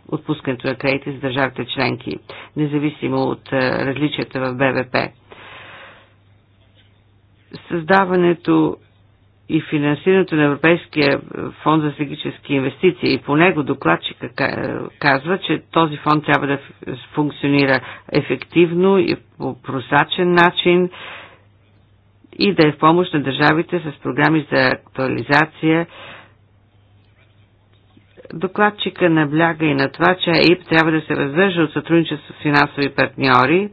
отпускането на кредити за държавите членки, независимо от е, различията в БВП. Създаването и финансирането на Европейския фонд за стратегически инвестиции. И по него докладчика казва, че този фонд трябва да функционира ефективно и по прозрачен начин, и да е в помощ на държавите с програми за актуализация. Докладчика набляга и на това, че АИП трябва да се въздържа от сътрудничество с финансови партньори,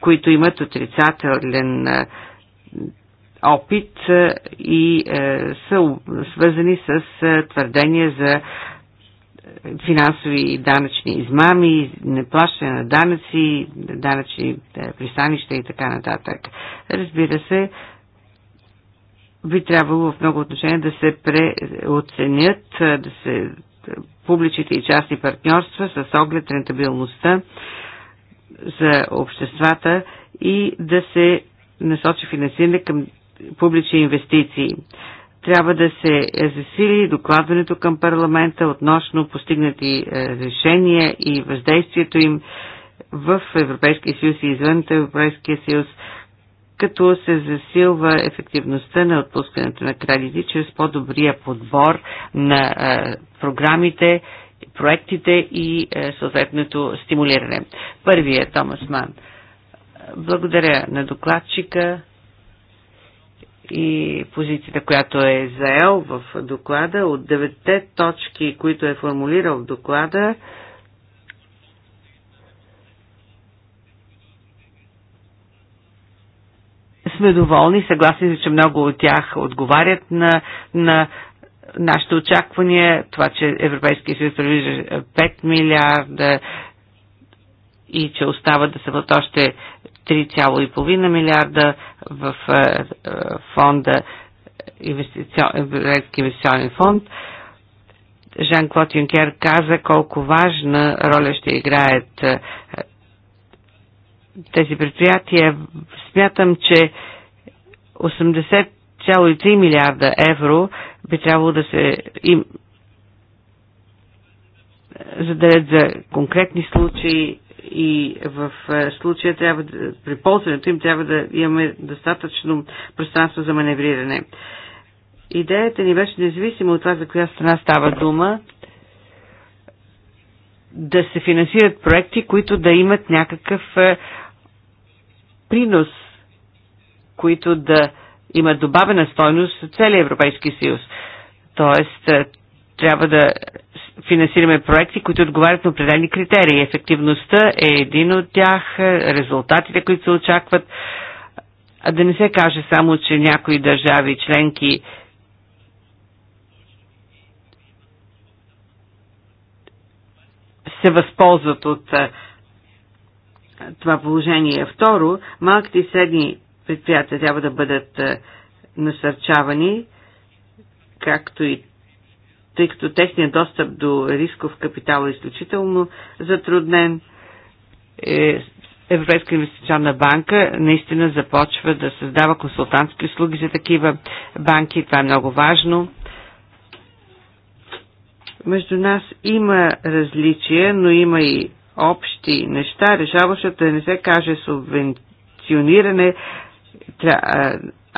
които имат отрицателен опит и са свързани с твърдения за финансови и данъчни измами, неплащане на данъци, данъчни е, пристанища и така нататък. Разбира се, би трябвало в много отношения да се преоценят, е, да се е, публичите и частни партньорства с оглед рентабилността за обществата и да се насочи финансиране към публични инвестиции. Трябва да се засили докладването към парламента относно постигнати е, решения и въздействието им в Европейския съюз и извън Европейския съюз, като се засилва ефективността на отпускането на кредити чрез по-добрия подбор на е, програмите, проектите и е, съответното стимулиране. Първият е Томас Ман. Благодаря на докладчика и позицията, която е заел в доклада, от деветте точки, които е формулирал в доклада, сме доволни, съгласни че много от тях отговарят на, на нашите очаквания, това, че Европейския съюз предвижда 5 милиарда и че остава да се още 3,5 милиарда в е, е, фонда Европейски инвестиционен фонд. Жан-Клод Юнкер каза колко важна роля ще играят е, тези предприятия. Смятам, че 80,3 милиарда евро би трябвало да се им заделят за конкретни случаи и в е, случая трябва да, при ползването им трябва да имаме достатъчно пространство за маневриране. Идеята ни беше, независимо от това за коя страна става дума, да се финансират проекти, които да имат някакъв е, принос, които да имат добавена стойност в целия Европейски съюз. Тоест, е, трябва да финансираме проекти, които отговарят на определени критерии. Ефективността е един от тях, резултатите, които се очакват. А да не се каже само, че някои държави членки се възползват от това положение. Второ, малките и средни предприятия трябва да бъдат насърчавани, както и тъй като техният достъп до рисков капитал е изключително затруднен. Е, Европейска инвестиционна банка наистина започва да създава консултантски услуги за такива банки. Това е много важно. Между нас има различия, но има и общи неща. Решаващото е да не се каже субвенциониране,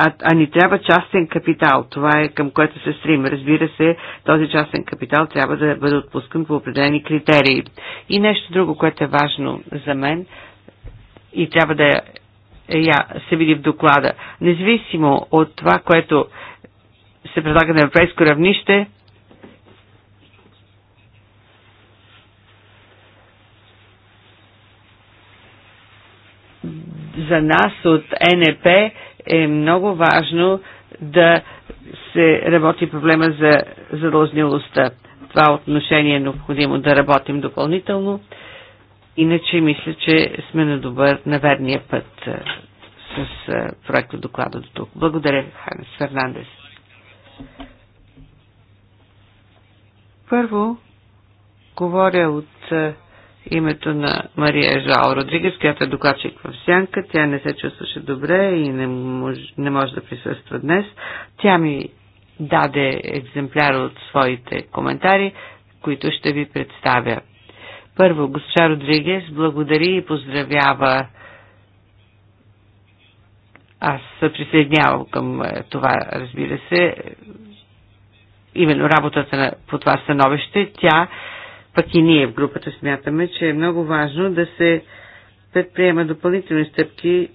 а, а ни трябва частен капитал. Това е към което се стрим. Разбира се, този частен капитал трябва да бъде отпускан по определени критерии. И нещо друго, което е важно за мен и трябва да е я, се види в доклада. Независимо от това, което се предлага на европейско равнище, за нас от НП е много важно да се работи проблема за задължнилостта. това отношение е необходимо да работим допълнително. Иначе мисля, че сме на добър, на верния път с проекта доклада до тук. Благодаря, Ханес Фернандес. Първо, говоря от името на Мария Жао Родригес, която е докладчик в Сянка. Тя не се чувстваше добре и не може, не може да присъства днес. Тя ми даде екземпляр от своите коментари, които ще ви представя. Първо, госпожа Родригес благодари и поздравява аз се присъединявам към е, това, разбира се, именно работата на, по това становище. Тя пък и ние в групата смятаме, че е много важно да се предприема допълнителни стъпки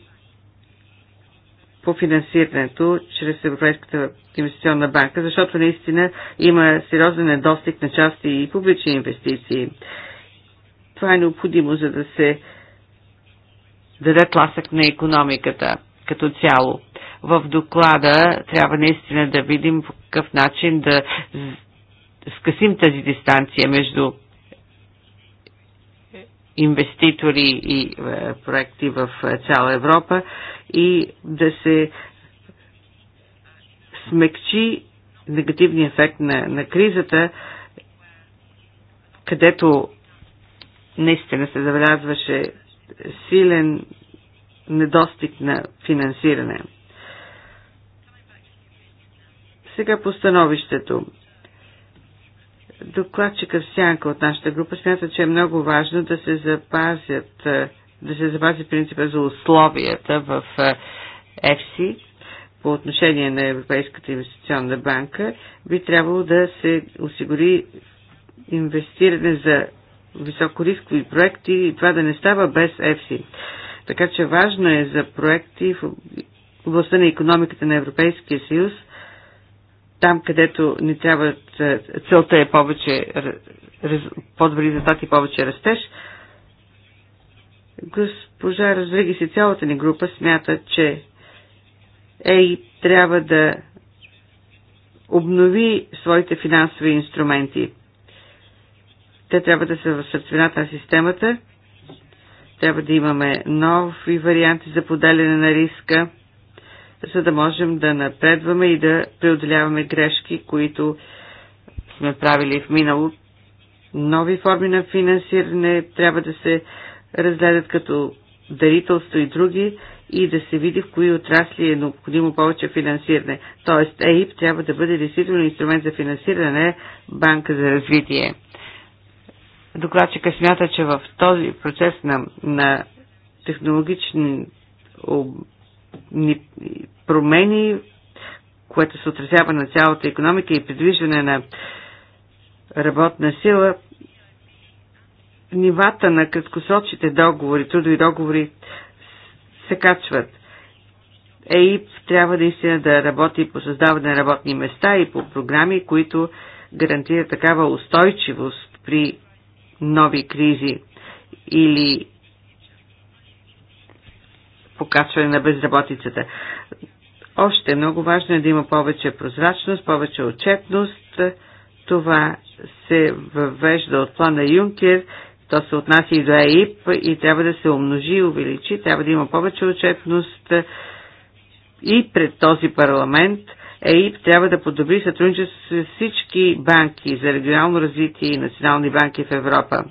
по финансирането чрез Европейската инвестиционна банка, защото наистина има сериозен недостиг на части и публични инвестиции. Това е необходимо, за да се даде тласък на економиката като цяло. В доклада трябва наистина да видим по какъв начин да скъсим тази дистанция между инвеститори и е, проекти в е, цяла Европа и да се смекчи негативния ефект на, на кризата, където наистина се забелязваше силен недостиг на финансиране. Сега по становището. Докладчика в сянка от нашата група смята, че е много важно да се запазят, е, да се запази принципа за условията в е, ЕФСИ по отношение на Европейската инвестиционна банка. Би трябвало да се осигури инвестиране за високорискови проекти и това да не става без ЕФСИ. Така че важно е за проекти в областта на економиката на Европейския съюз – там, където не трябва, целта е повече, по-добри резултати, повече растеж. Госпожа Родригес и цялата ни група смята, че ЕИ трябва да обнови своите финансови инструменти. Те трябва да са в сърцевината на системата. Трябва да имаме нови варианти за поделяне на риска за да можем да напредваме и да преодоляваме грешки, които сме правили в минало. Нови форми на финансиране трябва да се разгледат като дарителство и други и да се види в кои отрасли е необходимо повече финансиране. Тоест ЕИП трябва да бъде действително инструмент за финансиране, банка за развитие. Докладчика смята, че в този процес на, на технологичен об, промени, което се отразява на цялата економика и придвижване на работна сила, нивата на краткосрочните договори, трудови договори се качват. ЕИП трябва наистина да работи по създаване на работни места и по програми, които гарантират такава устойчивост при нови кризи или покачване на безработицата. Още много важно е да има повече прозрачност, повече отчетност. Това се въвежда от плана Юнкер. То се отнася и до ЕИП и трябва да се умножи и увеличи. Трябва да има повече отчетност и пред този парламент. ЕИП трябва да подобри сътрудничество с всички банки за регионално развитие и национални банки в Европа.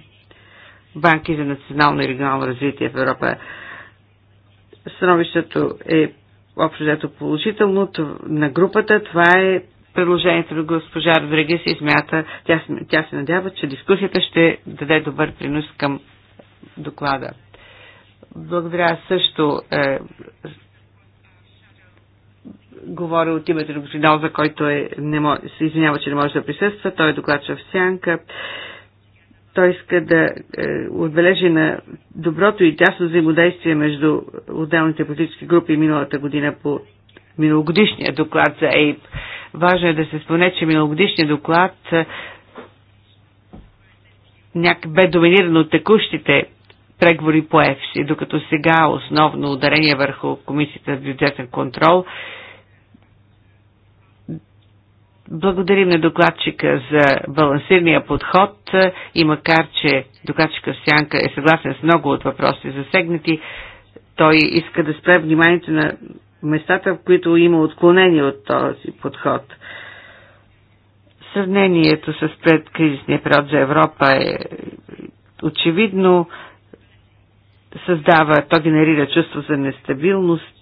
Банки за национално и регионално развитие в Европа Становището е общо взето положително на групата. Това е предложението на госпожа Вреги и смята, тя, тя се надява, че дискусията ще даде добър принос към доклада. Благодаря също е, говоря от името на господин Олза, който е, не мож, се извинява, че не може да присъства. Той е докладча в сянка. Е, той иска да е, отбележи на доброто и тясно взаимодействие между отделните политически групи миналата година по миналогодишния доклад за ЕИП. Важно е да се спомне, че миналогодишния доклад е, някак бе доминиран от текущите преговори по ЕФСИ, докато сега основно ударение върху Комисията за бюджетен контрол – Благодарим на докладчика за балансирания подход е, и макар, че докладчика Сянка е съгласен с много от въпросите засегнати, той иска да спре вниманието на местата, в които има отклонение от този подход. Сравнението с предкризисния период за Европа е очевидно създава, то генерира чувство за нестабилност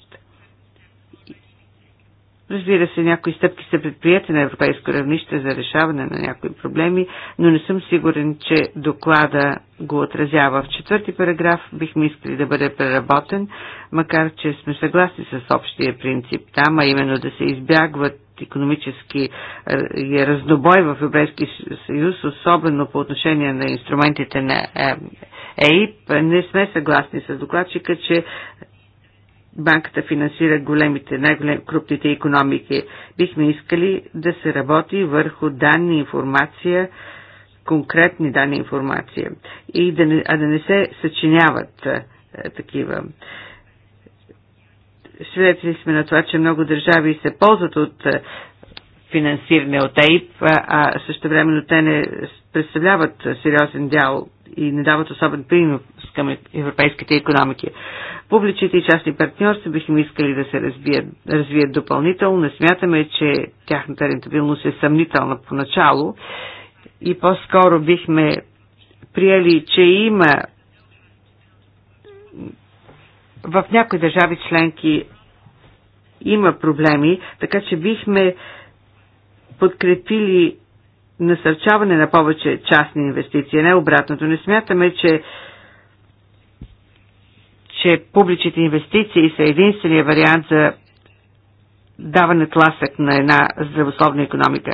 Разбира се, някои стъпки са предприяти на европейско равнище за решаване на някои проблеми, но не съм сигурен, че доклада го отразява. В четвърти параграф бихме искали да бъде преработен, макар че сме съгласни с общия принцип там, а именно да се избягват економически е, разнобой в Европейския съюз, особено по отношение на инструментите на е, ЕИП. Не сме съгласни с докладчика, че банката финансира големите, най-крупните економики. Бихме искали да се работи върху данни информация, конкретни данни информация, и да не, а да не се съчиняват а, такива. Свидетели сме на това, че много държави се ползват от а, финансиране от ЕИП, а, а също времено те не представляват сериозен дял и не дават особен принос към европейските економики. Публичните и частни партньорства бихме искали да се развият, развият допълнително. Не смятаме, че тяхната рентабилност е съмнителна поначало и по-скоро бихме приели, че има в някои държави членки има проблеми, така че бихме подкрепили насърчаване на повече частни инвестиции. Не обратното. Не смятаме, че че публичните инвестиции са единствения вариант за даване тласък на една здравословна економика.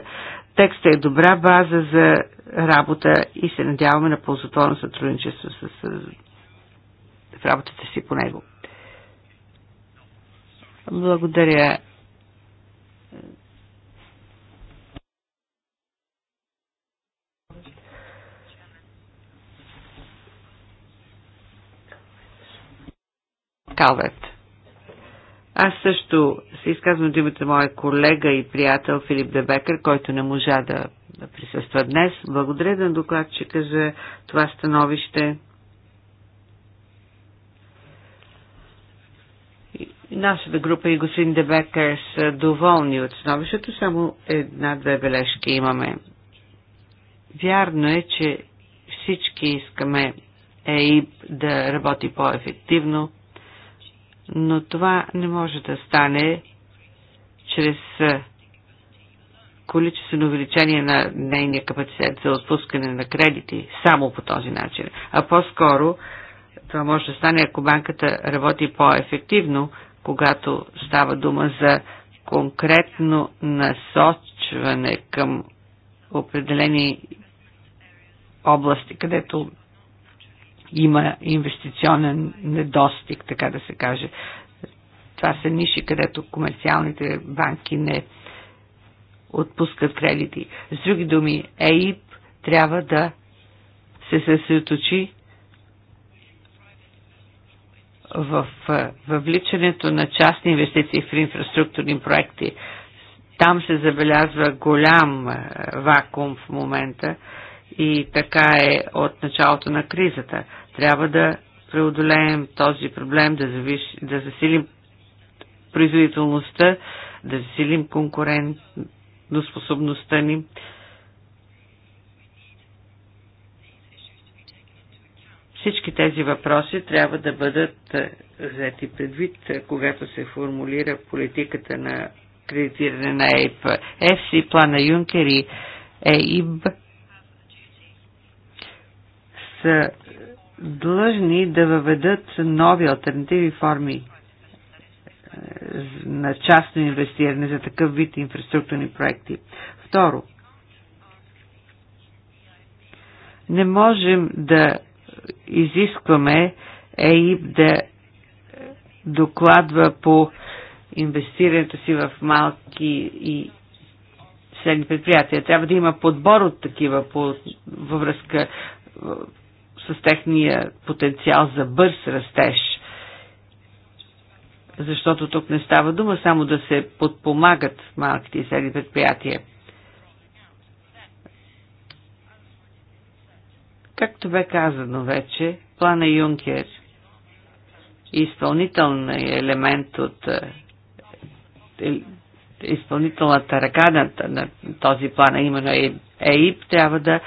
Текстът е добра база за работа и се надяваме на ползотворно сътрудничество с, с, в работата си по него. Благодаря Калвет. Аз също се изказвам от имате моя колега и приятел Филип Дебекър, който не можа да присъства днес. Благодаря на докладчика за това становище. Нашата група и господин Дебекър са доволни от становището, само една-две бележки имаме. Вярно е, че всички искаме ЕИП да работи по-ефективно, но това не може да стане чрез количествено увеличение на нейния капацитет за отпускане на кредити само по този начин. А по-скоро това може да стане, ако банката работи по-ефективно, когато става дума за конкретно насочване към определени области, където има инвестиционен недостиг, така да се каже. Това са ниши, където комерциалните банки не отпускат кредити. С други думи, ЕИП трябва да се съсредоточи в въвличането на частни инвестиции в инфраструктурни проекти. Там се забелязва голям е, вакуум в момента и така е от началото на кризата. Трябва да преодолеем този проблем, да, завиш, да засилим производителността, да засилим конкурентоспособността ни. Всички тези въпроси трябва да бъдат е, взети предвид, е, когато се формулира политиката на кредитиране на ЕИП. ЕФСИ, плана Юнкер и ЕИБ са длъжни да въведат нови альтернативи форми е, на частно инвестиране за такъв вид инфраструктурни проекти. Второ, не можем да изискваме ЕИП да докладва по инвестирането си в малки и средни предприятия. Трябва да има подбор от такива по, във връзка с техния потенциал за бърз растеж. Защото тук не става дума само да се подпомагат малките и средни предприятия. Както бе казано вече, плана Юнкер изпълнителният елемент от е, е, изпълнителната ръка на, на този план, а именно е, ЕИП, трябва да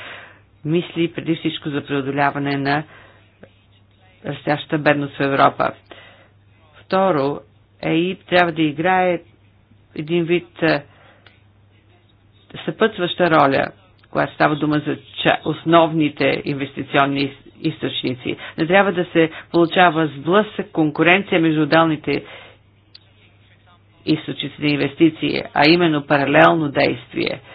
мисли преди всичко за преодоляване на растящата бедност в Европа. Второ, ЕИП трябва да играе един вид е, съпътваща роля, когато става дума за основните инвестиционни източници. Не трябва да се получава сблъсък, конкуренция между отделните източници на инвестиции, а именно паралелно действие –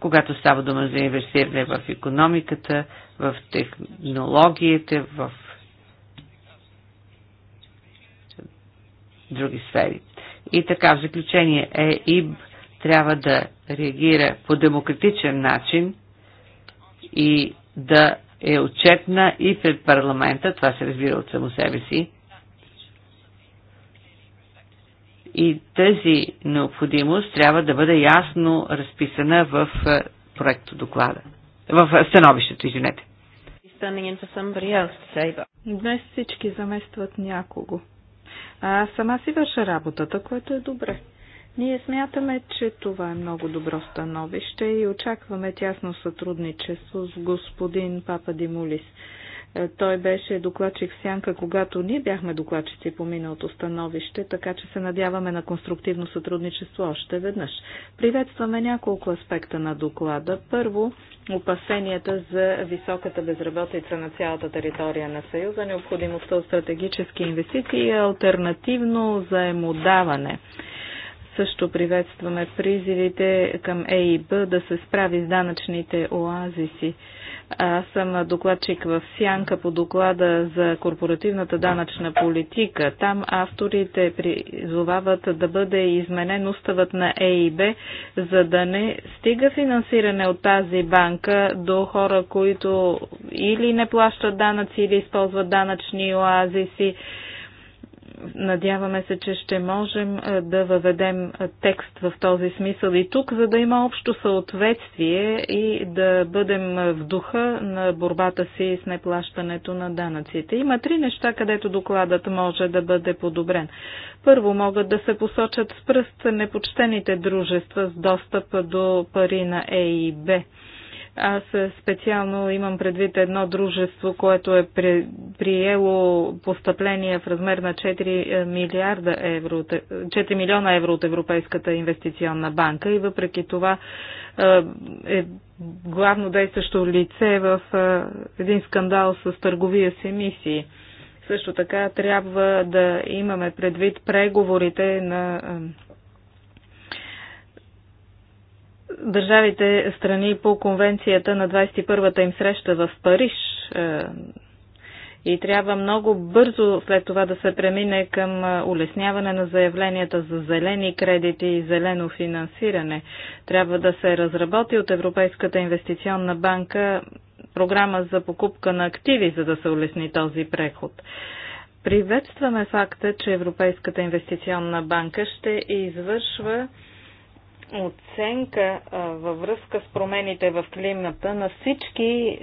когато става дума за инвестиране в економиката, в технологиите, в други сфери. И така, в заключение, ЕИБ трябва да реагира по демократичен начин и да е отчетна и пред парламента, това се разбира от само себе си, И тази необходимост трябва да бъде ясно разписана в е, проекто доклада. В е, становището, извинете. Днес всички заместват някого. А сама си върша работата, което е добре. Ние смятаме, че това е много добро становище и очакваме тясно сътрудничество с господин Папа Димулис. Е, той беше докладчик в сянка, когато ние бяхме докладчици по миналото становище, така че се надяваме на конструктивно сътрудничество още веднъж. Приветстваме няколко аспекта на доклада. Първо, опасенията за високата безработица на цялата територия на Съюза, необходимостта от стратегически инвестиции и альтернативно заемодаване. Също приветстваме призивите към ЕИБ да се справи с данъчните оазиси. Аз съм докладчик в Сянка по доклада за корпоративната данъчна политика. Там авторите призовават да бъде изменен уставът на ЕИБ, за да не стига финансиране от тази банка до хора, които или не плащат данъци, или използват данъчни оазиси Надяваме се, че ще можем е, да въведем е, текст в този смисъл и тук, за да има общо съответствие и да бъдем е, в духа на борбата си с неплащането на данъците. Има три неща, където докладът може да бъде подобрен. Първо, могат да се посочат с пръст непочтените дружества с достъп до пари на Е и Б аз специално имам предвид едно дружество, което е приело постъпление в размер на 4 е, милиарда евро, 4 милиона евро от Европейската инвестиционна банка и въпреки това е, е главно действащо лице в е, един скандал с търговия с емисии. Също така трябва да имаме предвид преговорите на държавите страни по конвенцията на 21-та им среща в Париж е, и трябва много бързо след това да се премине към е, улесняване на заявленията за зелени кредити и зелено финансиране. Трябва да се разработи от Европейската инвестиционна банка програма за покупка на активи, за да се улесни този преход. Приветстваме факта, че Европейската инвестиционна банка ще извършва оценка във връзка с промените в климата на всички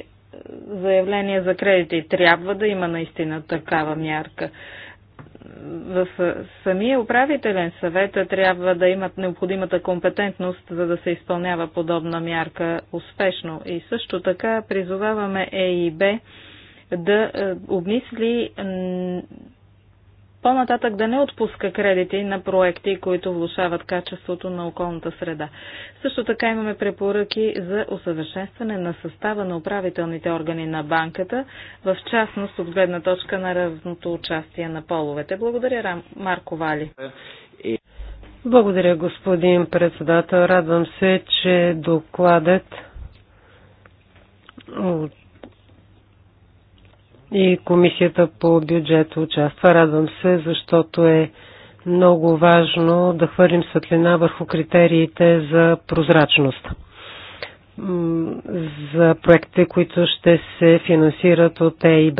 заявления за кредити. Трябва да има наистина такава мярка. В самия управителен съвет трябва да имат необходимата компетентност, за да се изпълнява подобна мярка успешно. И също така призоваваме ЕИБ да обмисли по-нататък да не отпуска кредити на проекти, които влушават качеството на околната среда. Също така имаме препоръки за усъвършенстване на състава на управителните органи на банката, в частност от гледна точка на равното участие на половете. Благодаря, Марко Вали. Благодаря, господин председател. Радвам се, че докладът от и Комисията по бюджет участва. Радвам се, защото е много важно да хвърлим светлина върху критериите за прозрачност за проектите, които ще се финансират от ЕИБ.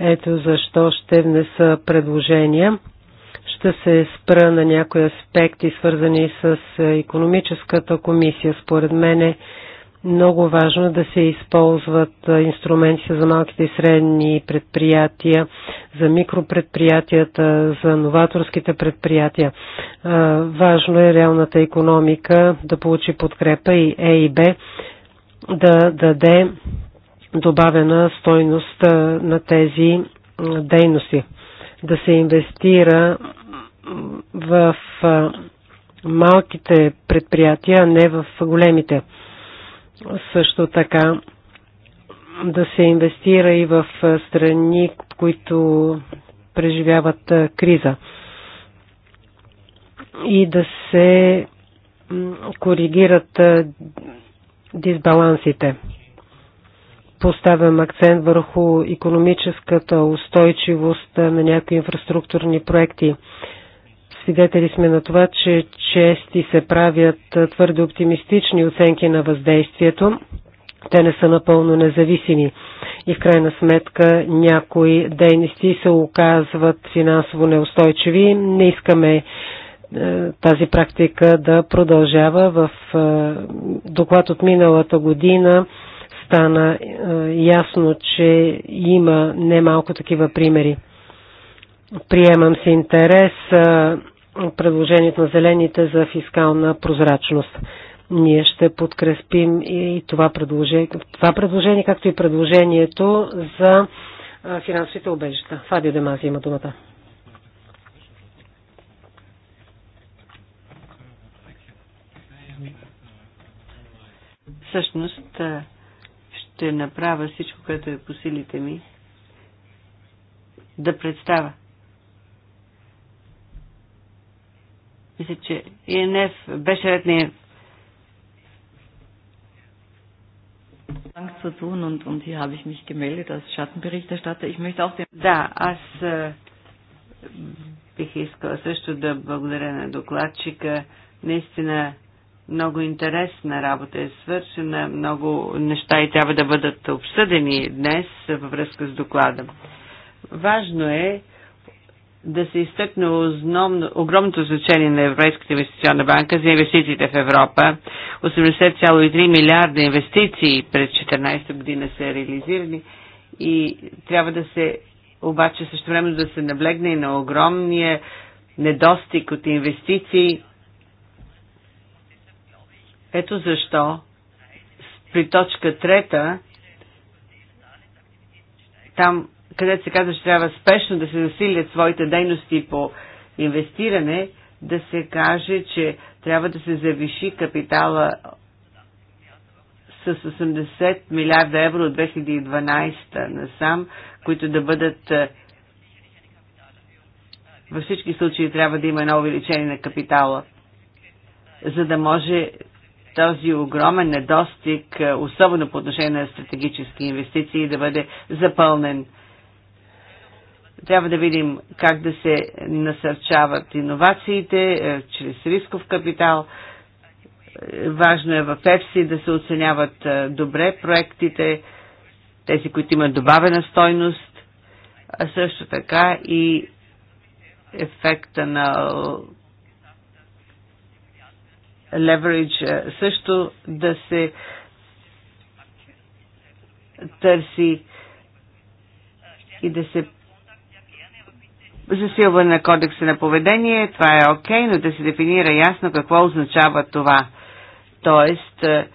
Ето защо ще внеса предложения. Ще се спра на някои аспекти, свързани с економическата комисия. Според мен е много важно да се използват инструментите за малките и средни предприятия, за микропредприятията, за новаторските предприятия. Важно е реалната економика да получи подкрепа и Е и Б да даде добавена стойност на тези дейности. Да се инвестира в малките предприятия, а не в големите. Също така да се инвестира и в страни, които преживяват криза. И да се коригират дисбалансите. Поставям акцент върху економическата устойчивост на някои инфраструктурни проекти. Свидетели сме на това, че чести се правят твърде оптимистични оценки на въздействието. Те не са напълно независими и в крайна сметка някои дейности се оказват финансово неустойчиви. Не искаме тази практика да продължава. В доклад от миналата година стана ясно, че има немалко такива примери. Приемам с интерес предложението на зелените за фискална прозрачност. Ние ще подкрепим и това предложение, това предложение както и предложението за финансовите обежища. Фадио Демази има думата. Всъщност ще направя всичко, което е по силите ми да представя Мисля, че ИНФ беше ред Angst zu tun und, und hier habe ich mich gemeldet als Schattenberichterstatter. Ich möchte auch den... Да, аз бих искала също да благодаря на докладчика. Наистина много интересна работа е свършена, много неща и трябва да бъдат обсъдени днес във връзка с доклада. Важно е да се изтъкне основно, огромното значение на Европейската инвестиционна банка за инвестициите в Европа. 80,3 милиарда инвестиции през 2014 година са реализирани и трябва да се обаче също време да се наблегне и на огромния недостиг от инвестиции. Ето защо при точка трета там където се казва, че трябва спешно да се засилят своите дейности по инвестиране, да се каже, че трябва да се завиши капитала с 80 милиарда евро от 2012 насам, които да бъдат е, във всички случаи трябва да има едно увеличение на капитала, за да може този огромен недостиг, е, особено по отношение на стратегически инвестиции, да бъде запълнен. Трябва да видим как да се насърчават иновациите е, чрез рисков капитал. Е, важно е в ЕПСИ да се оценяват е, добре проектите, тези, които имат добавена стойност, а също така и ефекта на leverage също да се търси и да се Засилване на кодекса на поведение, това е окей, okay, но да се дефинира ясно какво означава това. Тоест, е,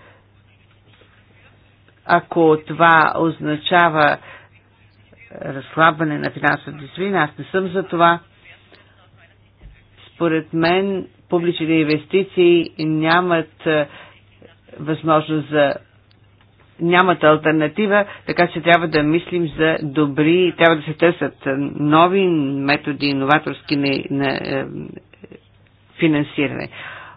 ако това означава разслабване на финансовата дисциплина, аз не съм за това. Според мен публичните инвестиции нямат е, възможност за нямат альтернатива, така че трябва да мислим за добри, трябва да се търсят е, нови методи, иноваторски на, на е, финансиране.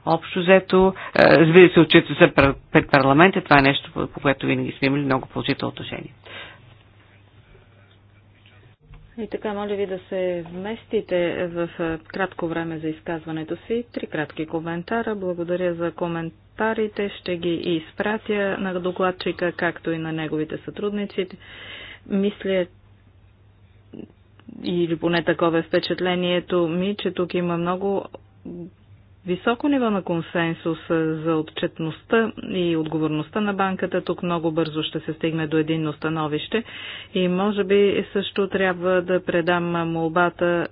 Общо взето, е, разбира се, отчита се пред парламента, това е нещо, по, по което винаги сме имали много положително отношение. И така, моля ви да се вместите в кратко време за изказването си. Три кратки коментара. Благодаря за коментарите. Ще ги изпратя на докладчика, както и на неговите сътрудници. Мисля, или поне такова е впечатлението ми, че тук има много високо ниво на консенсус е, за отчетността и отговорността на банката, тук много бързо ще се стигне до единно становище и може би също трябва да предам молбата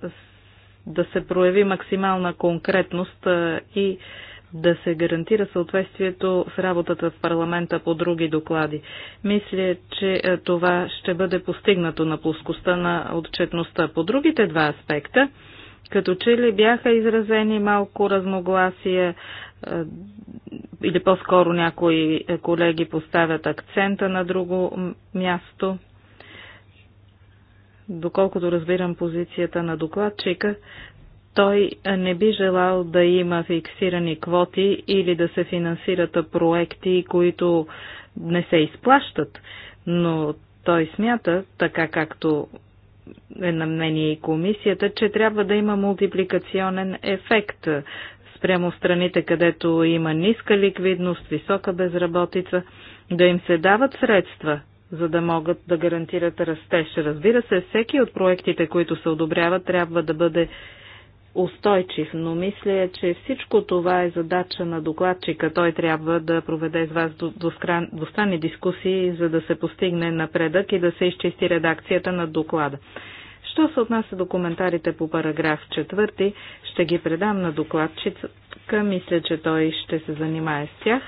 да се прояви максимална конкретност е, и да се гарантира съответствието с работата в парламента по други доклади. Мисля, че е, това ще бъде постигнато на плоскостта на отчетността. По другите два аспекта, като че ли бяха изразени малко разногласия е, или по-скоро някои колеги поставят акцента на друго място. Доколкото разбирам позицията на докладчика, той не би желал да има фиксирани квоти или да се финансират проекти, които не се изплащат, но той смята, така както е на мнение и комисията, че трябва да има мултипликационен ефект спрямо страните, където има ниска ликвидност, висока безработица, да им се дават средства, за да могат да гарантират растеж. Разбира се, всеки от проектите, които се одобряват, трябва да бъде устойчив, но мисля, че всичко това е задача на докладчика. Той трябва да проведе с вас двустранни дискусии, за да се постигне напредък и да се изчисти редакцията на доклада. Що се отнася до коментарите по параграф 4, ще ги предам на докладчика. Мисля, че той ще се занимае с тях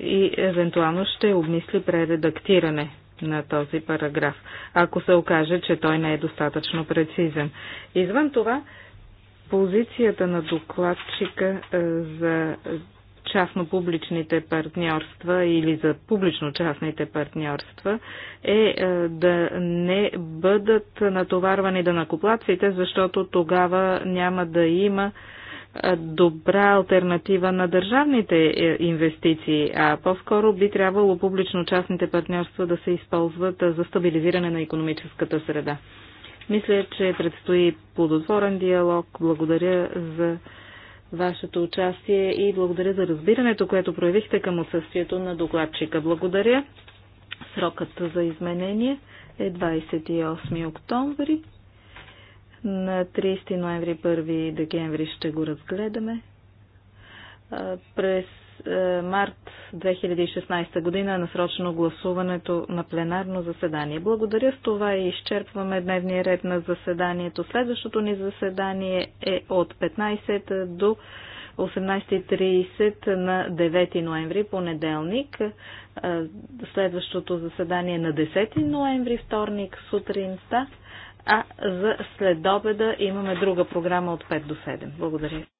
и евентуално ще обмисли прередактиране на този параграф, ако се окаже, че той не е достатъчно прецизен. Извън това, позицията на докладчика е, за частно-публичните партньорства или за публично-частните партньорства е, е да не бъдат натоварвани да накоплаците, защото тогава няма да има е, добра альтернатива на държавните инвестиции, а по-скоро би трябвало публично-частните партньорства да се използват за стабилизиране на економическата среда. Мисля, че предстои плодотворен диалог. Благодаря за вашето участие и благодаря за разбирането, което проявихте към отсъствието на докладчика. Благодаря. Срокът за изменение е 28 октомври. На 30 ноември, 1 декември ще го разгледаме. През е, март 2016 година е насрочено гласуването на пленарно заседание. Благодаря с това и изчерпваме дневния ред на заседанието. Следващото ни заседание е от 15 до 18.30 на 9 ноември, понеделник. Е, следващото заседание е на 10 ноември, вторник, сутринта. А за следобеда имаме друга програма от 5 до 7. Благодаря.